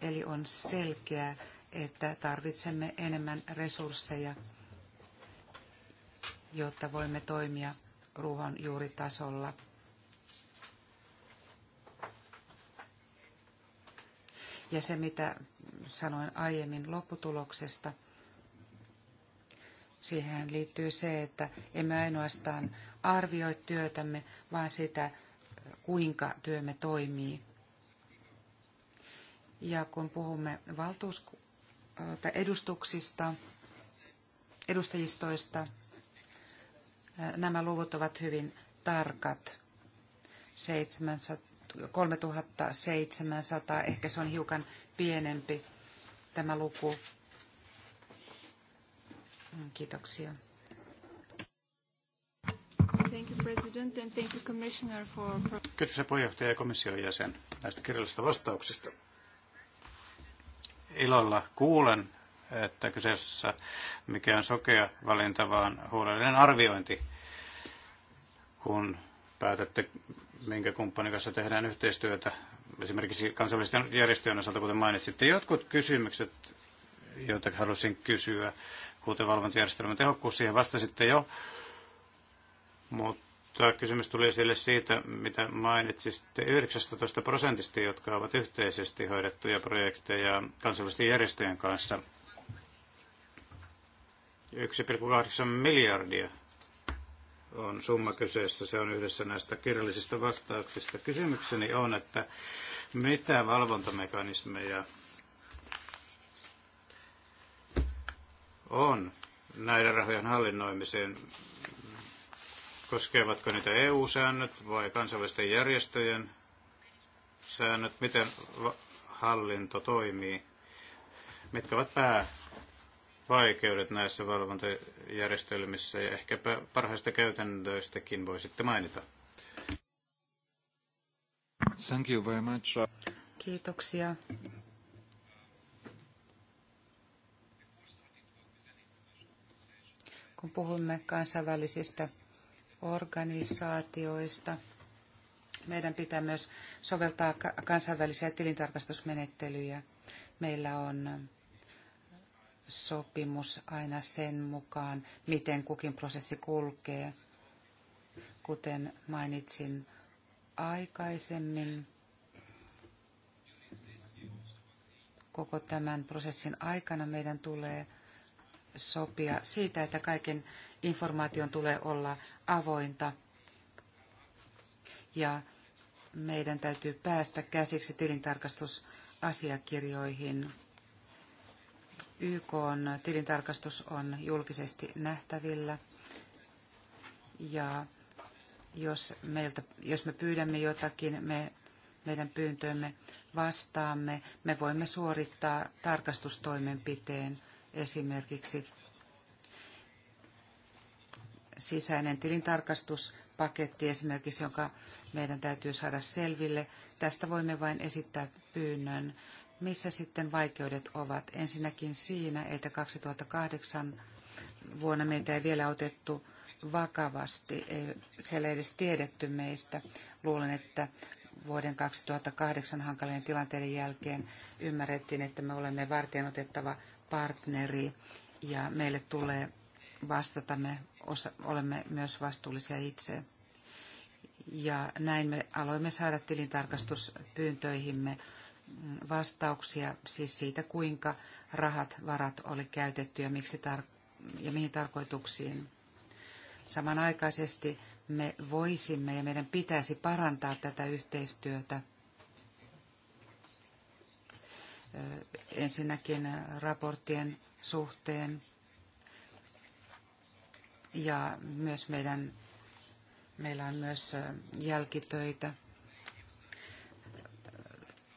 Eli on selkeää, että tarvitsemme enemmän resursseja, jotta voimme toimia ruohonjuuritasolla. Ja se, mitä sanoin aiemmin lopputuloksesta, siihen liittyy se, että emme ainoastaan arvioi työtämme, vaan sitä, kuinka työmme toimii. Ja kun puhumme valtuusku- tai edustuksista, edustajistoista, nämä luvut ovat hyvin tarkat. 700 3700, ehkä se on hiukan pienempi tämä luku. Mm, kiitoksia. Thank you, President, and thank you, Commissioner, for... Kiitos puheenjohtaja ja komission jäsen näistä kirjallisista vastauksista. Ilolla kuulen, että kyseessä mikään sokea valinta, vaan huolellinen arviointi, kun päätätte minkä kumppanin kanssa tehdään yhteistyötä, esimerkiksi kansainvälisten järjestöjen osalta, kuten mainitsitte. Jotkut kysymykset, joita halusin kysyä, kuten valvontajärjestelmän tehokkuus, siihen vastasitte jo, mutta kysymys tuli esille siitä, mitä mainitsitte 19 prosentista, jotka ovat yhteisesti hoidettuja projekteja kansainvälisten järjestöjen kanssa. 1,8 miljardia on summa kyseessä. Se on yhdessä näistä kirjallisista vastauksista. Kysymykseni on, että mitä valvontamekanismeja on näiden rahojen hallinnoimiseen? Koskevatko niitä EU-säännöt vai kansainvälisten järjestöjen säännöt? Miten hallinto toimii? Mitkä ovat pää vaikeudet näissä valvontajärjestelmissä ja ehkäpä parhaista käytännöistäkin voisitte mainita. Thank you very much. Kiitoksia. Kun puhumme kansainvälisistä organisaatioista, meidän pitää myös soveltaa kansainvälisiä tilintarkastusmenettelyjä. Meillä on sopimus aina sen mukaan, miten kukin prosessi kulkee. Kuten mainitsin aikaisemmin, koko tämän prosessin aikana meidän tulee sopia siitä, että kaiken informaation tulee olla avointa ja meidän täytyy päästä käsiksi tilintarkastusasiakirjoihin. YK on tilintarkastus on julkisesti nähtävillä ja jos, meiltä, jos me pyydämme jotakin, me, meidän pyyntöömme vastaamme, me voimme suorittaa tarkastustoimenpiteen esimerkiksi sisäinen tilintarkastuspaketti esimerkiksi, jonka meidän täytyy saada selville. Tästä voimme vain esittää pyynnön missä sitten vaikeudet ovat? Ensinnäkin siinä, että 2008 vuonna meitä ei vielä otettu vakavasti. Ei, siellä ei edes tiedetty meistä. Luulen, että vuoden 2008 hankalien tilanteiden jälkeen ymmärrettiin, että me olemme varten otettava partneri ja meille tulee vastata. Me osa, olemme myös vastuullisia itse. Ja näin me aloimme saada tilintarkastuspyyntöihimme vastauksia siis siitä, kuinka rahat, varat oli käytetty ja, miksi tar- ja mihin tarkoituksiin. Samanaikaisesti me voisimme ja meidän pitäisi parantaa tätä yhteistyötä ensinnäkin raporttien suhteen ja myös meidän, meillä on myös jälkitöitä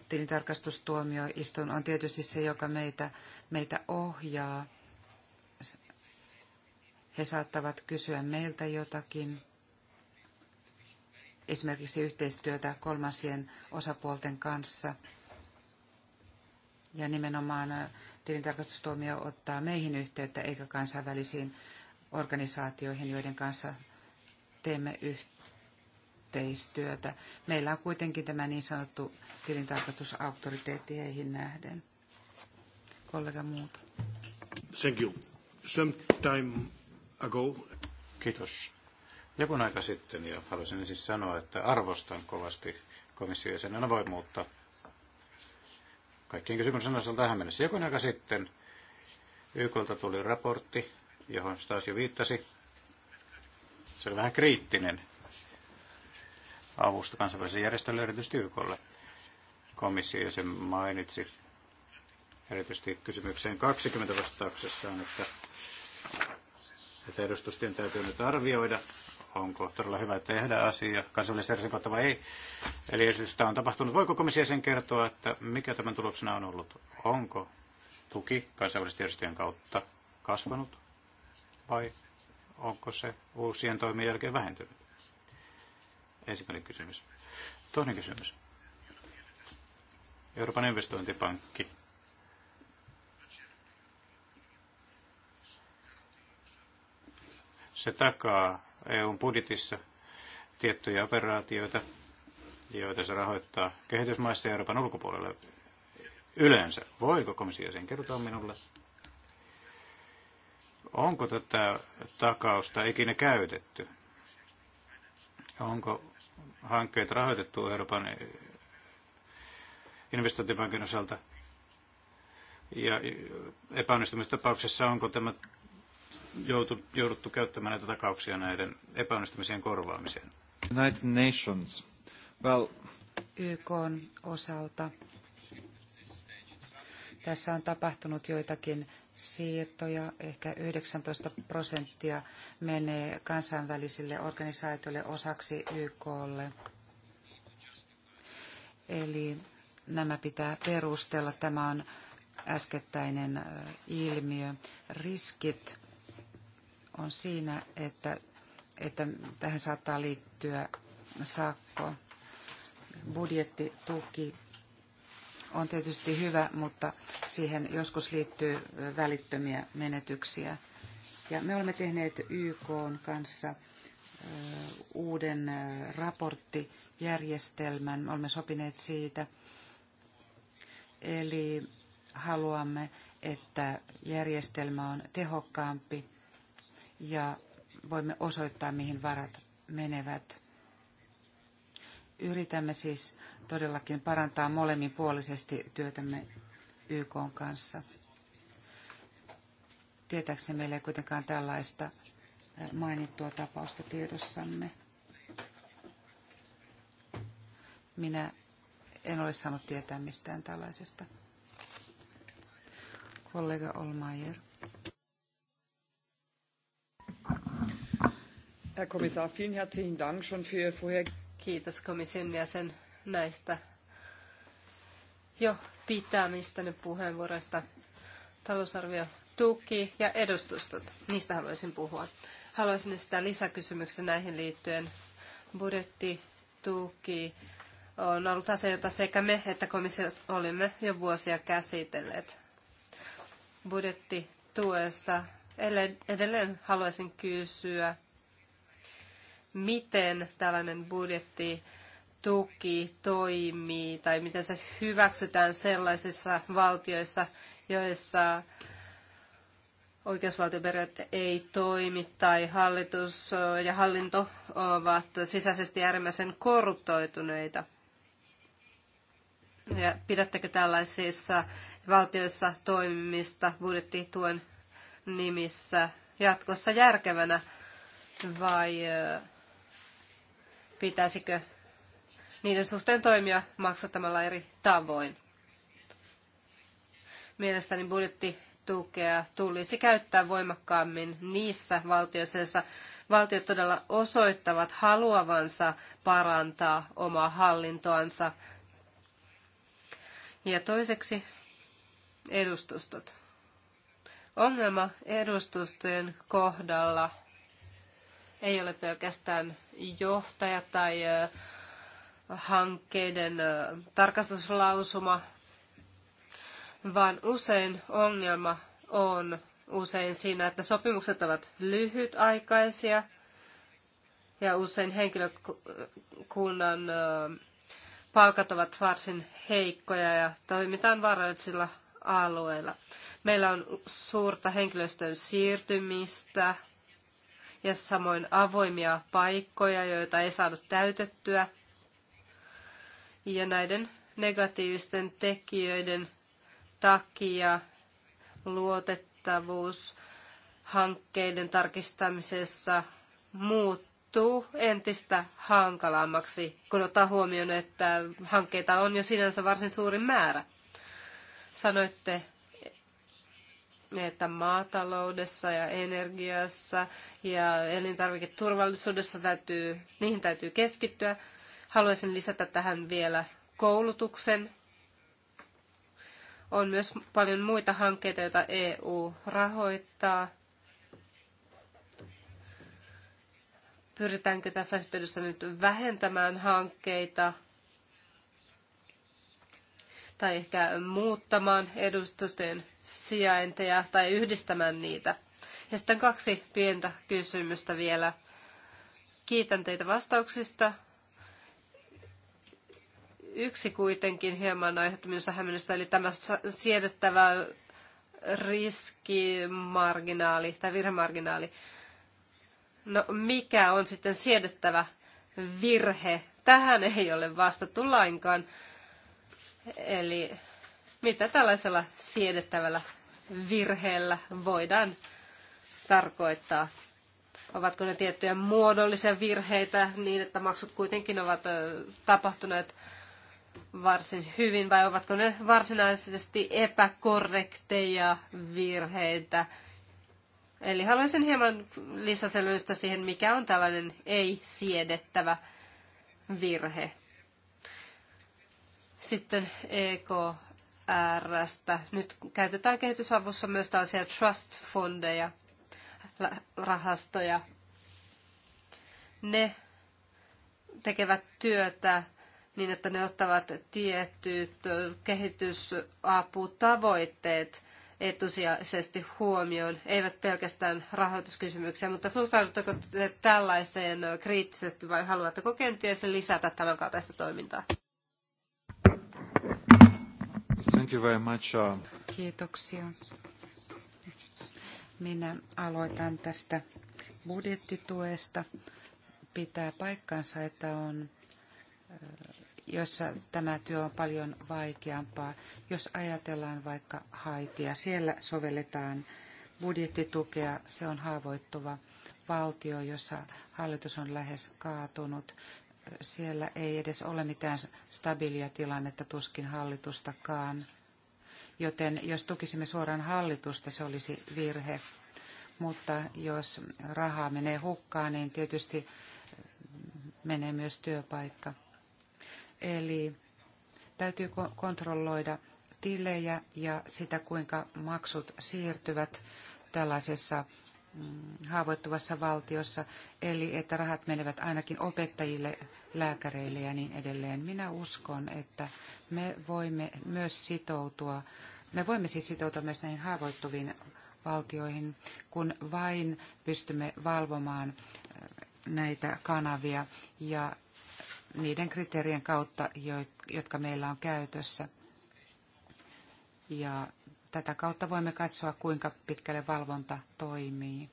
tilintarkastustuomioistuin on tietysti se, joka meitä, meitä ohjaa. He saattavat kysyä meiltä jotakin, esimerkiksi yhteistyötä kolmansien osapuolten kanssa. Ja nimenomaan äh, tilintarkastustuomio ottaa meihin yhteyttä eikä kansainvälisiin organisaatioihin, joiden kanssa teemme yhteyttä yhteistyötä. Meillä on kuitenkin tämä niin sanottu tilintarkastusauktoriteetti heihin nähden. Kollega muuta. Thank you. Some time ago. Kiitos. Joku aika sitten, ja haluaisin siis sanoa, että arvostan kovasti komission avoimuutta kaikkien kysymysten osalta tähän mennessä. Joku aika sitten YKlta tuli raportti, johon taas viittasi. Se oli vähän kriittinen avusta kansainväliselle järjestölle, erityisesti YKlle. Komissio jo sen mainitsi erityisesti kysymykseen 20 vastauksessaan, että, että edustustien täytyy nyt arvioida, onko todella hyvä tehdä asia kansainvälisen järjestön kautta vai ei. Eli jos tämä on tapahtunut, voiko komissio sen kertoa, että mikä tämän tuloksena on ollut? Onko tuki kansainvälisten järjestöjen kautta kasvanut vai onko se uusien toimien jälkeen vähentynyt? Ensimmäinen kysymys. Toinen kysymys. Euroopan investointipankki. Se takaa EUn budjetissa tiettyjä operaatioita, joita se rahoittaa kehitysmaissa ja Euroopan ulkopuolella yleensä. Voiko komissio sen kertoa minulle? Onko tätä takausta ikinä käytetty? Onko Hankkeet rahoitettu Euroopan investointipankin osalta. Ja epäonnistumistapauksessa onko tämä jouduttu käyttämään näitä takauksia näiden epäonnistumisien korvaamiseen? United Nations. Well. YK osalta. Tässä on tapahtunut joitakin siirtoja, ehkä 19 prosenttia menee kansainvälisille organisaatioille osaksi YKlle. Eli nämä pitää perustella. Tämä on äskettäinen ilmiö. Riskit on siinä, että, että tähän saattaa liittyä sakko, budjettituki on tietysti hyvä, mutta siihen joskus liittyy välittömiä menetyksiä. Ja me olemme tehneet YK kanssa uuden raporttijärjestelmän. Me olemme sopineet siitä. Eli haluamme, että järjestelmä on tehokkaampi ja voimme osoittaa, mihin varat menevät. Yritämme siis todellakin parantaa molemminpuolisesti työtämme YK kanssa. Tietääkseni meillä ei kuitenkaan tällaista eh, mainittua tapausta tiedossamme. Minä en ole saanut tietää mistään tällaisesta. Kollega Olmaier. Herr Kommissar, vielen herzlichen Dank schon für Ihr vorher... Kiitos komission jäsen näistä jo pitämistäne puheenvuoroista. Talousarvio tuki ja edustustot. Niistä haluaisin puhua. Haluaisin esittää lisäkysymyksen näihin liittyen. Budjetti, tuki on ollut asia, jota sekä me että komissio olimme jo vuosia käsitelleet. tuesta edelleen haluaisin kysyä, miten tällainen budjetti tuki toimii tai miten se hyväksytään sellaisissa valtioissa, joissa oikeusvaltioperiaate ei toimi tai hallitus ja hallinto ovat sisäisesti äärimmäisen korruptoituneita. Ja pidättekö tällaisissa valtioissa toimimista budjettituen nimissä jatkossa järkevänä vai pitäisikö niiden suhteen toimia maksattamalla eri tavoin. Mielestäni budjettitukea tulisi käyttää voimakkaammin niissä valtioissa, joissa valtiot todella osoittavat haluavansa parantaa omaa hallintoansa. Ja toiseksi edustustot. Ongelma edustustojen kohdalla ei ole pelkästään johtaja tai hankkeiden tarkastuslausuma, vaan usein ongelma on usein siinä, että sopimukset ovat lyhytaikaisia ja usein henkilökunnan palkat ovat varsin heikkoja ja toimitaan vaarallisilla alueilla. Meillä on suurta henkilöstön siirtymistä ja samoin avoimia paikkoja, joita ei saada täytettyä – ja näiden negatiivisten tekijöiden takia luotettavuus hankkeiden tarkistamisessa muuttuu entistä hankalammaksi, kun ottaa huomioon, että hankkeita on jo sinänsä varsin suuri määrä. Sanoitte, että maataloudessa ja energiassa ja elintarviketurvallisuudessa täytyy, niihin täytyy keskittyä. Haluaisin lisätä tähän vielä koulutuksen. On myös paljon muita hankkeita, joita EU rahoittaa. Pyritäänkö tässä yhteydessä nyt vähentämään hankkeita tai ehkä muuttamaan edustusten sijainteja tai yhdistämään niitä? Ja sitten kaksi pientä kysymystä vielä. Kiitän teitä vastauksista yksi kuitenkin hieman aiheutti minussa hämmennystä, eli tämä siedettävä riskimarginaali tai virhemarginaali. No mikä on sitten siedettävä virhe? Tähän ei ole vastattu lainkaan. Eli mitä tällaisella siedettävällä virheellä voidaan tarkoittaa? Ovatko ne tiettyjä muodollisia virheitä niin, että maksut kuitenkin ovat tapahtuneet varsin hyvin vai ovatko ne varsinaisesti epäkorrekteja virheitä. Eli haluaisin hieman lisäselvystä siihen, mikä on tällainen ei-siedettävä virhe. Sitten EKRstä. Nyt käytetään kehitysavussa myös tällaisia trust-fondeja, rahastoja. Ne tekevät työtä niin, että ne ottavat tietyt kehitysaputavoitteet etusijaisesti huomioon, eivät pelkästään rahoituskysymyksiä, mutta suhtaudutteko te tällaiseen kriittisesti vai haluatteko kenties lisätä tämän kaltaista toimintaa? Thank you very much. Uh, Kiitoksia. Minä aloitan tästä budjettituesta. Pitää paikkansa, että on joissa tämä työ on paljon vaikeampaa. Jos ajatellaan vaikka Haitia, siellä sovelletaan budjettitukea, se on haavoittuva valtio, jossa hallitus on lähes kaatunut. Siellä ei edes ole mitään stabiilia tilannetta, tuskin hallitustakaan. Joten jos tukisimme suoraan hallitusta, se olisi virhe. Mutta jos rahaa menee hukkaan, niin tietysti menee myös työpaikka. Eli täytyy kontrolloida tilejä ja sitä, kuinka maksut siirtyvät tällaisessa mm, haavoittuvassa valtiossa, eli että rahat menevät ainakin opettajille, lääkäreille ja niin edelleen. Minä uskon, että me voimme myös sitoutua, me voimme siis sitoutua myös näihin haavoittuviin valtioihin, kun vain pystymme valvomaan äh, näitä kanavia ja niiden kriteerien kautta, jotka meillä on käytössä. Ja tätä kautta voimme katsoa, kuinka pitkälle valvonta toimii.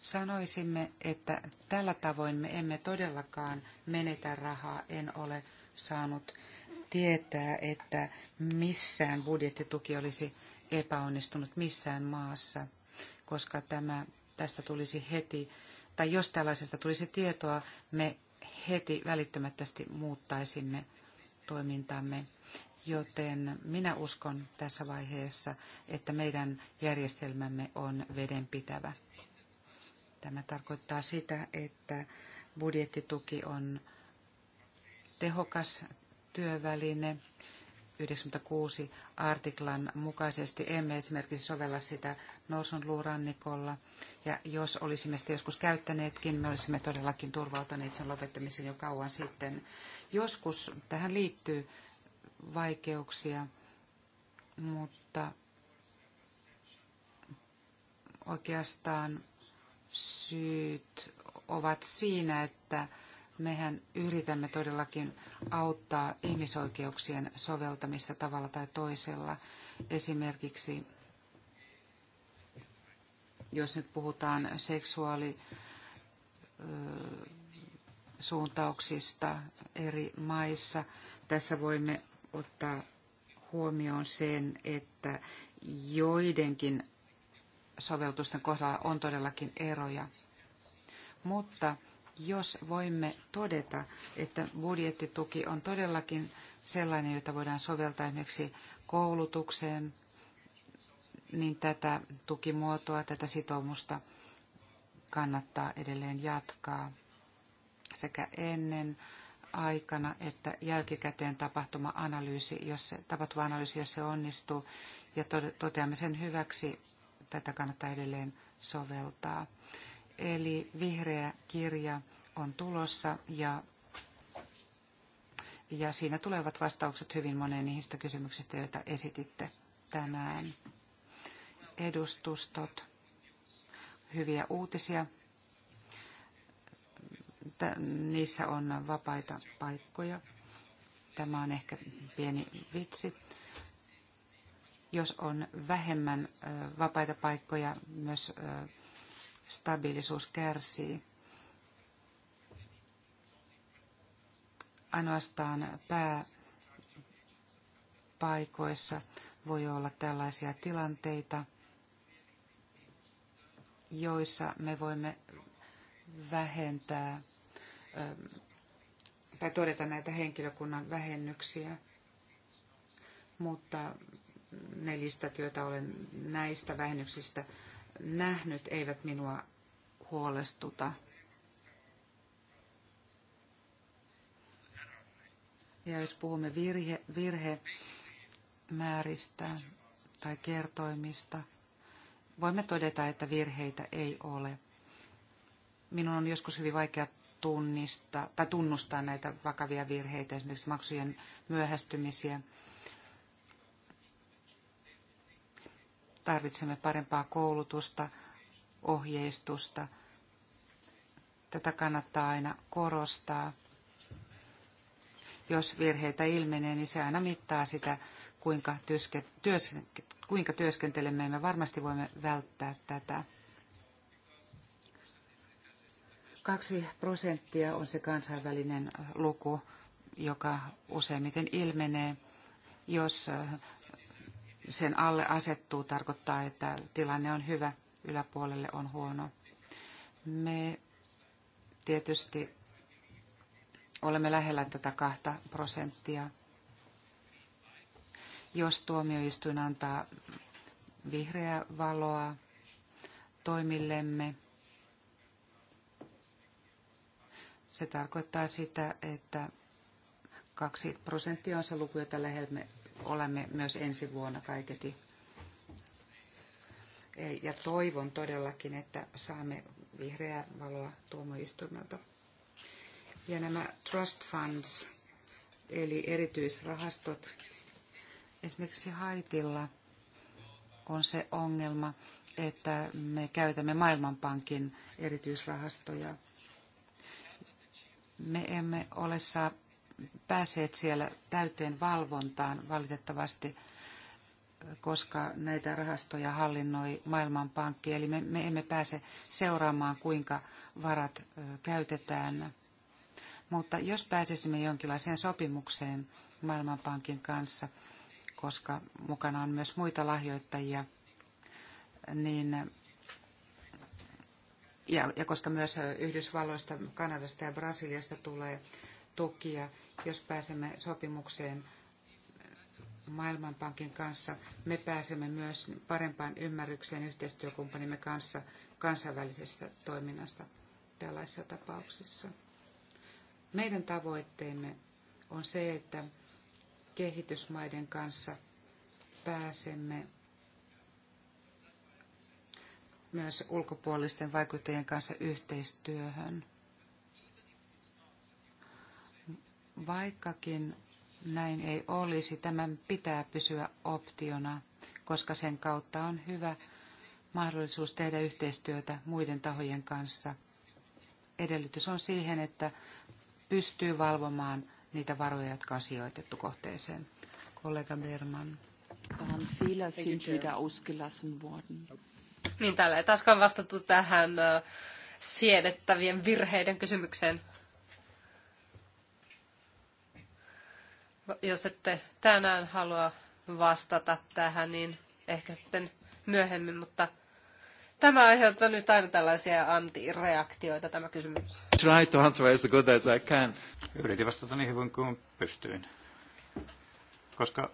Sanoisimme, että tällä tavoin me emme todellakaan menetä rahaa. En ole saanut tietää, että missään budjettituki olisi epäonnistunut missään maassa, koska tämä, tästä tulisi heti, tai jos tällaisesta tulisi tietoa, me heti välittömästi muuttaisimme toimintamme, joten minä uskon tässä vaiheessa, että meidän järjestelmämme on vedenpitävä. Tämä tarkoittaa sitä, että budjettituki on tehokas työväline, 96 artiklan mukaisesti emme esimerkiksi sovella sitä norsunluurannikolla. Ja jos olisimme sitä joskus käyttäneetkin, me olisimme todellakin turvautuneet sen lopettamisen jo kauan sitten. Joskus tähän liittyy vaikeuksia, mutta oikeastaan syyt ovat siinä, että mehän yritämme todellakin auttaa ihmisoikeuksien soveltamista tavalla tai toisella. Esimerkiksi jos nyt puhutaan seksuaalisuuntauksista eri maissa. Tässä voimme ottaa huomioon sen, että joidenkin soveltusten kohdalla on todellakin eroja. Mutta jos voimme todeta, että budjettituki on todellakin sellainen, jota voidaan soveltaa esimerkiksi koulutukseen, niin tätä tukimuotoa, tätä sitoumusta kannattaa edelleen jatkaa sekä ennen aikana että jälkikäteen tapahtuma analyysi, jos se, tapahtuma analyysi, jos se onnistuu, ja toteamme sen hyväksi, tätä kannattaa edelleen soveltaa. Eli vihreä kirja on tulossa ja, ja siinä tulevat vastaukset hyvin moneen niistä kysymyksistä, joita esititte tänään. Edustustot, hyviä uutisia. niissä on vapaita paikkoja. Tämä on ehkä pieni vitsi jos on vähemmän vapaita paikkoja, myös stabiilisuus kärsii. Ainoastaan pääpaikoissa voi olla tällaisia tilanteita, joissa me voimme vähentää ähm, tai todeta näitä henkilökunnan vähennyksiä. Mutta ne listat, joita olen näistä vähennyksistä nähnyt, eivät minua huolestuta. Ja jos puhumme virhe, virhemääristä tai kertoimista, voimme todeta, että virheitä ei ole. Minun on joskus hyvin vaikea tunnistaa tai tunnustaa näitä vakavia virheitä, esimerkiksi maksujen myöhästymisiä – Tarvitsemme parempaa koulutusta, ohjeistusta. Tätä kannattaa aina korostaa. Jos virheitä ilmenee, niin se aina mittaa sitä, kuinka, työske, työs, kuinka työskentelemme. Me varmasti voimme välttää tätä. Kaksi prosenttia on se kansainvälinen luku, joka useimmiten ilmenee, jos sen alle asettuu, tarkoittaa, että tilanne on hyvä, yläpuolelle on huono. Me tietysti olemme lähellä tätä kahta prosenttia. Jos tuomioistuin antaa vihreää valoa toimillemme, se tarkoittaa sitä, että kaksi prosenttia on se luku, jota olemme myös ensi vuonna kaiketi. Ja toivon todellakin, että saamme vihreää valoa tuomoistuimelta. Ja nämä trust funds, eli erityisrahastot, esimerkiksi Haitilla on se ongelma, että me käytämme Maailmanpankin erityisrahastoja. Me emme ole saa, päässeet siellä täyteen valvontaan valitettavasti, koska näitä rahastoja hallinnoi Maailmanpankki. Eli me, me emme pääse seuraamaan, kuinka varat käytetään. Mutta jos pääsisimme jonkinlaiseen sopimukseen Maailmanpankin kanssa, koska mukana on myös muita lahjoittajia, niin ja, ja koska myös Yhdysvalloista, Kanadasta ja Brasiliasta tulee tukia, jos pääsemme sopimukseen Maailmanpankin kanssa. Me pääsemme myös parempaan ymmärrykseen yhteistyökumppanimme kanssa kansainvälisestä toiminnasta tällaisissa tapauksissa. Meidän tavoitteemme on se, että kehitysmaiden kanssa pääsemme myös ulkopuolisten vaikuttajien kanssa yhteistyöhön. Vaikkakin näin ei olisi, tämän pitää pysyä optiona, koska sen kautta on hyvä mahdollisuus tehdä yhteistyötä muiden tahojen kanssa. Edellytys on siihen, että pystyy valvomaan niitä varoja, jotka on sijoitettu kohteeseen. Kollega Berman. Waren Fehler sind wieder ausgelassen worden. Niin, täällä ei taaskaan vastattu tähän äh, siedettävien virheiden kysymykseen. Jos ette tänään halua vastata tähän, niin ehkä sitten myöhemmin, mutta tämä aiheuttaa nyt aina tällaisia antireaktioita, tämä kysymys. Try to answer as good as I can. Yritin vastata niin hyvin kuin pystyin, koska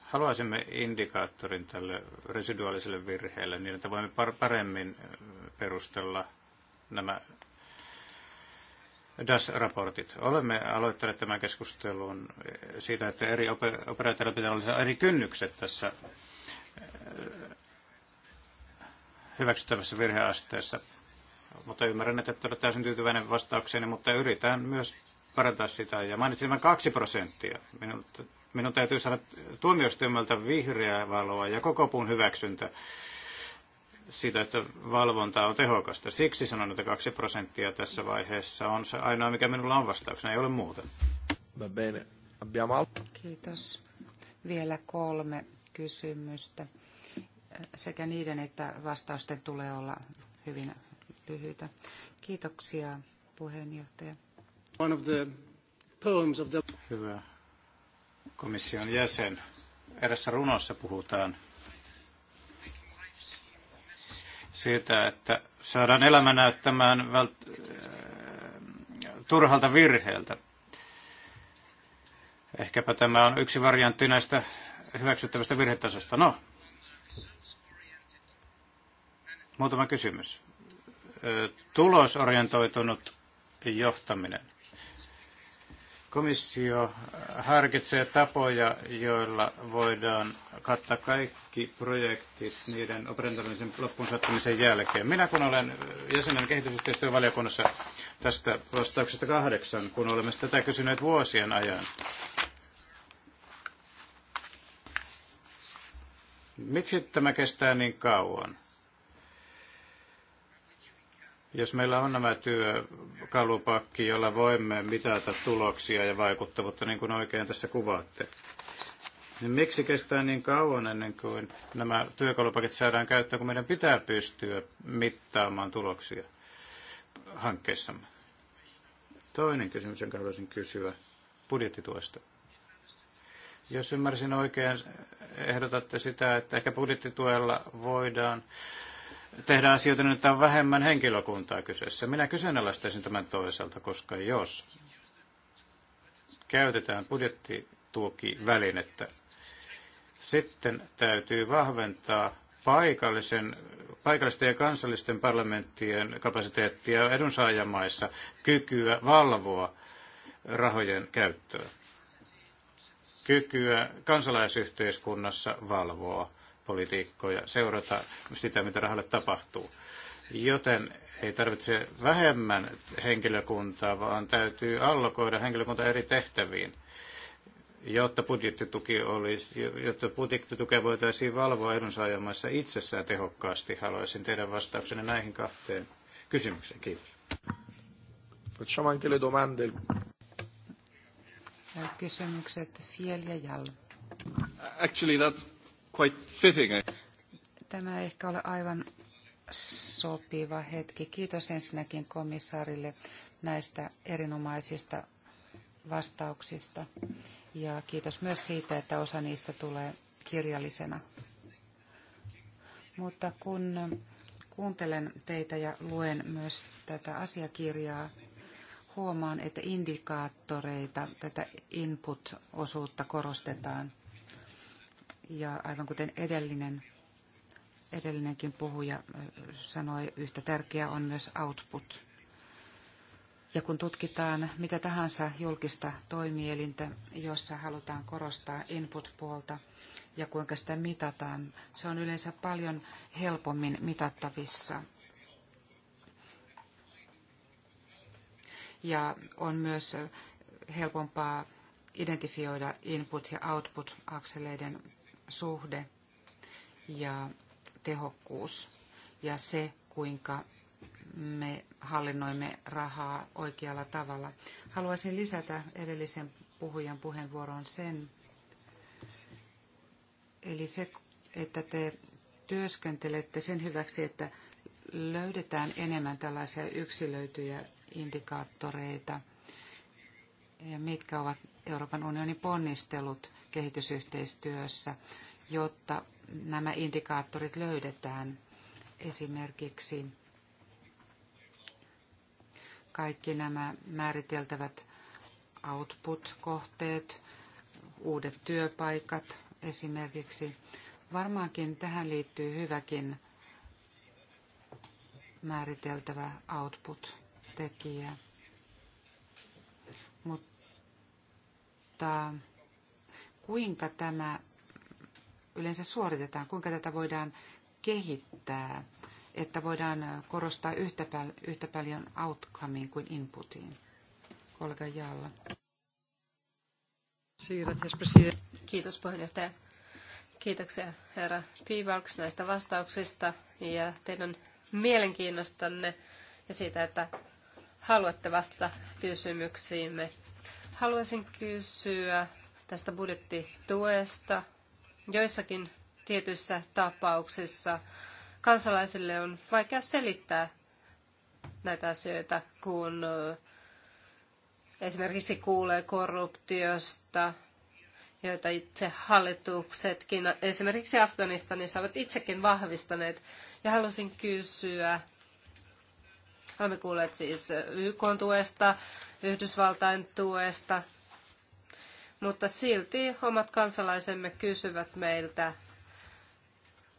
haluaisimme indikaattorin tälle residuaaliselle virheelle, niin että voimme paremmin perustella nämä DAS-raportit. Olemme aloittaneet tämän keskustelun siitä, että eri operaatioilla pitää olla eri kynnykset tässä äh, hyväksyttävässä virheasteessa. Mutta ymmärrän, että olet täysin tyytyväinen vastaukseeni, mutta yritän myös parantaa sitä. Ja mainitsin vain kaksi prosenttia. Minun, minun täytyy saada tuomioistuimelta vihreää valoa ja koko puun hyväksyntä siitä, että valvonta on tehokasta. Siksi sanon, että kaksi prosenttia tässä vaiheessa on se ainoa, mikä minulla on vastauksena, ei ole muuta. Kiitos. Vielä kolme kysymystä. Sekä niiden että vastausten tulee olla hyvin lyhyitä. Kiitoksia, puheenjohtaja. One of the poems of the... Hyvä komission jäsen. Erässä runossa puhutaan siitä, että saadaan elämä näyttämään vält- turhalta virheeltä. Ehkäpä tämä on yksi variantti näistä hyväksyttävästä virhetasosta. No, muutama kysymys. Tulosorientoitunut johtaminen. Komissio harkitsee tapoja, joilla voidaan kattaa kaikki projektit niiden operatiivisen loppuun saattamisen jälkeen. Minä kun olen jäsenen kehitysyhteistyövaliokunnassa tästä vastauksesta kahdeksan, kun olemme tätä kysyneet vuosien ajan. Miksi tämä kestää niin kauan? Jos meillä on nämä työkalupakki, jolla voimme mitata tuloksia ja vaikuttavuutta, niin kuin oikein tässä kuvaatte, niin miksi kestää niin kauan ennen kuin nämä työkalupakit saadaan käyttöön, kun meidän pitää pystyä mittaamaan tuloksia hankkeessamme? Toinen kysymys, jonka haluaisin kysyä budjettituesta. Jos ymmärsin oikein, ehdotatte sitä, että ehkä budjettituella voidaan tehdä asioita niin, että on vähemmän henkilökuntaa kyseessä. Minä kyseenalaistaisin tämän toisaalta, koska jos käytetään budjettituokivälinettä, sitten täytyy vahventaa paikallisen, paikallisten ja kansallisten parlamenttien kapasiteettia edunsaajamaissa, kykyä valvoa rahojen käyttöä, kykyä kansalaisyhteiskunnassa valvoa politiikkoja, seurata sitä, mitä rahalle tapahtuu. Joten ei tarvitse vähemmän henkilökuntaa, vaan täytyy allokoida henkilökunta eri tehtäviin, jotta budjettituki olisi, jotta budjettitukea voitaisiin valvoa edunsaajamaissa itsessään tehokkaasti. Haluaisin teidän vastauksenne näihin kahteen kysymykseen. Kiitos. Facciamo anche le domande. Kysymykset Fiel ja Jal. Actually, that's quite fitting. Tämä ei ehkä ole aivan sopiva hetki. Kiitos ensinnäkin komissaarille näistä erinomaisista vastauksista. Ja kiitos myös siitä, että osa niistä tulee kirjallisena. Mutta kun kuuntelen teitä ja luen myös tätä asiakirjaa, huomaan, että indikaattoreita, tätä input-osuutta korostetaan. Ja aivan kuten edellinen, edellinenkin puhuja sanoi, yhtä tärkeää on myös output. Ja kun tutkitaan mitä tahansa julkista toimielintä, jossa halutaan korostaa input-puolta ja kuinka sitä mitataan, se on yleensä paljon helpommin mitattavissa. Ja on myös helpompaa identifioida input- ja output-akseleiden suhde ja tehokkuus ja se, kuinka me hallinnoimme rahaa oikealla tavalla. Haluaisin lisätä edellisen puhujan puheenvuoron sen, eli se, että te työskentelette sen hyväksi, että löydetään enemmän tällaisia yksilöityjä indikaattoreita, ja mitkä ovat Euroopan unionin ponnistelut kehitysyhteistyössä, jotta nämä indikaattorit löydetään. Esimerkiksi kaikki nämä määriteltävät output-kohteet, uudet työpaikat esimerkiksi. Varmaankin tähän liittyy hyväkin määriteltävä output-tekijä. Mutta kuinka tämä yleensä suoritetaan, kuinka tätä voidaan kehittää, että voidaan korostaa yhtä, pal- yhtä paljon outcomeen kuin inputiin. Kolga Jalla. Kiitos puheenjohtaja. Kiitoksia herra Piivalks näistä vastauksista ja teidän mielenkiinnostanne ja siitä, että haluatte vastata kysymyksiimme. Haluaisin kysyä tästä budjettituesta. Joissakin tietyissä tapauksissa kansalaisille on vaikea selittää näitä asioita, kun esimerkiksi kuulee korruptiosta, joita itse hallituksetkin, esimerkiksi Afganistanissa, ovat itsekin vahvistaneet. Ja halusin kysyä, olemme kuulleet siis YK tuesta, Yhdysvaltain tuesta, mutta silti omat kansalaisemme kysyvät meiltä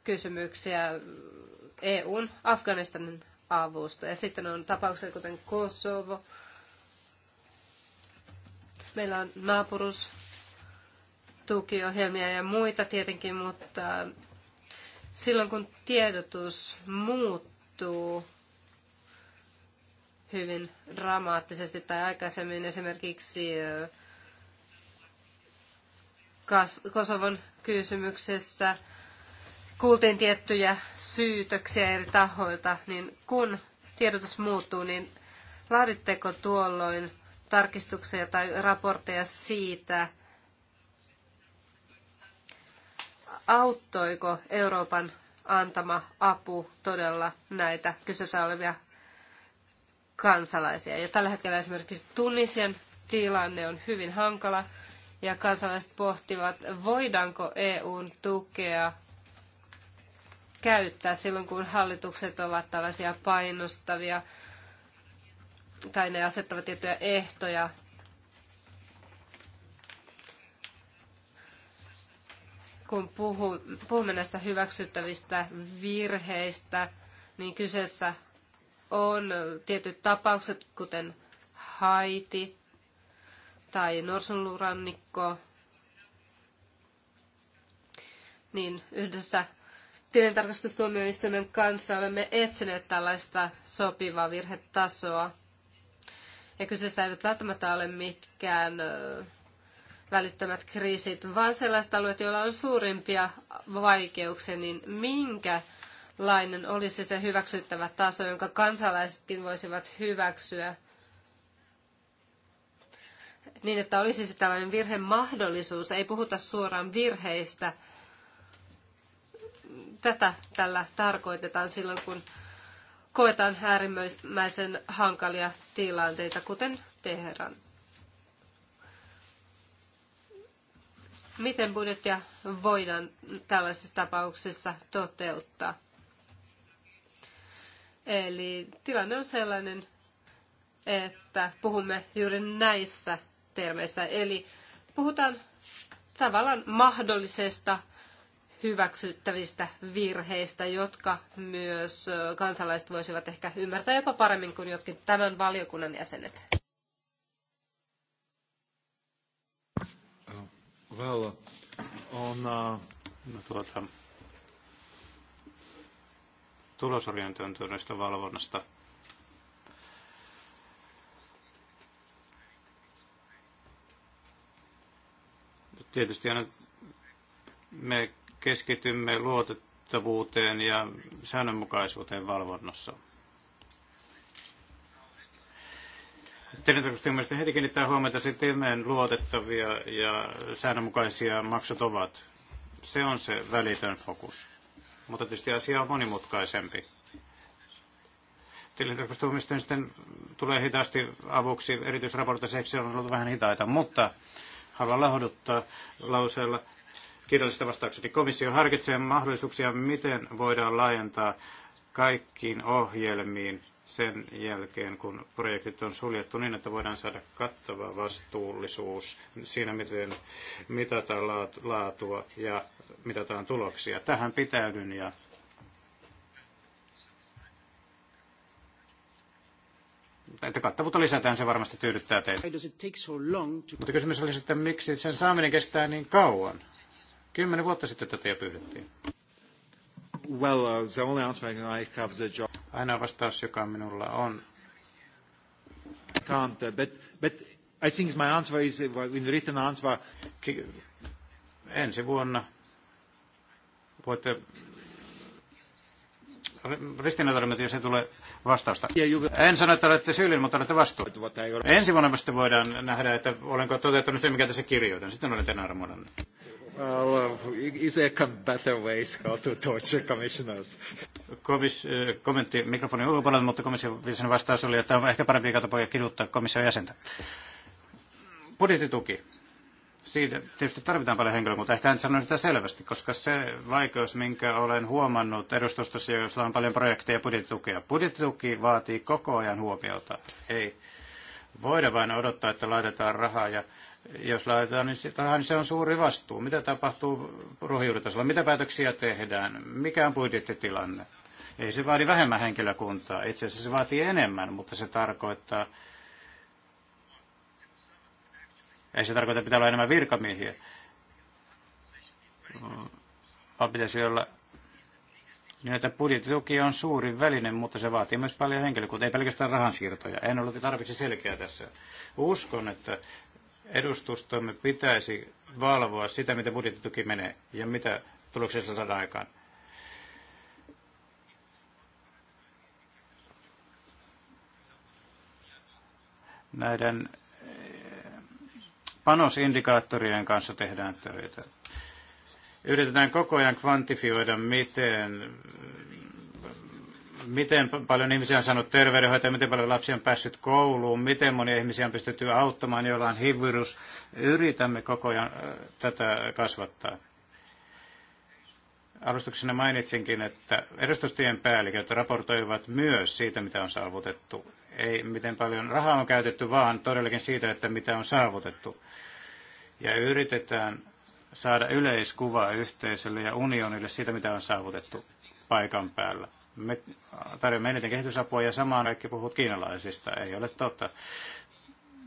kysymyksiä EUn Afganistanin avusta. Ja sitten on tapauksia kuten Kosovo. Meillä on naapurus tukiohjelmia ja muita tietenkin, mutta silloin kun tiedotus muuttuu hyvin dramaattisesti tai aikaisemmin esimerkiksi Kosovon kysymyksessä kuultiin tiettyjä syytöksiä eri tahoilta, niin kun tiedotus muuttuu, niin laaditteko tuolloin tarkistuksia tai raportteja siitä, auttoiko Euroopan antama apu todella näitä kyseessä olevia kansalaisia. Ja tällä hetkellä esimerkiksi Tunisian tilanne on hyvin hankala ja kansalaiset pohtivat, voidaanko EUn tukea käyttää silloin, kun hallitukset ovat tällaisia painostavia tai ne asettavat tiettyjä ehtoja. Kun puhumme näistä hyväksyttävistä virheistä, niin kyseessä on tietyt tapaukset, kuten Haiti, tai norsunlurannikko, niin yhdessä tilintarkastustuomioistuimen kanssa olemme etsineet tällaista sopivaa virhetasoa. Ja kyseessä eivät välttämättä ole mitkään välittömät kriisit, vaan sellaiset alueet, joilla on suurimpia vaikeuksia, niin minkälainen olisi se hyväksyttävä taso, jonka kansalaisetkin voisivat hyväksyä – niin, että olisi se tällainen virhemahdollisuus. Ei puhuta suoraan virheistä. Tätä tällä tarkoitetaan silloin, kun koetaan äärimmäisen hankalia tilanteita, kuten Teheran. Miten budjettia voidaan tällaisessa tapauksissa toteuttaa? Eli tilanne on sellainen, että puhumme juuri näissä termeissä. Eli puhutaan tavallaan mahdollisesta hyväksyttävistä virheistä, jotka myös kansalaiset voisivat ehkä ymmärtää jopa paremmin kuin jotkin tämän valiokunnan jäsenet. Well, on, uh... no, tuota, tulosorientoituneesta valvonnasta – Tietysti aina me keskitymme luotettavuuteen ja säännönmukaisuuteen valvonnassa. Tilintarkastustoimijoista heti kiinnittää huomiota sitten, miten luotettavia ja säännönmukaisia maksut ovat. Se on se välitön fokus. Mutta tietysti asia on monimutkaisempi. Tilintarkastustoimistoon sitten tulee hitaasti avuksi, se on ollut vähän hitaita, mutta haluan lahduttaa lauseella kirjallisesta vastauksesta. Komissio harkitsee mahdollisuuksia, miten voidaan laajentaa kaikkiin ohjelmiin sen jälkeen, kun projektit on suljettu niin, että voidaan saada kattava vastuullisuus siinä, miten mitataan laatua ja mitataan tuloksia. Tähän pitäydyn ja että kattavuutta lisätään, se varmasti tyydyttää teitä. Mutta kysymys oli sitten, miksi sen saaminen kestää niin kauan? Kymmenen vuotta sitten tätä jo pyydettiin. Well, uh, the only answer I have the job. Aina vastaus, joka minulla on. Can't, uh, but, but I think my answer is, uh, in written answer... Ki- ensi vuonna voitte ristiinnatarmit, jos ei tule vastausta. En sano, että olette syyllinen, mutta olette vastuun. Ensi vuonna sitten voidaan nähdä, että olenko toteuttanut se, mikä tässä kirjoitan. Sitten olen tänään armoidannut. Well, uh, is there better ways how to torture commissioners? Komis, eh, kommentti mikrofonin ulkopuolella, mutta komission vastaus oli, että on ehkä parempi tapoja kiduttaa komission jäsentä. Budjettituki siitä tietysti tarvitaan paljon henkilöä, mutta ehkä en sano sitä selvästi, koska se vaikeus, minkä olen huomannut edustustossa, jossa on paljon projekteja ja budjettitukea, budjettituki vaatii koko ajan huomiota. Ei voida vain odottaa, että laitetaan rahaa ja jos laitetaan, niin, rahaa, niin se on suuri vastuu. Mitä tapahtuu ruohonjuuritasolla? Mitä päätöksiä tehdään? Mikä on budjettitilanne? Ei se vaadi vähemmän henkilökuntaa. Itse asiassa se vaatii enemmän, mutta se tarkoittaa ei se tarkoita, että pitää olla enemmän virkamiehiä, vaan pitäisi olla niin, että budjettituki on suuri väline, mutta se vaatii myös paljon henkilökuntaa, ei pelkästään rahansiirtoja. En ollut tarpeeksi selkeä tässä. Uskon, että edustustomme pitäisi valvoa sitä, mitä budjettituki menee ja mitä tuloksessa saadaan aikaan. Näiden panosindikaattorien kanssa tehdään töitä. Yritetään koko ajan kvantifioida, miten, miten paljon ihmisiä on saanut terveydenhoitoa, miten paljon lapsia on päässyt kouluun, miten monia ihmisiä on pystytty auttamaan, joilla on HIV-virus. Yritämme koko ajan tätä kasvattaa alustuksena mainitsinkin, että edustustien päälliköt raportoivat myös siitä, mitä on saavutettu ei miten paljon rahaa on käytetty, vaan todellakin siitä, että mitä on saavutettu. Ja yritetään saada yleiskuva yhteisölle ja unionille siitä, mitä on saavutettu paikan päällä. Me tarjoamme eniten kehitysapua ja samaan kaikki puhut kiinalaisista. Ei ole totta.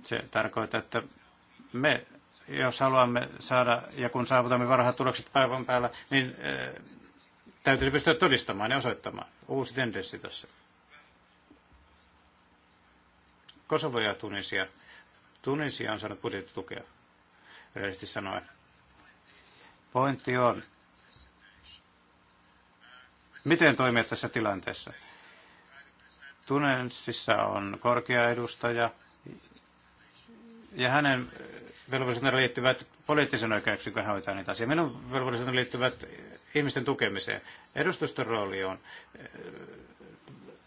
Se tarkoittaa, että me, jos haluamme saada ja kun saavutamme varhaat tulokset paikan päällä, niin eh, täytyisi pystyä todistamaan ja osoittamaan. Uusi tendenssi tässä. Kosovo ja Tunisia. Tunisia on saanut budjettitukea, rehellisesti sanoen. Pointti on, miten toimia tässä tilanteessa. Tunesissa on korkea edustaja ja hänen velvollisuutensa liittyvät poliittisen oikeuksien kun hän hoitaa niitä asioita. Minun velvollisuuteni liittyvät ihmisten tukemiseen. Edustuston rooli on eh,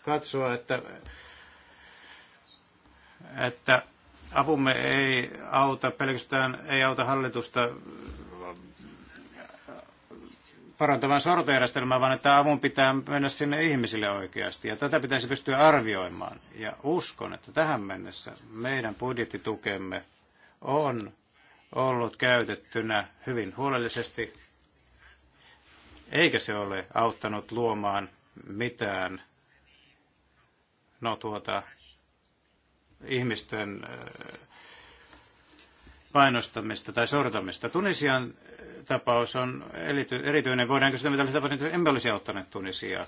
katsoa, että että apumme ei auta pelkästään, ei auta hallitusta parantamaan sortojärjestelmää, vaan että avun pitää mennä sinne ihmisille oikeasti. Ja tätä pitäisi pystyä arvioimaan. Ja uskon, että tähän mennessä meidän budjettitukemme on ollut käytettynä hyvin huolellisesti, eikä se ole auttanut luomaan mitään no tuota, ihmisten äh, painostamista tai sortamista. Tunisian äh, tapaus on erityinen. Voidaanko sitä mitä tapahtunut, niin emme olisi auttaneet Tunisia,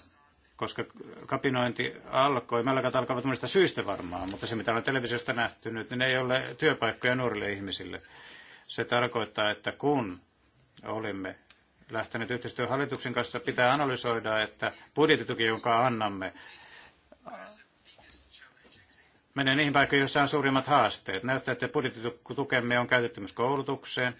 Koska kapinointi alkoi, mälläkät alkavat monista syistä varmaan, mutta se mitä olen televisiosta nähtynyt, niin ei ole työpaikkoja nuorille ihmisille. Se tarkoittaa, että kun olimme lähteneet yhteistyöhallituksen kanssa, pitää analysoida, että budjettituki, jonka annamme, menee niihin paikkoihin, joissa on suurimmat haasteet. Näyttää, että budjettitukemme on käytetty myös koulutukseen,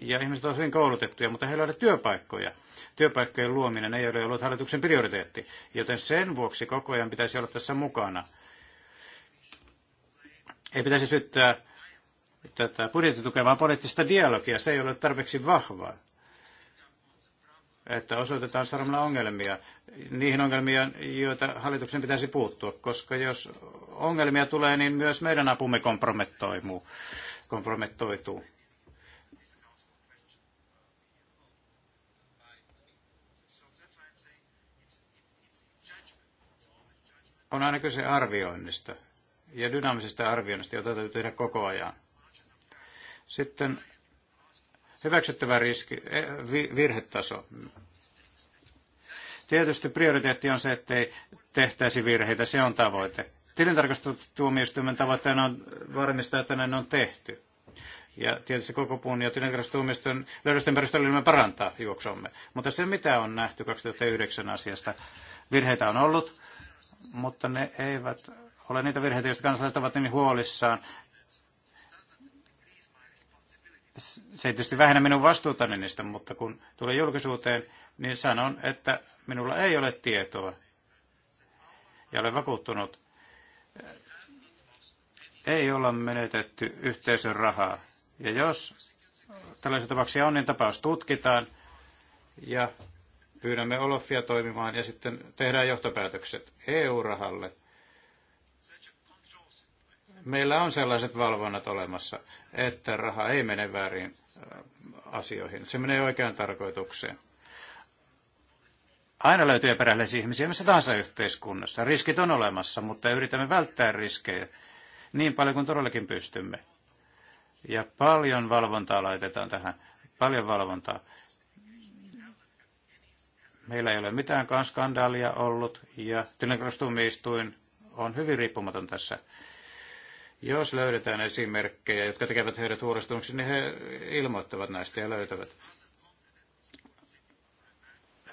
ja ihmiset ovat hyvin koulutettuja, mutta heillä ei ole työpaikkoja. Työpaikkojen luominen ei ole ollut hallituksen prioriteetti, joten sen vuoksi koko ajan pitäisi olla tässä mukana. Ei pitäisi syyttää tätä vaan poliittista dialogia, se ei ole tarpeeksi vahvaa että osoitetaan sormella ongelmia, niihin ongelmia, joita hallituksen pitäisi puuttua, koska jos ongelmia tulee, niin myös meidän apumme kompromettoituu. On aina kyse arvioinnista ja dynaamisesta arvioinnista, jota täytyy tehdä koko ajan. Sitten hyväksyttävä riski, eh, virhetaso. Tietysti prioriteetti on se, ettei tehtäisi virheitä, se on tavoite. Tilintarkastustuomioistuimen tavoitteena on varmistaa, että näin on tehty. Ja tietysti koko puun ja tilintarkastustuomioistuimen löydösten perusteella parantaa juoksomme. Mutta se, mitä on nähty 2009 asiasta, virheitä on ollut, mutta ne eivät ole niitä virheitä, joista kansalaiset ovat niin huolissaan, se ei tietysti vähennä minun vastuutani niistä, mutta kun tulee julkisuuteen, niin sanon, että minulla ei ole tietoa. Ja olen vakuuttunut, ei olla menetetty yhteisön rahaa. Ja jos tällaisia tapauksia on, niin tapaus tutkitaan ja pyydämme Olofia toimimaan ja sitten tehdään johtopäätökset EU-rahalle – meillä on sellaiset valvonnat olemassa, että raha ei mene väärin äh, asioihin. Se menee oikeaan tarkoitukseen. Aina löytyy epärähdellisiä ihmisiä missä tahansa yhteiskunnassa. Riskit on olemassa, mutta yritämme välttää riskejä niin paljon kuin todellakin pystymme. Ja paljon valvontaa laitetaan tähän. Paljon valvontaa. Meillä ei ole mitään skandaalia ollut ja tilinkrastumiistuin on hyvin riippumaton tässä jos löydetään esimerkkejä, jotka tekevät heidät huolestuneeksi, niin he ilmoittavat näistä ja löytävät.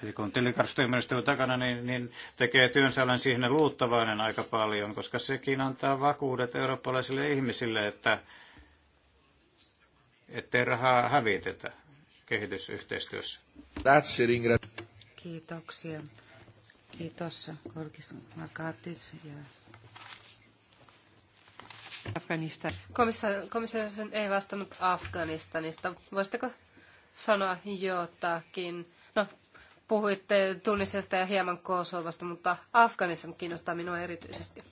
Eli kun tilintarkastustoimistoon takana, niin, niin tekee työnsä olen siihen luuttavainen aika paljon, koska sekin antaa vakuudet eurooppalaisille ihmisille, että ettei rahaa hävitetä kehitysyhteistyössä. Kiitoksia. Kiitos Korkis Markatis ja Afganistan. Komissio ei vastannut Afganistanista. Voisitteko sanoa jotakin? No, puhuitte Tunisesta ja hieman Kosovasta, mutta Afganistan kiinnostaa minua erityisesti.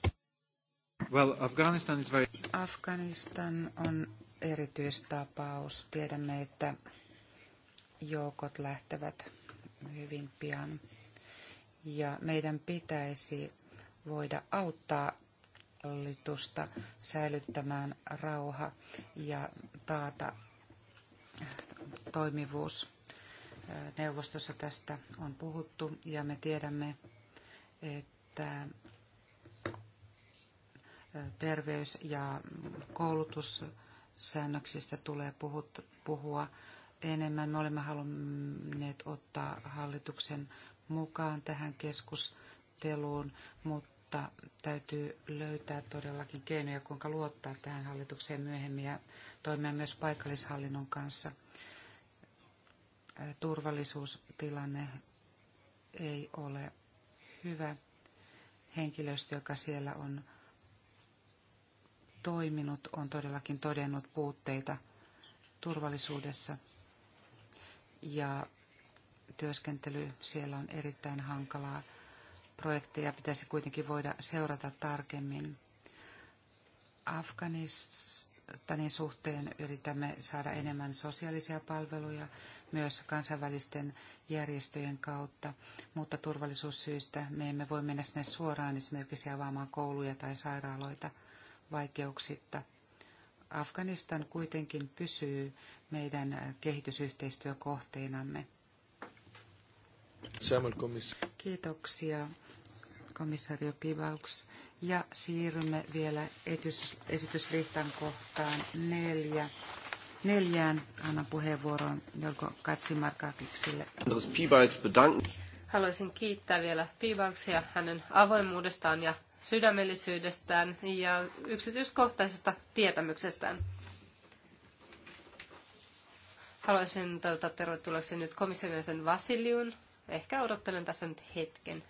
Well, Afghanistan, is very... Afganistan on erityistapaus. Tiedämme, että joukot lähtevät hyvin pian ja meidän pitäisi voida auttaa hallitusta säilyttämään rauha ja taata toimivuus. Neuvostossa tästä on puhuttu ja me tiedämme, että terveys- ja koulutussäännöksistä tulee puhua enemmän. Me olemme halunneet ottaa hallituksen mukaan tähän keskusteluun, mutta mutta täytyy löytää todellakin keinoja, kuinka luottaa tähän hallitukseen myöhemmin ja toimia myös paikallishallinnon kanssa. Turvallisuustilanne ei ole hyvä. Henkilöstö, joka siellä on toiminut, on todellakin todennut puutteita turvallisuudessa. Ja työskentely siellä on erittäin hankalaa projekteja pitäisi kuitenkin voida seurata tarkemmin. Afganistanin suhteen yritämme saada enemmän sosiaalisia palveluja myös kansainvälisten järjestöjen kautta, mutta turvallisuussyistä me emme voi mennä sinne suoraan esimerkiksi avaamaan kouluja tai sairaaloita vaikeuksitta. Afganistan kuitenkin pysyy meidän kehitysyhteistyökohteinamme. Kiitoksia komissario Pivalks. Ja siirrymme vielä etys, esityslistan kohtaan neljä. Neljään annan puheenvuoron Jorko Katsimarkakiksille. Haluaisin kiittää vielä Pivalksia hänen avoimuudestaan ja sydämellisyydestään ja yksityiskohtaisesta tietämyksestään. Haluaisin toivottaa tervetulleeksi nyt komission jäsen Vasiliun. Ehkä odottelen tässä nyt hetken.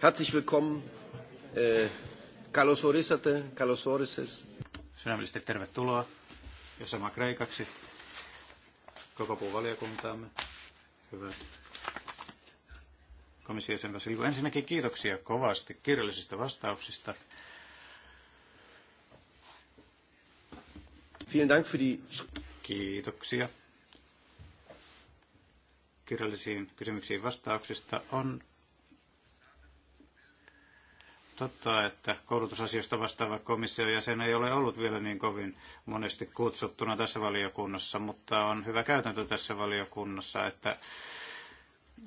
Herzlich willkommen. Καλώς ορίσατε, καλώς όρισες. Sydämellisesti tervetuloa ja sama kreikaksi koko valiokuntaamme. Hyvä. Komissio sen ensinnäkin kiitoksia kovasti kirjallisista vastauksista Vielen Dank für die... Kiitoksia. Kirjallisiin kysymyksiin vastauksista on totta, että koulutusasioista vastaava komission jäsen ei ole ollut vielä niin kovin monesti kutsuttuna tässä valiokunnassa, mutta on hyvä käytäntö tässä valiokunnassa, että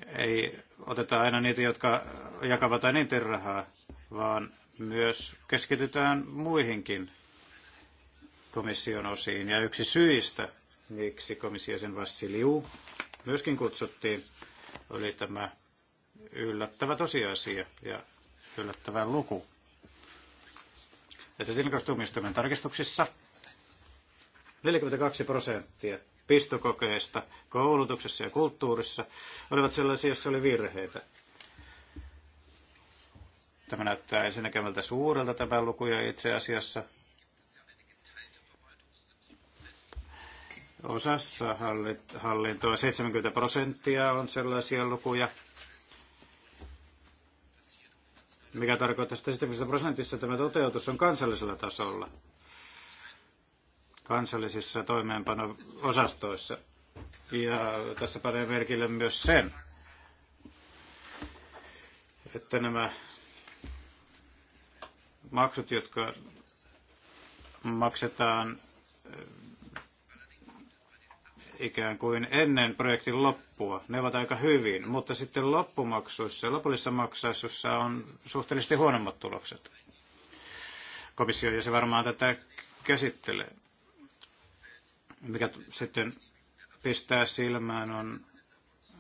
ei oteta aina niitä, jotka jakavat aina rahaa, vaan myös keskitytään muihinkin komission osiin. Ja yksi syistä, miksi komissiosen Vassiliu myöskin kutsuttiin, oli tämä yllättävä tosiasia ja yllättävä luku. Että tilkastumistoimen tarkistuksissa 42 prosenttia pistokokeista koulutuksessa ja kulttuurissa olivat sellaisia, joissa oli virheitä. Tämä näyttää ensinnäkemältä suurelta tämä luku ja itse asiassa osassa hallintoa. 70 prosenttia on sellaisia lukuja, mikä tarkoittaa, että 70 prosentissa tämä toteutus on kansallisella tasolla, kansallisissa toimeenpano-osastoissa. Ja tässä panee merkille myös sen, että nämä maksut, jotka maksetaan ikään kuin ennen projektin loppua. Ne ovat aika hyvin, mutta sitten loppumaksuissa, lopullisessa maksaisuissa on suhteellisesti huonommat tulokset. Komissio ja se varmaan tätä käsittelee. Mikä sitten pistää silmään on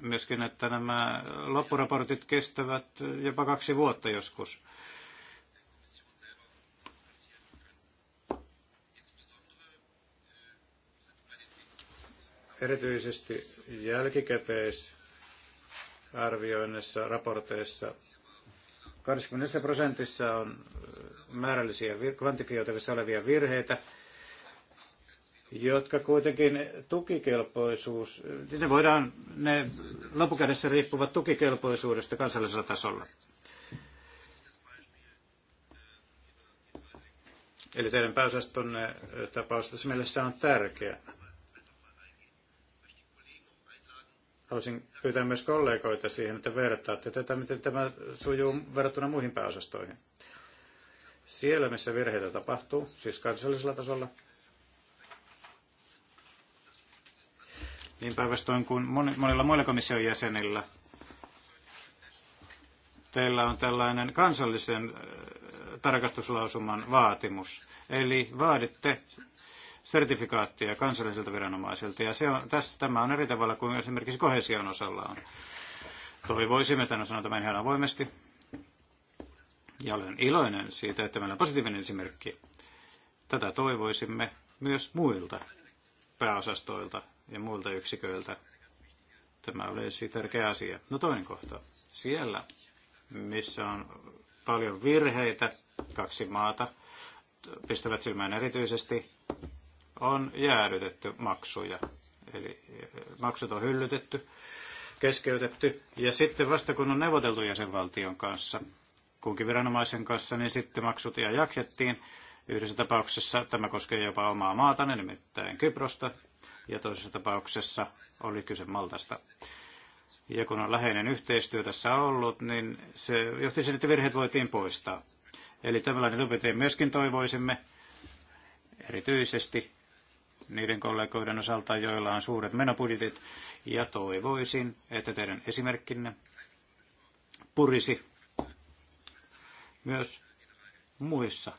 myöskin, että nämä loppuraportit kestävät jopa kaksi vuotta joskus. Erityisesti jälkikäteisarvioinnissa, raporteissa 20 prosentissa on äh, määrällisiä kvantifioitavissa olevia virheitä, jotka kuitenkin tukikelpoisuus, ne voidaan, ne lopukädessä riippuvat tukikelpoisuudesta kansallisella tasolla. Eli teidän pääosastonne äh, tapaus tässä mielessä on tärkeä. Haluaisin pyytää myös kollegoita siihen, että vertaatte tätä, miten tämä sujuu verrattuna muihin pääosastoihin. Siellä, missä virheitä tapahtuu, siis kansallisella tasolla, niin päinvastoin kuin monilla muilla komission jäsenillä, teillä on tällainen kansallisen äh, tarkastuslausuman vaatimus. Eli vaaditte sertifikaattia kansallisilta viranomaisilta. Ja se on, tässä, tämä on eri tavalla kuin esimerkiksi kohesion osalla on. Toivoisimme, että sanon tämän ihan avoimesti. Ja olen iloinen siitä, että meillä on positiivinen esimerkki. Tätä toivoisimme myös muilta pääosastoilta ja muilta yksiköiltä. Tämä olisi tärkeä asia. No toinen kohta. Siellä, missä on paljon virheitä, kaksi maata pistävät silmään erityisesti on jäädytetty maksuja. Eli eh, maksut on hyllytetty, keskeytetty ja sitten vasta kun on neuvoteltu jäsenvaltion kanssa, kunkin viranomaisen kanssa, niin sitten maksut ja jaksettiin. Yhdessä tapauksessa tämä koskee jopa omaa maata, nimittäin Kyprosta, ja toisessa tapauksessa oli kyse Maltasta. Ja kun on läheinen yhteistyö tässä ollut, niin se johti sen, että virheet voitiin poistaa. Eli tällainen toimenpiteen myöskin toivoisimme erityisesti niiden kollegoiden osalta, joilla on suuret menopuditit ja toivoisin, että teidän esimerkkinne purisi myös muissa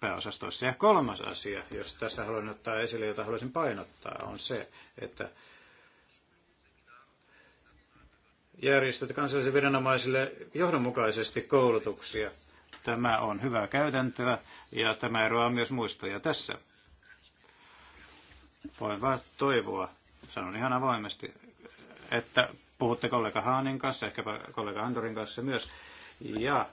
pääosastoissa. Ja kolmas asia, jos tässä haluan ottaa esille, jota haluaisin painottaa, on se, että järjestöt kansallisille viranomaisille johdonmukaisesti koulutuksia. Tämä on hyvää käytäntöä ja tämä eroaa myös muistoja tässä. Voin vain toivoa, sanon ihan avoimesti, että puhutte kollega Haanin kanssa, ehkäpä kollega Andorin kanssa myös, ja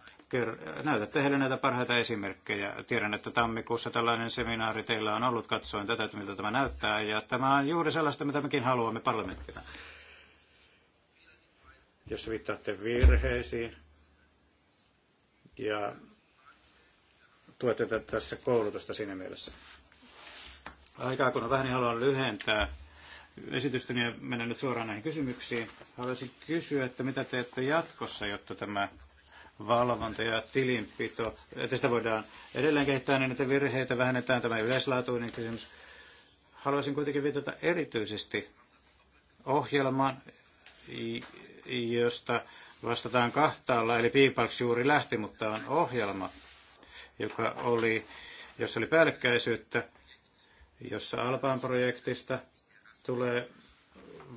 näytätte heille näitä parhaita esimerkkejä. Tiedän, että tammikuussa tällainen seminaari teillä on ollut, katsoin tätä, että miltä tämä näyttää, ja tämä on juuri sellaista, mitä mekin haluamme parlamenttina. Jos viittaatte virheisiin ja tuette tässä koulutusta siinä mielessä. Aikaa kun on vähän, niin haluan lyhentää esitystä, ja mennä nyt suoraan näihin kysymyksiin. Haluaisin kysyä, että mitä teette jatkossa, jotta tämä valvonta ja tilinpito, että sitä voidaan edelleen kehittää niin, että virheitä vähennetään, tämä yleislaatuinen kysymys. Haluaisin kuitenkin viitata erityisesti ohjelmaan, josta vastataan kahtaalla, eli Piipalks juuri lähti, mutta on ohjelma, joka oli, jossa oli päällekkäisyyttä, jossa Alpaan projektista tulee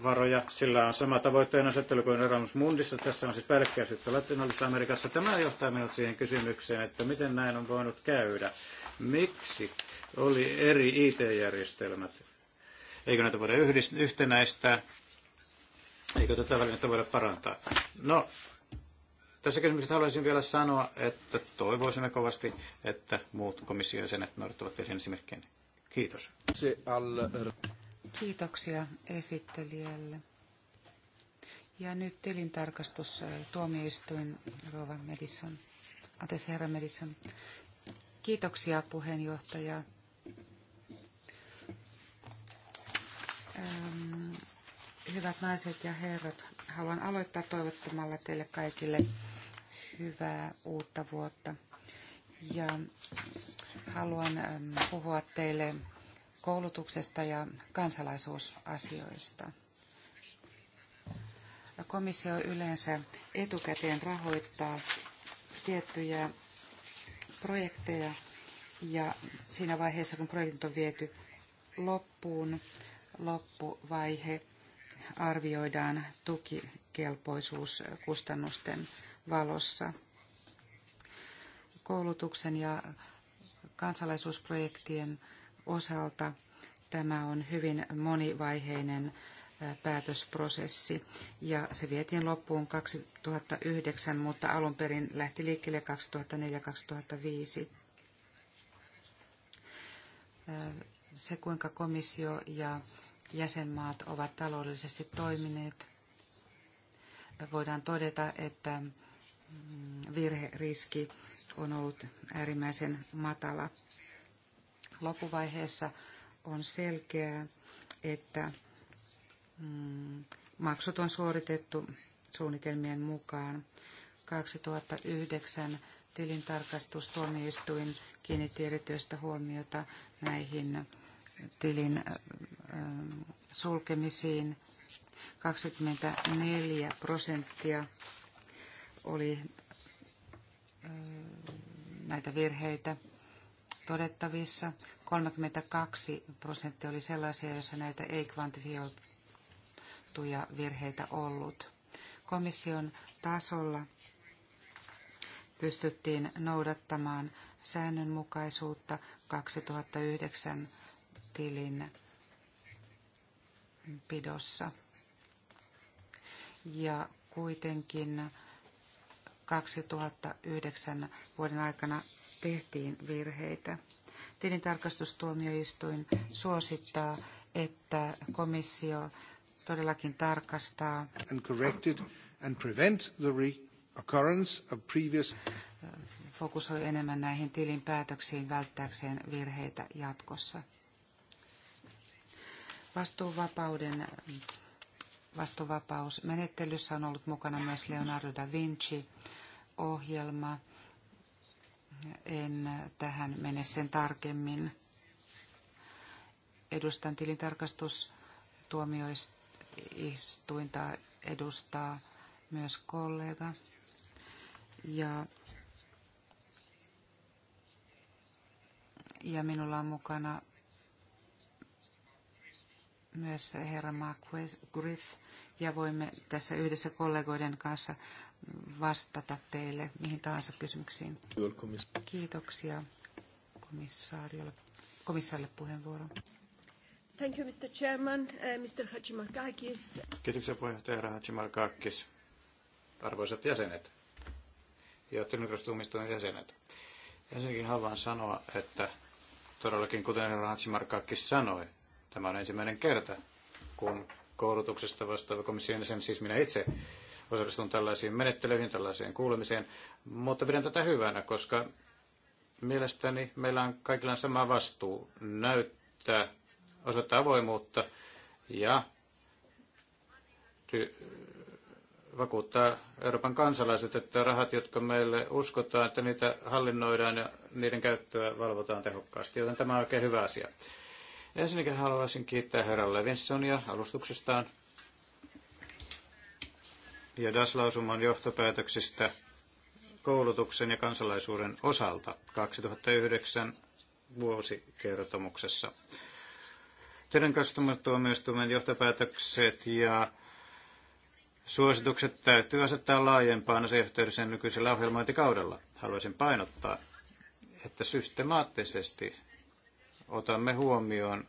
varoja. Sillä on sama tavoitteen asettelu kuin Erasmus Mundissa. Tässä on siis päällekkäisyyttä latinalaisessa Amerikassa. Tämä johtaa minut siihen kysymykseen, että miten näin on voinut käydä. Miksi oli eri IT-järjestelmät? Eikö näitä voida yhdist- yhtenäistää? Eikö tätä välinettä voida parantaa? No, tässä kysymyksessä haluaisin vielä sanoa, että toivoisimme kovasti, että muut komission jäsenet noudattavat teidän esimerkkiäni. Kiitos. Kiitoksia esittelijälle. Ja nyt tilintarkastus äh, tuomioistuin Rova Medison, anteeksi herra Medison. Kiitoksia puheenjohtaja. Ähm, hyvät naiset ja herrat, haluan aloittaa toivottamalla teille kaikille hyvää uutta vuotta. Ja haluan puhua teille koulutuksesta ja kansalaisuusasioista. Komissio yleensä etukäteen rahoittaa tiettyjä projekteja ja siinä vaiheessa, kun projektit on viety loppuun, loppuvaihe arvioidaan tukikelpoisuuskustannusten valossa. Koulutuksen ja kansalaisuusprojektien osalta tämä on hyvin monivaiheinen päätösprosessi ja se vietiin loppuun 2009, mutta alun perin lähti liikkeelle 2004-2005. Se, kuinka komissio ja jäsenmaat ovat taloudellisesti toimineet, voidaan todeta, että mm, virheriski riski on ollut äärimmäisen matala. Loppuvaiheessa on selkeää, että mm, maksut on suoritettu suunnitelmien mukaan. 2009 tilintarkastustuomioistuin kiinnitti erityistä huomiota näihin tilin sulkemisiin. 24 prosenttia oli Mm, näitä virheitä todettavissa. 32 prosenttia oli sellaisia, joissa näitä ei kvantifioituja virheitä ollut. Komission tasolla pystyttiin noudattamaan säännönmukaisuutta 2009 tilin pidossa. Ja kuitenkin 2009 vuoden aikana tehtiin virheitä. Tilintarkastustuomioistuin suosittaa, että komissio todellakin tarkastaa and corrected and prevent the reoccurrence of previous fokusoi enemmän näihin tilinpäätöksiin välttääkseen virheitä jatkossa. Vastuuvapauden vastuuvapausmenettelyssä on ollut mukana myös Leonardo da Vinci ohjelma. En tähän mene sen tarkemmin. Edustan tilintarkastustuomioistuinta edustaa myös kollega. Ja, ja minulla on mukana myös herra Mark Griff, ja voimme tässä yhdessä kollegoiden kanssa vastata teille mihin tahansa kysymyksiin. Kiitoksia komissaarille, komissaarille puheenvuoron. Thank you, Mr. Chairman, eh, Mr. Hachimarkakis. Kiitoksia puheenjohtaja herra Hachimarkakis. Arvoisat jäsenet ja tilintarkastustuomioistuimen jäsenet. Ensinnäkin haluan sanoa, että todellakin kuten herra Hachimarkakis sanoi, tämä on ensimmäinen kerta, kun koulutuksesta vastaava komission jäsen, siis minä itse, osallistun tällaisiin menettelyihin, tällaiseen kuulemiseen, mutta pidän tätä hyvänä, koska mielestäni meillä on kaikilla sama vastuu näyttää, osoittaa avoimuutta ja vakuuttaa Euroopan kansalaiset, että rahat, jotka meille uskotaan, että niitä hallinnoidaan ja niiden käyttöä valvotaan tehokkaasti, joten tämä on oikein hyvä asia. Ensinnäkin haluaisin kiittää herra Levinsonia alustuksestaan ja DAS-lausuman johtopäätöksistä koulutuksen ja kansalaisuuden osalta 2009 vuosikertomuksessa. Teidän kastumatuomioistuimen johtopäätökset ja suositukset täytyy asettaa laajempaan asiayhteydessä nykyisellä ohjelmointikaudella. Haluaisin painottaa, että systemaattisesti otamme huomioon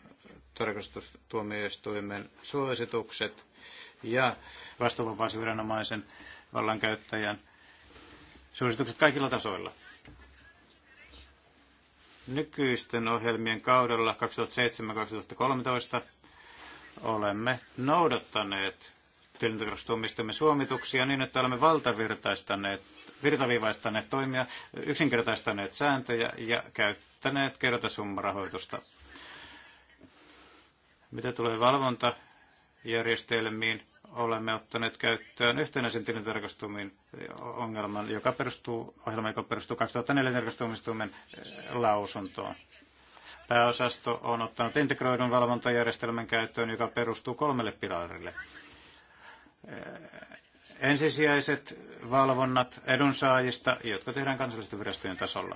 tarkastustuomioistuimen suositukset ja vastuuvapausviranomaisen vallankäyttäjän suositukset kaikilla tasoilla. Nykyisten ohjelmien kaudella 2007-2013 olemme noudattaneet tilintarkastustuomistamme suomituksia niin, että olemme valtavirtaistaneet, virtaviivaistaneet toimia, yksinkertaistaneet sääntöjä ja käyttäneet kertasummarahoitusta. Mitä tulee valvonta järjestelmiin olemme ottaneet käyttöön yhtenäisen tilintarkastumin ongelman, joka perustuu, ohjelma, joka perustuu 2004 tarkastumistuimen eh, lausuntoon. Pääosasto on ottanut integroidun valvontajärjestelmän käyttöön, joka perustuu kolmelle pilarille. Eh, ensisijaiset valvonnat edunsaajista, jotka tehdään kansallisten virastojen tasolla.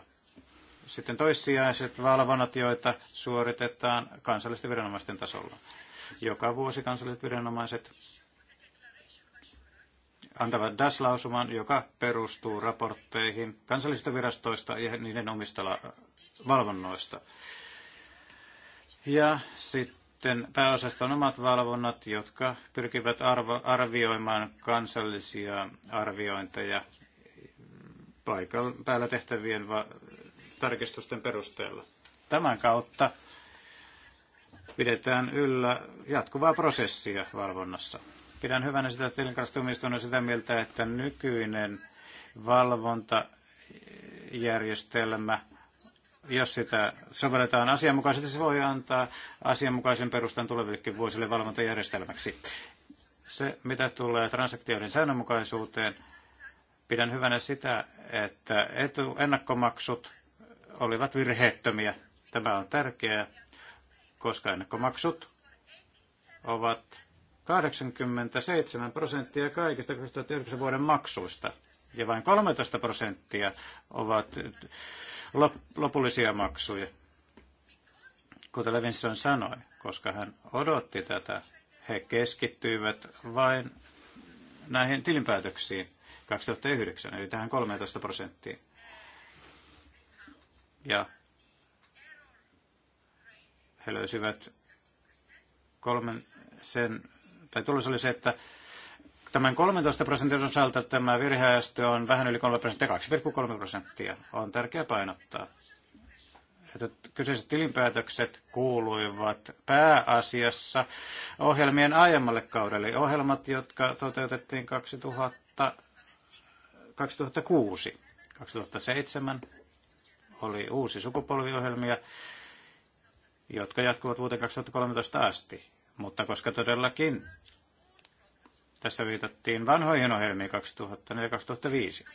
Sitten toissijaiset valvonnat, joita suoritetaan kansallisten viranomaisten tasolla. Joka vuosi kansalliset viranomaiset antavat DAS-lausuman, joka perustuu raportteihin kansallisista virastoista ja niiden omista valvonnoista. Ja sitten pääosasta on omat valvonnat, jotka pyrkivät arvo, arvioimaan kansallisia arviointeja paikalla, päällä tehtävien va- tarkistusten perusteella. Tämän kautta pidetään yllä jatkuvaa prosessia valvonnassa. Pidän hyvänä sitä, että tilintarkastustuomioistuin on sitä mieltä, että nykyinen valvontajärjestelmä, jos sitä sovelletaan asianmukaisesti, se voi antaa asianmukaisen perustan tulevillekin vuosille valvontajärjestelmäksi. Se, mitä tulee transaktioiden säännönmukaisuuteen, pidän hyvänä sitä, että etu, ennakkomaksut olivat virheettömiä. Tämä on tärkeää koska ennakkomaksut ovat 87 prosenttia kaikista 2009 vuoden maksuista ja vain 13 prosenttia ovat lopullisia maksuja, kuten Levinson sanoi, koska hän odotti tätä. He keskittyivät vain näihin tilinpäätöksiin 2009, eli tähän 13 prosenttiin. Ja he löysivät kolmen sen, tai tulos oli se, että tämän 13 prosentin osalta tämä virheäästö on vähän yli 3 prosenttia, 2,3 prosenttia. On tärkeää painottaa, että kyseiset tilinpäätökset kuuluivat pääasiassa ohjelmien aiemmalle kaudelle. Ohjelmat, jotka toteutettiin 2000, 2006, 2007 oli uusi sukupolviohjelmia jotka jatkuvat vuoteen 2013 asti. Mutta koska todellakin tässä viitattiin vanhoihin ohjelmiin 2004-2005.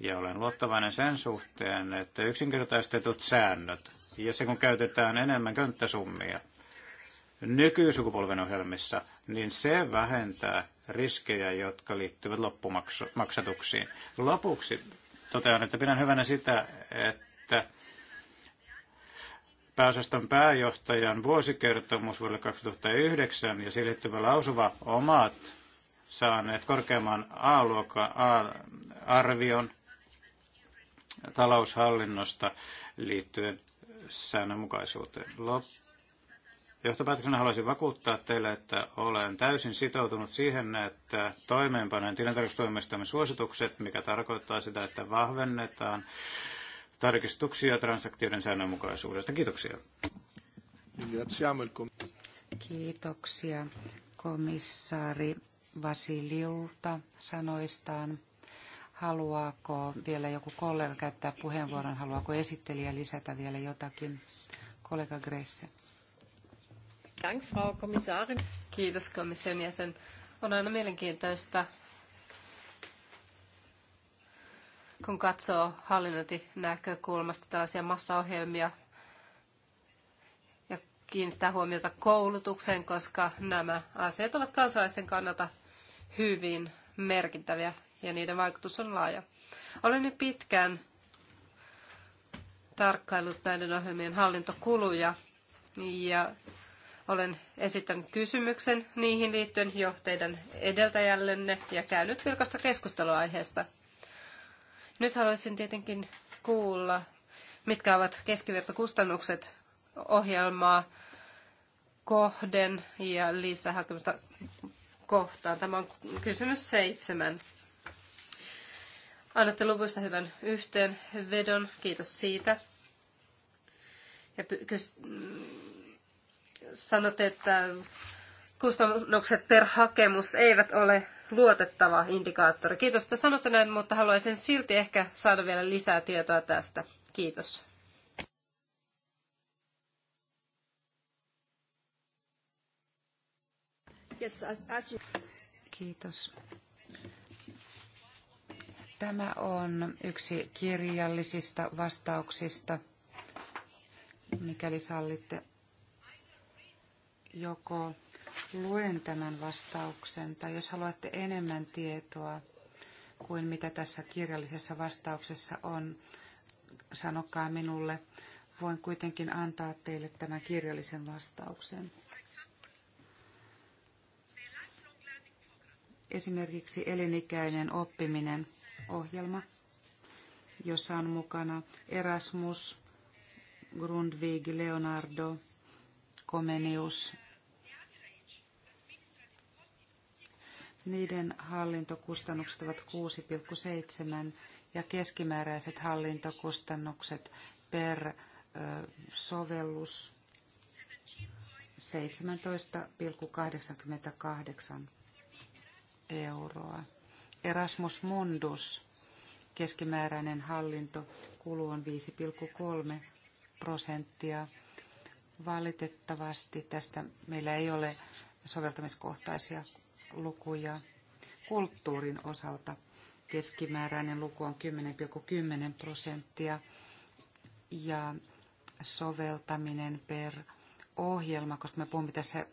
Ja olen luottavainen sen suhteen, että yksinkertaistetut säännöt ja se kun käytetään enemmän könttäsummia nykysukupolven ohjelmissa, niin se vähentää riskejä, jotka liittyvät loppumaksatuksiin. Lopuksi totean, että pidän hyvänä sitä, että pääosaston pääjohtajan vuosikertomus vuodelle 2009 ja siihen liittyvä lausuva omat saaneet korkeamman A-luokan arvion taloushallinnosta liittyen säännönmukaisuuteen. Johtopäätöksenä haluaisin vakuuttaa teille, että olen täysin sitoutunut siihen, että toimeenpanojen tilintarkastustoimistamme suositukset, mikä tarkoittaa sitä, että vahvennetaan tarkistuksia transaktioiden säännönmukaisuudesta. Kiitoksia. Kiitoksia komissaari Vasiliuta sanoistaan. Haluaako vielä joku kollega käyttää puheenvuoron? Haluaako esittelijä lisätä vielä jotakin? Kollega Gresse. Kiitos komission jäsen. On aina mielenkiintoista kun katsoo hallinnointinäkökulmasta tällaisia massaohjelmia ja kiinnittää huomiota koulutukseen, koska nämä asiat ovat kansalaisten kannalta hyvin merkittäviä ja niiden vaikutus on laaja. Olen nyt pitkään tarkkaillut näiden ohjelmien hallintokuluja ja olen esittänyt kysymyksen niihin liittyen jo teidän edeltäjällenne ja käynyt vilkasta keskustelua aiheesta. Nyt haluaisin tietenkin kuulla, mitkä ovat keskivertokustannukset ohjelmaa kohden ja lisähakemusta kohtaan. Tämä on kysymys seitsemän. Annatte luvuista hyvän yhteenvedon. Kiitos siitä. Ja sanotte, että kustannukset per hakemus eivät ole luotettava indikaattori. Kiitos, että sanotte näin, mutta haluaisin silti ehkä saada vielä lisää tietoa tästä. Kiitos. Kiitos. Tämä on yksi kirjallisista vastauksista, mikäli sallitte joko luen tämän vastauksen, tai jos haluatte enemmän tietoa kuin mitä tässä kirjallisessa vastauksessa on, sanokaa minulle. Voin kuitenkin antaa teille tämän kirjallisen vastauksen. Esimerkiksi elinikäinen oppiminen ohjelma, jossa on mukana Erasmus, Grundvig, Leonardo, Komenius, niiden hallintokustannukset ovat 6,7 ja keskimääräiset hallintokustannukset per sovellus 17,88 euroa. Erasmus Mundus keskimääräinen hallintokulu on 5,3 prosenttia. Valitettavasti tästä meillä ei ole soveltamiskohtaisia lukuja kulttuurin osalta. Keskimääräinen luku on 10,10 prosenttia ja soveltaminen per ohjelma, koska me puhumme tässä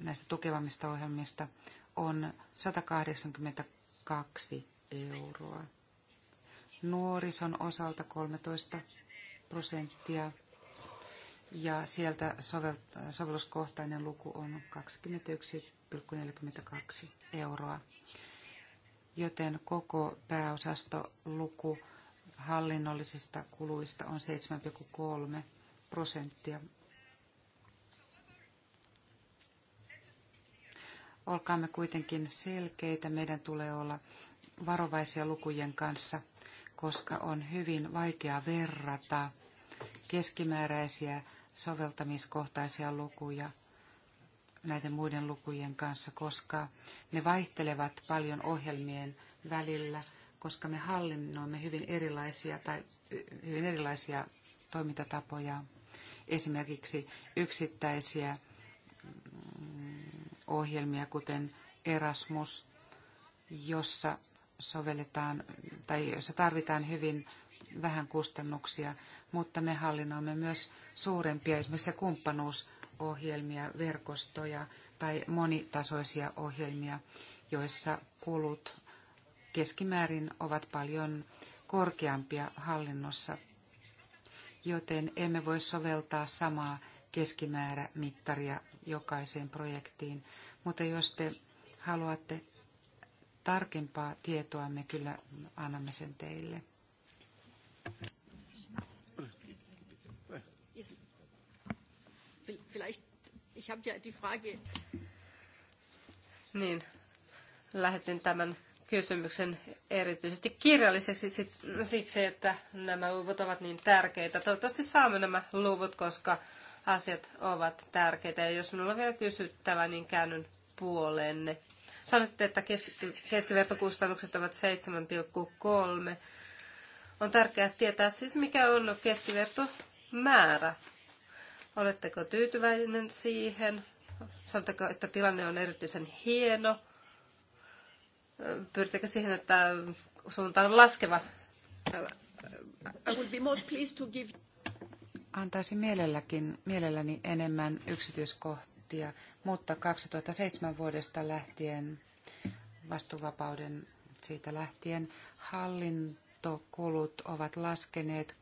näistä tukevammista ohjelmista, on 182 euroa. Nuorison osalta 13 prosenttia ja sieltä sovelluskohtainen luku on 1,42 euroa. Joten koko pääosastoluku hallinnollisista kuluista on 7,3 prosenttia. Olkaamme kuitenkin selkeitä. Meidän tulee olla varovaisia lukujen kanssa, koska on hyvin vaikea verrata keskimääräisiä soveltamiskohtaisia lukuja – näiden muiden lukujen kanssa, koska ne vaihtelevat paljon ohjelmien välillä, koska me hallinnoimme hyvin erilaisia tai hyvin erilaisia toimintatapoja, esimerkiksi yksittäisiä mm, ohjelmia, kuten Erasmus, jossa sovelletaan tai jossa tarvitaan hyvin vähän kustannuksia, mutta me hallinnoimme myös suurempia esimerkiksi kumppanuus ohjelmia, verkostoja tai monitasoisia ohjelmia, joissa kulut keskimäärin ovat paljon korkeampia hallinnossa, joten emme voi soveltaa samaa keskimäärämittaria jokaiseen projektiin. Mutta jos te haluatte tarkempaa tietoa, me kyllä annamme sen teille. Ich habe ja die Frage. Niin, lähetin tämän kysymyksen erityisesti kirjalliseksi siksi, että nämä luvut ovat niin tärkeitä. Toivottavasti saamme nämä luvut, koska asiat ovat tärkeitä. Ja jos minulla on vielä kysyttävää, niin käännyn puoleenne. Sanoitte, että keskivertokustannukset ovat 7,3. On tärkeää tietää siis, mikä on keskivertomäärä. Oletteko tyytyväinen siihen? Sanotteko, että tilanne on erityisen hieno? Pyrittekö siihen, että suunta on laskeva? Antaisin mielelläkin, mielelläni enemmän yksityiskohtia, mutta 2007 vuodesta lähtien, vastuuvapauden siitä lähtien, hallinto nettokulut ovat laskeneet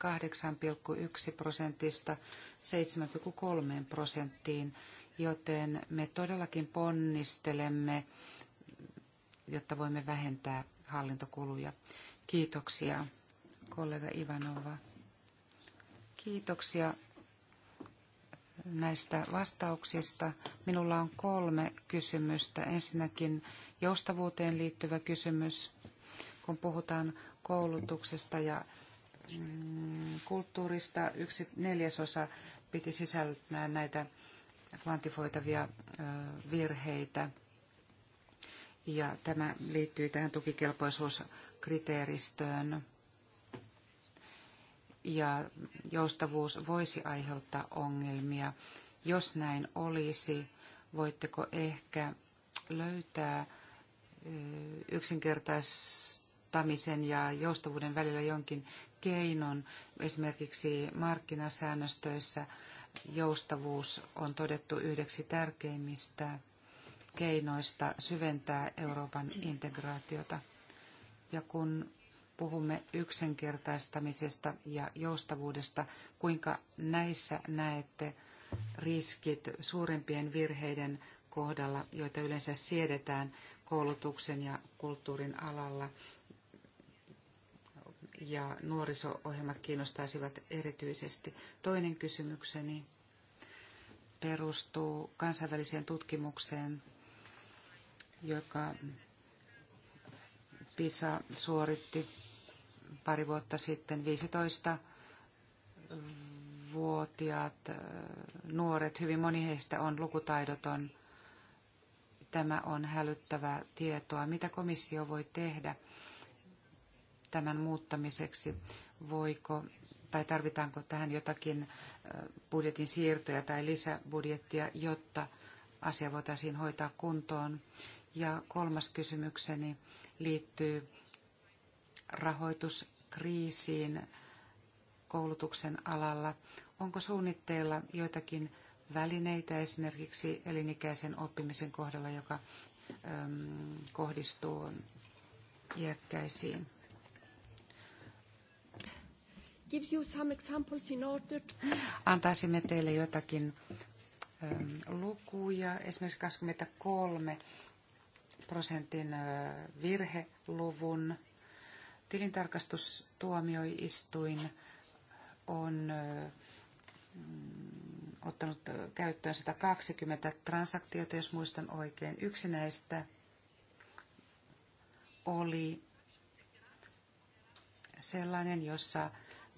8,1 prosentista 7,3 prosenttiin, joten me todellakin ponnistelemme, jotta voimme vähentää hallintokuluja. Kiitoksia, kollega Ivanova. Kiitoksia näistä vastauksista. Minulla on kolme kysymystä. Ensinnäkin joustavuuteen liittyvä kysymys. Kun puhutaan koulutuksesta ja mm, kulttuurista. Yksi neljäsosa piti sisällään näitä kvantifoitavia virheitä. Ja tämä liittyy tähän tukikelpoisuuskriteeristöön. Ja joustavuus voisi aiheuttaa ongelmia. Jos näin olisi, voitteko ehkä löytää yksinkertaista muuttamisen ja joustavuuden välillä jonkin keinon. Esimerkiksi markkinasäännöstöissä joustavuus on todettu yhdeksi tärkeimmistä keinoista syventää Euroopan integraatiota. Ja kun puhumme yksinkertaistamisesta ja joustavuudesta, kuinka näissä näette riskit suurimpien virheiden kohdalla, joita yleensä siedetään koulutuksen ja kulttuurin alalla ja nuoriso-ohjelmat kiinnostaisivat erityisesti. Toinen kysymykseni perustuu kansainväliseen tutkimukseen, joka PISA suoritti pari vuotta sitten 15 vuotiaat nuoret, hyvin moni heistä on lukutaidoton. Tämä on hälyttävää tietoa. Mitä komissio voi tehdä, tämän muuttamiseksi? Voiko tai tarvitaanko tähän jotakin budjetin siirtoja tai lisäbudjettia, jotta asia voitaisiin hoitaa kuntoon? Ja kolmas kysymykseni liittyy rahoituskriisiin koulutuksen alalla. Onko suunnitteilla joitakin välineitä esimerkiksi elinikäisen oppimisen kohdalla, joka kohdistuu iäkkäisiin? Antaisimme teille jotakin ähm, lukuja, esimerkiksi 23 prosentin äh, virheluvun. Tilintarkastustuomioistuin on äh, mm, ottanut käyttöön 120 transaktiota, jos muistan oikein. Yksi näistä oli sellainen, jossa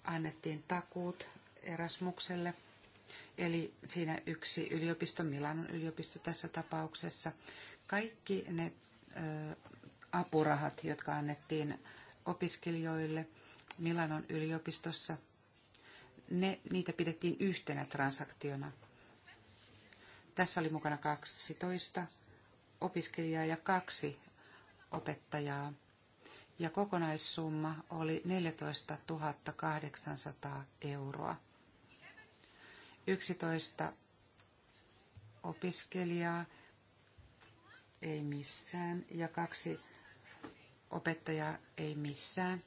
annettiin takuut Erasmukselle, eli siinä yksi yliopisto, Milanon yliopisto tässä tapauksessa. Kaikki ne ö, apurahat, jotka annettiin opiskelijoille Milanon yliopistossa, ne, niitä pidettiin yhtenä transaktiona. Tässä oli mukana 12 opiskelijaa ja kaksi opettajaa ja kokonaissumma oli 14 800 euroa. 11 opiskelijaa, ei missään, ja kaksi opettajaa, ei missään.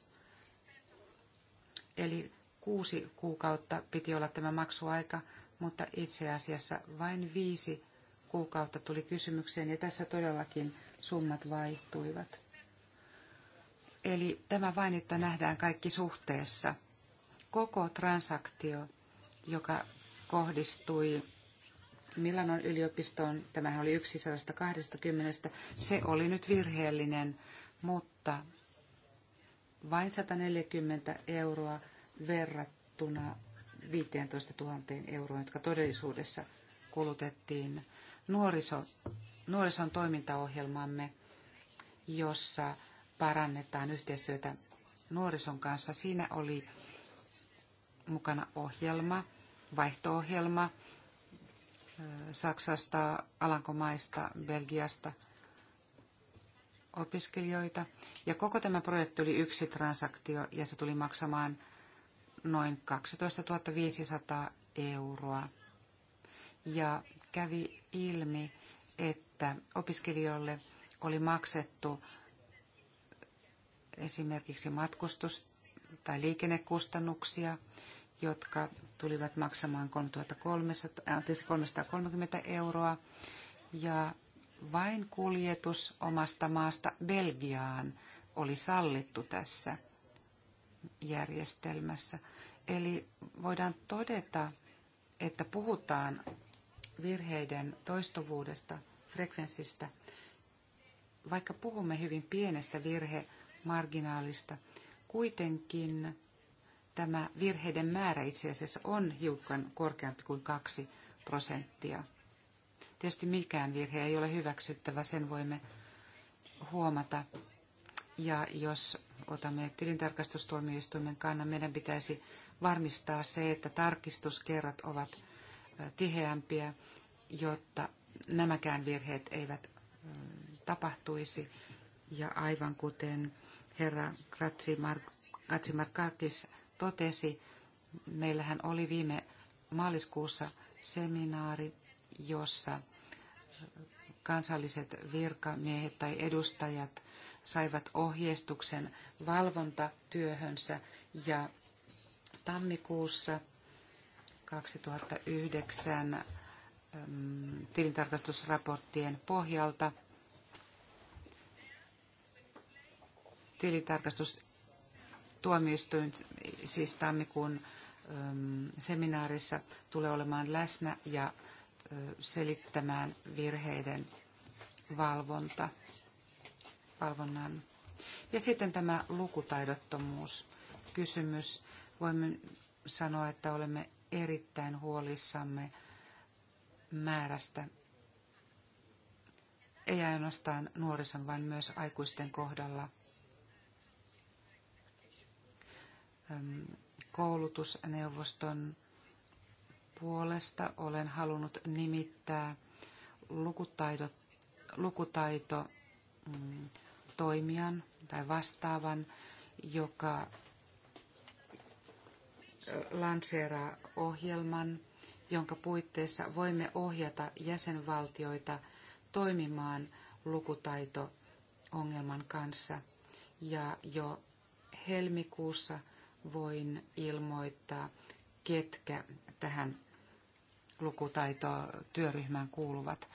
Eli kuusi kuukautta piti olla tämä maksuaika, mutta itse asiassa vain viisi kuukautta tuli kysymykseen, ja tässä todellakin summat vaihtuivat. Eli tämä vain, että nähdään kaikki suhteessa. Koko transaktio, joka kohdistui Milanon yliopistoon, tämähän oli yksi 120, se oli nyt virheellinen, mutta vain 140 euroa verrattuna 15 000 euroa, jotka todellisuudessa kulutettiin nuoriso, nuorison toimintaohjelmamme, jossa parannetaan yhteistyötä nuorison kanssa. Siinä oli mukana ohjelma, vaihto-ohjelma Saksasta, Alankomaista, Belgiasta opiskelijoita. Ja koko tämä projekti oli yksi transaktio ja se tuli maksamaan noin 12 500 euroa. Ja kävi ilmi, että opiskelijoille oli maksettu esimerkiksi matkustus- tai liikennekustannuksia, jotka tulivat maksamaan 3300, 330 äh, siis euroa. Ja vain kuljetus omasta maasta Belgiaan oli sallittu tässä järjestelmässä. Eli voidaan todeta, että puhutaan virheiden toistuvuudesta, frekvenssistä, vaikka puhumme hyvin pienestä virhe- marginaalista. Kuitenkin tämä virheiden määrä itse asiassa on hiukan korkeampi kuin 2 prosenttia. Tietysti mikään virhe ei ole hyväksyttävä, sen voimme huomata. Ja jos otamme tilintarkastustuomioistuimen kannan, meidän pitäisi varmistaa se, että tarkistuskerrat ovat tiheämpiä, jotta nämäkään virheet eivät mm, tapahtuisi. Ja aivan kuten herra Katsimarkakis totesi, meillähän oli viime maaliskuussa seminaari, jossa kansalliset virkamiehet tai edustajat saivat ohjeistuksen valvontatyöhönsä ja tammikuussa 2009 mm, tilintarkastusraporttien pohjalta tilintarkastustuomioistuin siis tammikuun ähm, seminaarissa tulee olemaan läsnä ja äh, selittämään virheiden valvonta, valvonnan. Ja sitten tämä lukutaidottomuus kysymys. Voimme sanoa, että olemme erittäin huolissamme määrästä. Ei ainoastaan nuorison, vaan myös aikuisten kohdalla – koulutusneuvoston puolesta olen halunnut nimittää lukutaito, lukutaito mm, toimijan tai vastaavan, joka lanseeraa ohjelman, jonka puitteissa voimme ohjata jäsenvaltioita toimimaan lukutaito-ongelman kanssa. Ja jo helmikuussa – voin ilmoittaa, ketkä tähän lukutaitotyöryhmään kuuluvat.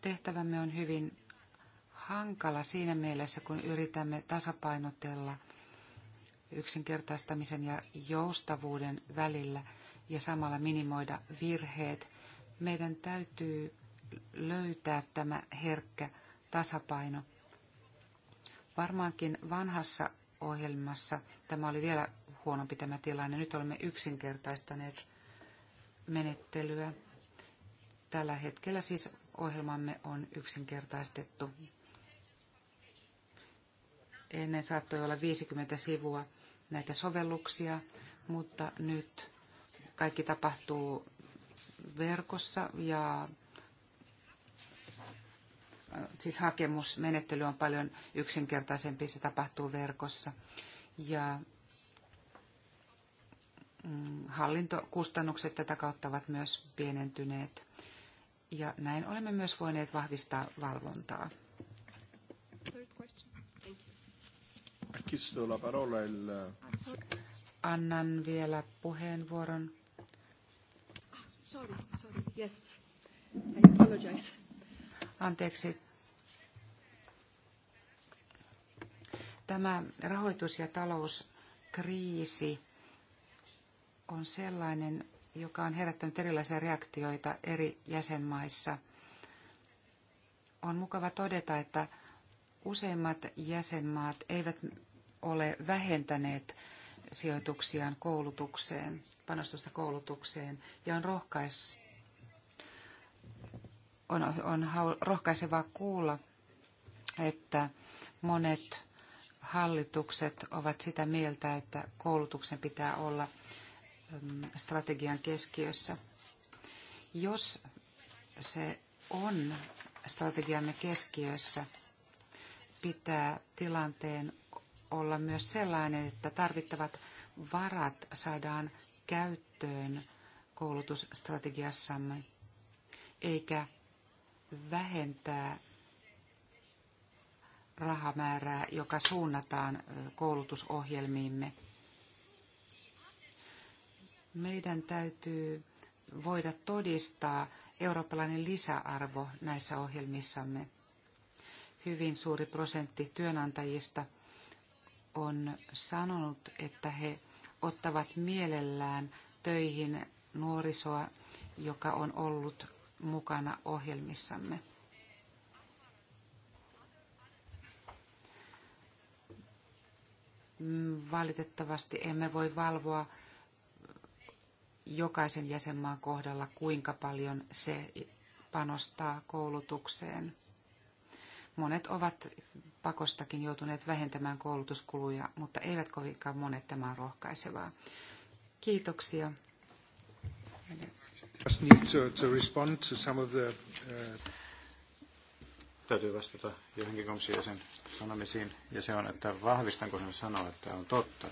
Tehtävämme on hyvin hankala siinä mielessä, kun yritämme tasapainotella yksinkertaistamisen ja joustavuuden välillä ja samalla minimoida virheet. Meidän täytyy löytää tämä herkkä tasapaino. Varmaankin vanhassa ohjelmassa tämä oli vielä huonompi tämä tilanne. Nyt olemme yksinkertaistaneet menettelyä. Tällä hetkellä siis ohjelmamme on yksinkertaistettu. Ennen saattoi olla 50 sivua näitä sovelluksia, mutta nyt kaikki tapahtuu verkossa ja äh, siis hakemusmenettely on paljon yksinkertaisempi, se tapahtuu verkossa. Ja hallintokustannukset tätä kautta ovat myös pienentyneet. Ja näin olemme myös voineet vahvistaa valvontaa. Annan vielä puheenvuoron. Sorry, sorry. Yes. I apologize. Anteeksi. Tämä rahoitus- ja talouskriisi on sellainen, joka on herättänyt erilaisia reaktioita eri jäsenmaissa. On mukava todeta, että useimmat jäsenmaat eivät ole vähentäneet sijoituksiaan koulutukseen, panostusta koulutukseen, ja on, rohkais, on, on rohkaisevaa kuulla, että monet hallitukset ovat sitä mieltä, että koulutuksen pitää olla – strategian keskiössä. Jos se on strategiamme keskiössä, pitää tilanteen olla myös sellainen, että tarvittavat varat saadaan käyttöön koulutusstrategiassamme, eikä vähentää rahamäärää, joka suunnataan koulutusohjelmiimme. Meidän täytyy voida todistaa eurooppalainen lisäarvo näissä ohjelmissamme. Hyvin suuri prosentti työnantajista on sanonut, että he ottavat mielellään töihin nuorisoa, joka on ollut mukana ohjelmissamme. Mm, valitettavasti emme voi valvoa jokaisen jäsenmaan kohdalla, kuinka paljon se panostaa koulutukseen. Monet ovat pakostakin joutuneet vähentämään koulutuskuluja, mutta eivät kovinkaan monet. Tämä on rohkaisevaa. Kiitoksia. need to, respond to some of the, uh, Täytyy vastata johonkin komission sanomisiin, ja se on, että vahvistanko sen sanoa, että on totta,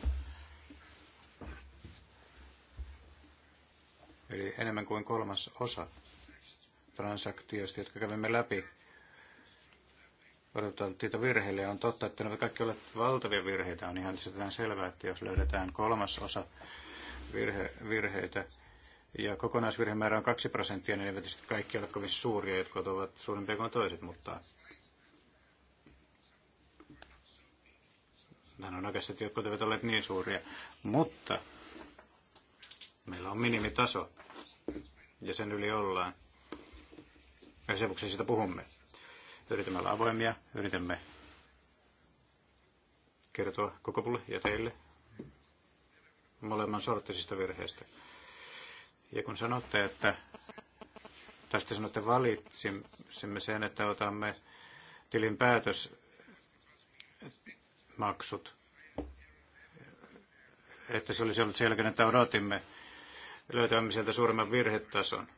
eli enemmän kuin kolmas osa transaktioista, jotka kävimme läpi. tieto virheille. On totta, että ne kaikki ovat valtavia virheitä. On ihan sitä selvää, että jos löydetään kolmas osa virhe, virheitä ja kokonaisvirhemäärä on 2 prosenttia, niin ne eivät sitten kaikki ole kovin suuria, jotka ovat suurempia kuin toiset, mutta nämä on oikeasti, jotkut eivät olleet niin suuria. Mutta Meillä on minimitaso ja sen yli ollaan. Ja sen vuoksi siitä puhumme. Yritämme olla avoimia, yritämme kertoa koko mulle ja teille molemman sorttisista virheistä. Ja kun sanotte, että tästä sanotte valitsimme sen, että otamme tilin maksut, että se olisi ollut selkeä, että odotimme löytämme sieltä suuremman virhetason.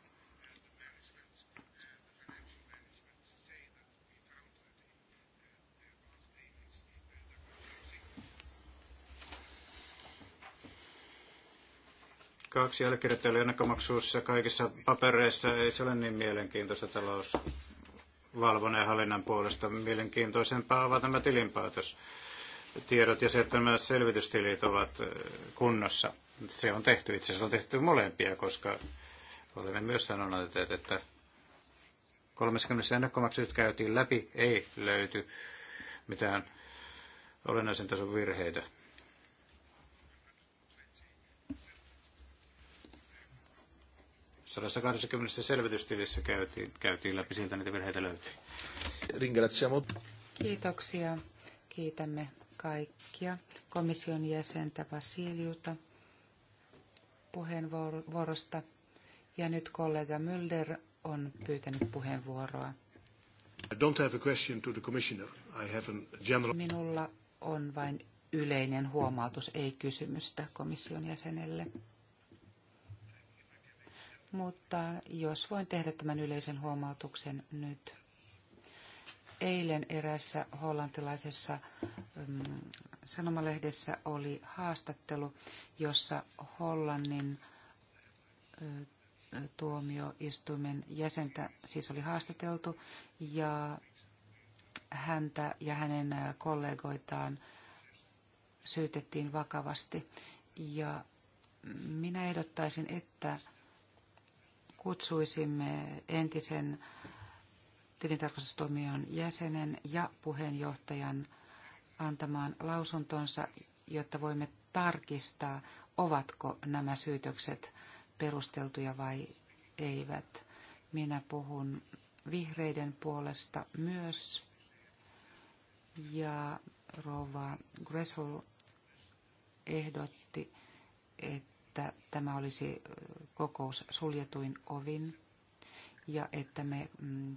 kaksi allekirjoittajaa ennakkomaksuissa kaikissa papereissa. Ei se ole niin mielenkiintoista talousvalvonnan ja hallinnan puolesta. Mielenkiintoisempaa ovat tämä tilinpäätös tiedot ja se, että nämä selvitystilit ovat kunnossa. Se on tehty, itse asiassa on tehty molempia, koska olen myös sanonut että 30 ennakkomaksut käytiin läpi, ei löyty mitään olennaisen tason virheitä. Sodassa 20 selvitystilissä käytiin, käytiin läpi, siltä niitä virheitä löytyi. Kiitoksia. Kiitämme kaikkia komission jäsentä Vasiliuta puheenvuorosta. Ja nyt kollega Mulder on pyytänyt puheenvuoroa. I don't have a question to the commissioner. I have a general... Minulla on vain yleinen huomautus, ei kysymystä komission jäsenelle. Mutta jos voin tehdä tämän yleisen huomautuksen nyt. Eilen erässä hollantilaisessa sanomalehdessä oli haastattelu, jossa Hollannin tuomioistuimen jäsentä siis oli haastateltu ja häntä ja hänen kollegoitaan syytettiin vakavasti. Ja minä ehdottaisin, että kutsuisimme entisen tilintarkastustoimion jäsenen ja puheenjohtajan antamaan lausuntonsa, jotta voimme tarkistaa, ovatko nämä syytökset perusteltuja vai eivät. Minä puhun vihreiden puolesta myös. Ja Rova Gressel ehdotti, että tämä olisi kokous suljetuin ovin ja että me mm,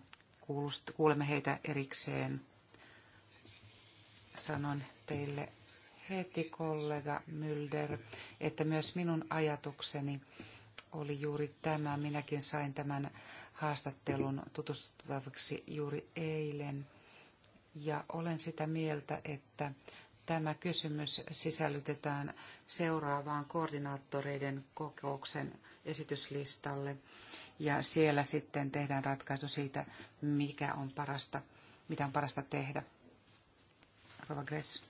kuulemme heitä erikseen sanon teille heti kollega Mylder, että myös minun ajatukseni oli juuri tämä. Minäkin sain tämän haastattelun tutustuvaksi juuri eilen. Ja olen sitä mieltä, että tämä kysymys sisällytetään seuraavaan koordinaattoreiden kokouksen esityslistalle. Ja siellä sitten tehdään ratkaisu siitä, mikä on parasta, mitä on parasta tehdä. Rova Gress.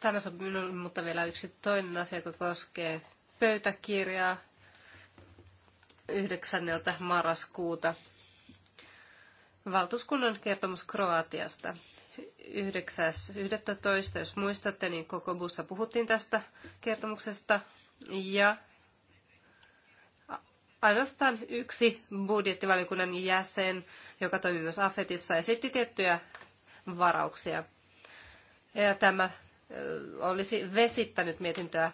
Tämä on minulle, mutta vielä yksi toinen asia, joka koskee pöytäkirjaa 9. marraskuuta. Valtuuskunnan kertomus Kroatiasta. 9.11. Jos muistatte, niin koko bussa puhuttiin tästä kertomuksesta. Ja ainoastaan yksi budjettivaliokunnan jäsen, joka toimii myös AFETissa, esitti tiettyjä varauksia. Ja tämä olisi vesittänyt mietintöä.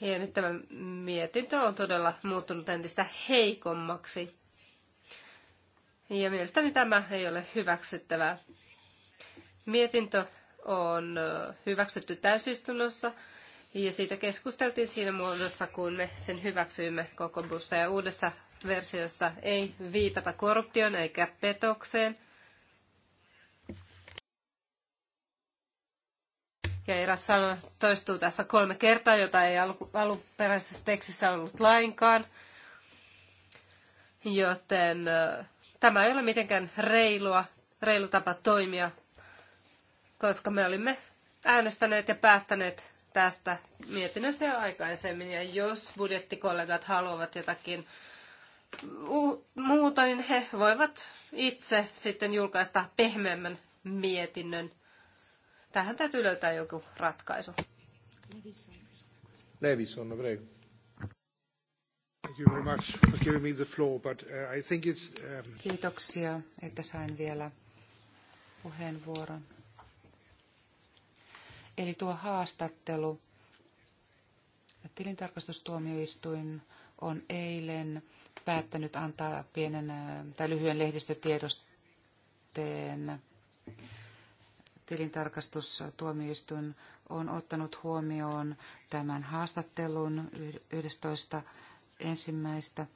Ja nyt tämä mietintö on todella muuttunut entistä heikommaksi. Ja mielestäni tämä ei ole hyväksyttävää. Mietintö on hyväksytty täysistunnossa ja siitä keskusteltiin siinä muodossa, kun me sen hyväksyimme koko bussa ja uudessa versiossa ei viitata korruptioon eikä petokseen. Ja eräs sana toistuu tässä kolme kertaa, jota ei alkuperäisessä tekstissä ollut lainkaan. Joten tämä ei ole mitenkään reilua, reilu tapa toimia, koska me olimme äänestäneet ja päättäneet tästä mietinnöstä jo aikaisemmin. Ja jos budjettikollegat haluavat jotakin muuta, niin he voivat itse sitten julkaista pehmeämmän mietinnön. Tähän täytyy löytää joku ratkaisu. Levison, prego. Thank you very much for giving me the floor, but uh, I think it's... Um... Kiitoksia, että sain vielä puheenvuoron. Eli tuo haastattelu, tilintarkastustuomioistuin on eilen päättänyt antaa pienen tai lyhyen lehdistötiedosteen. Tilintarkastustuomioistuin on ottanut huomioon tämän haastattelun 11. ensimmäistä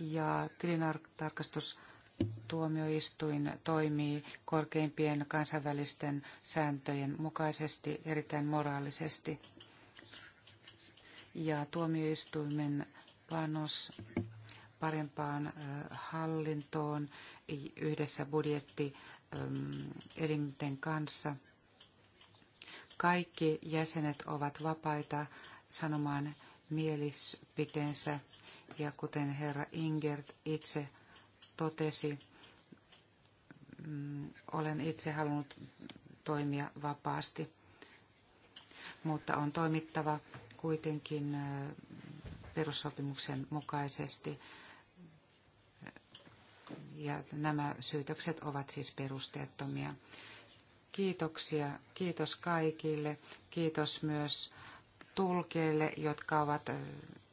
ja tilintarkastustuomioistuin toimii korkeimpien kansainvälisten sääntöjen mukaisesti erittäin moraalisesti. Ja tuomioistuimen panos parempaan hallintoon yhdessä budjettielinten kanssa. Kaikki jäsenet ovat vapaita sanomaan mielipiteensä ja kuten herra Ingert itse totesi, mm, olen itse halunnut toimia vapaasti, mutta on toimittava kuitenkin perussopimuksen mukaisesti. Ja nämä syytökset ovat siis perusteettomia. Kiitoksia. Kiitos kaikille. Kiitos myös tulkeille, jotka ovat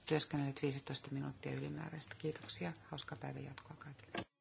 työskennelleet 15 minuuttia ylimääräistä. Kiitoksia. Hauskaa päivän jatkoa kaikille.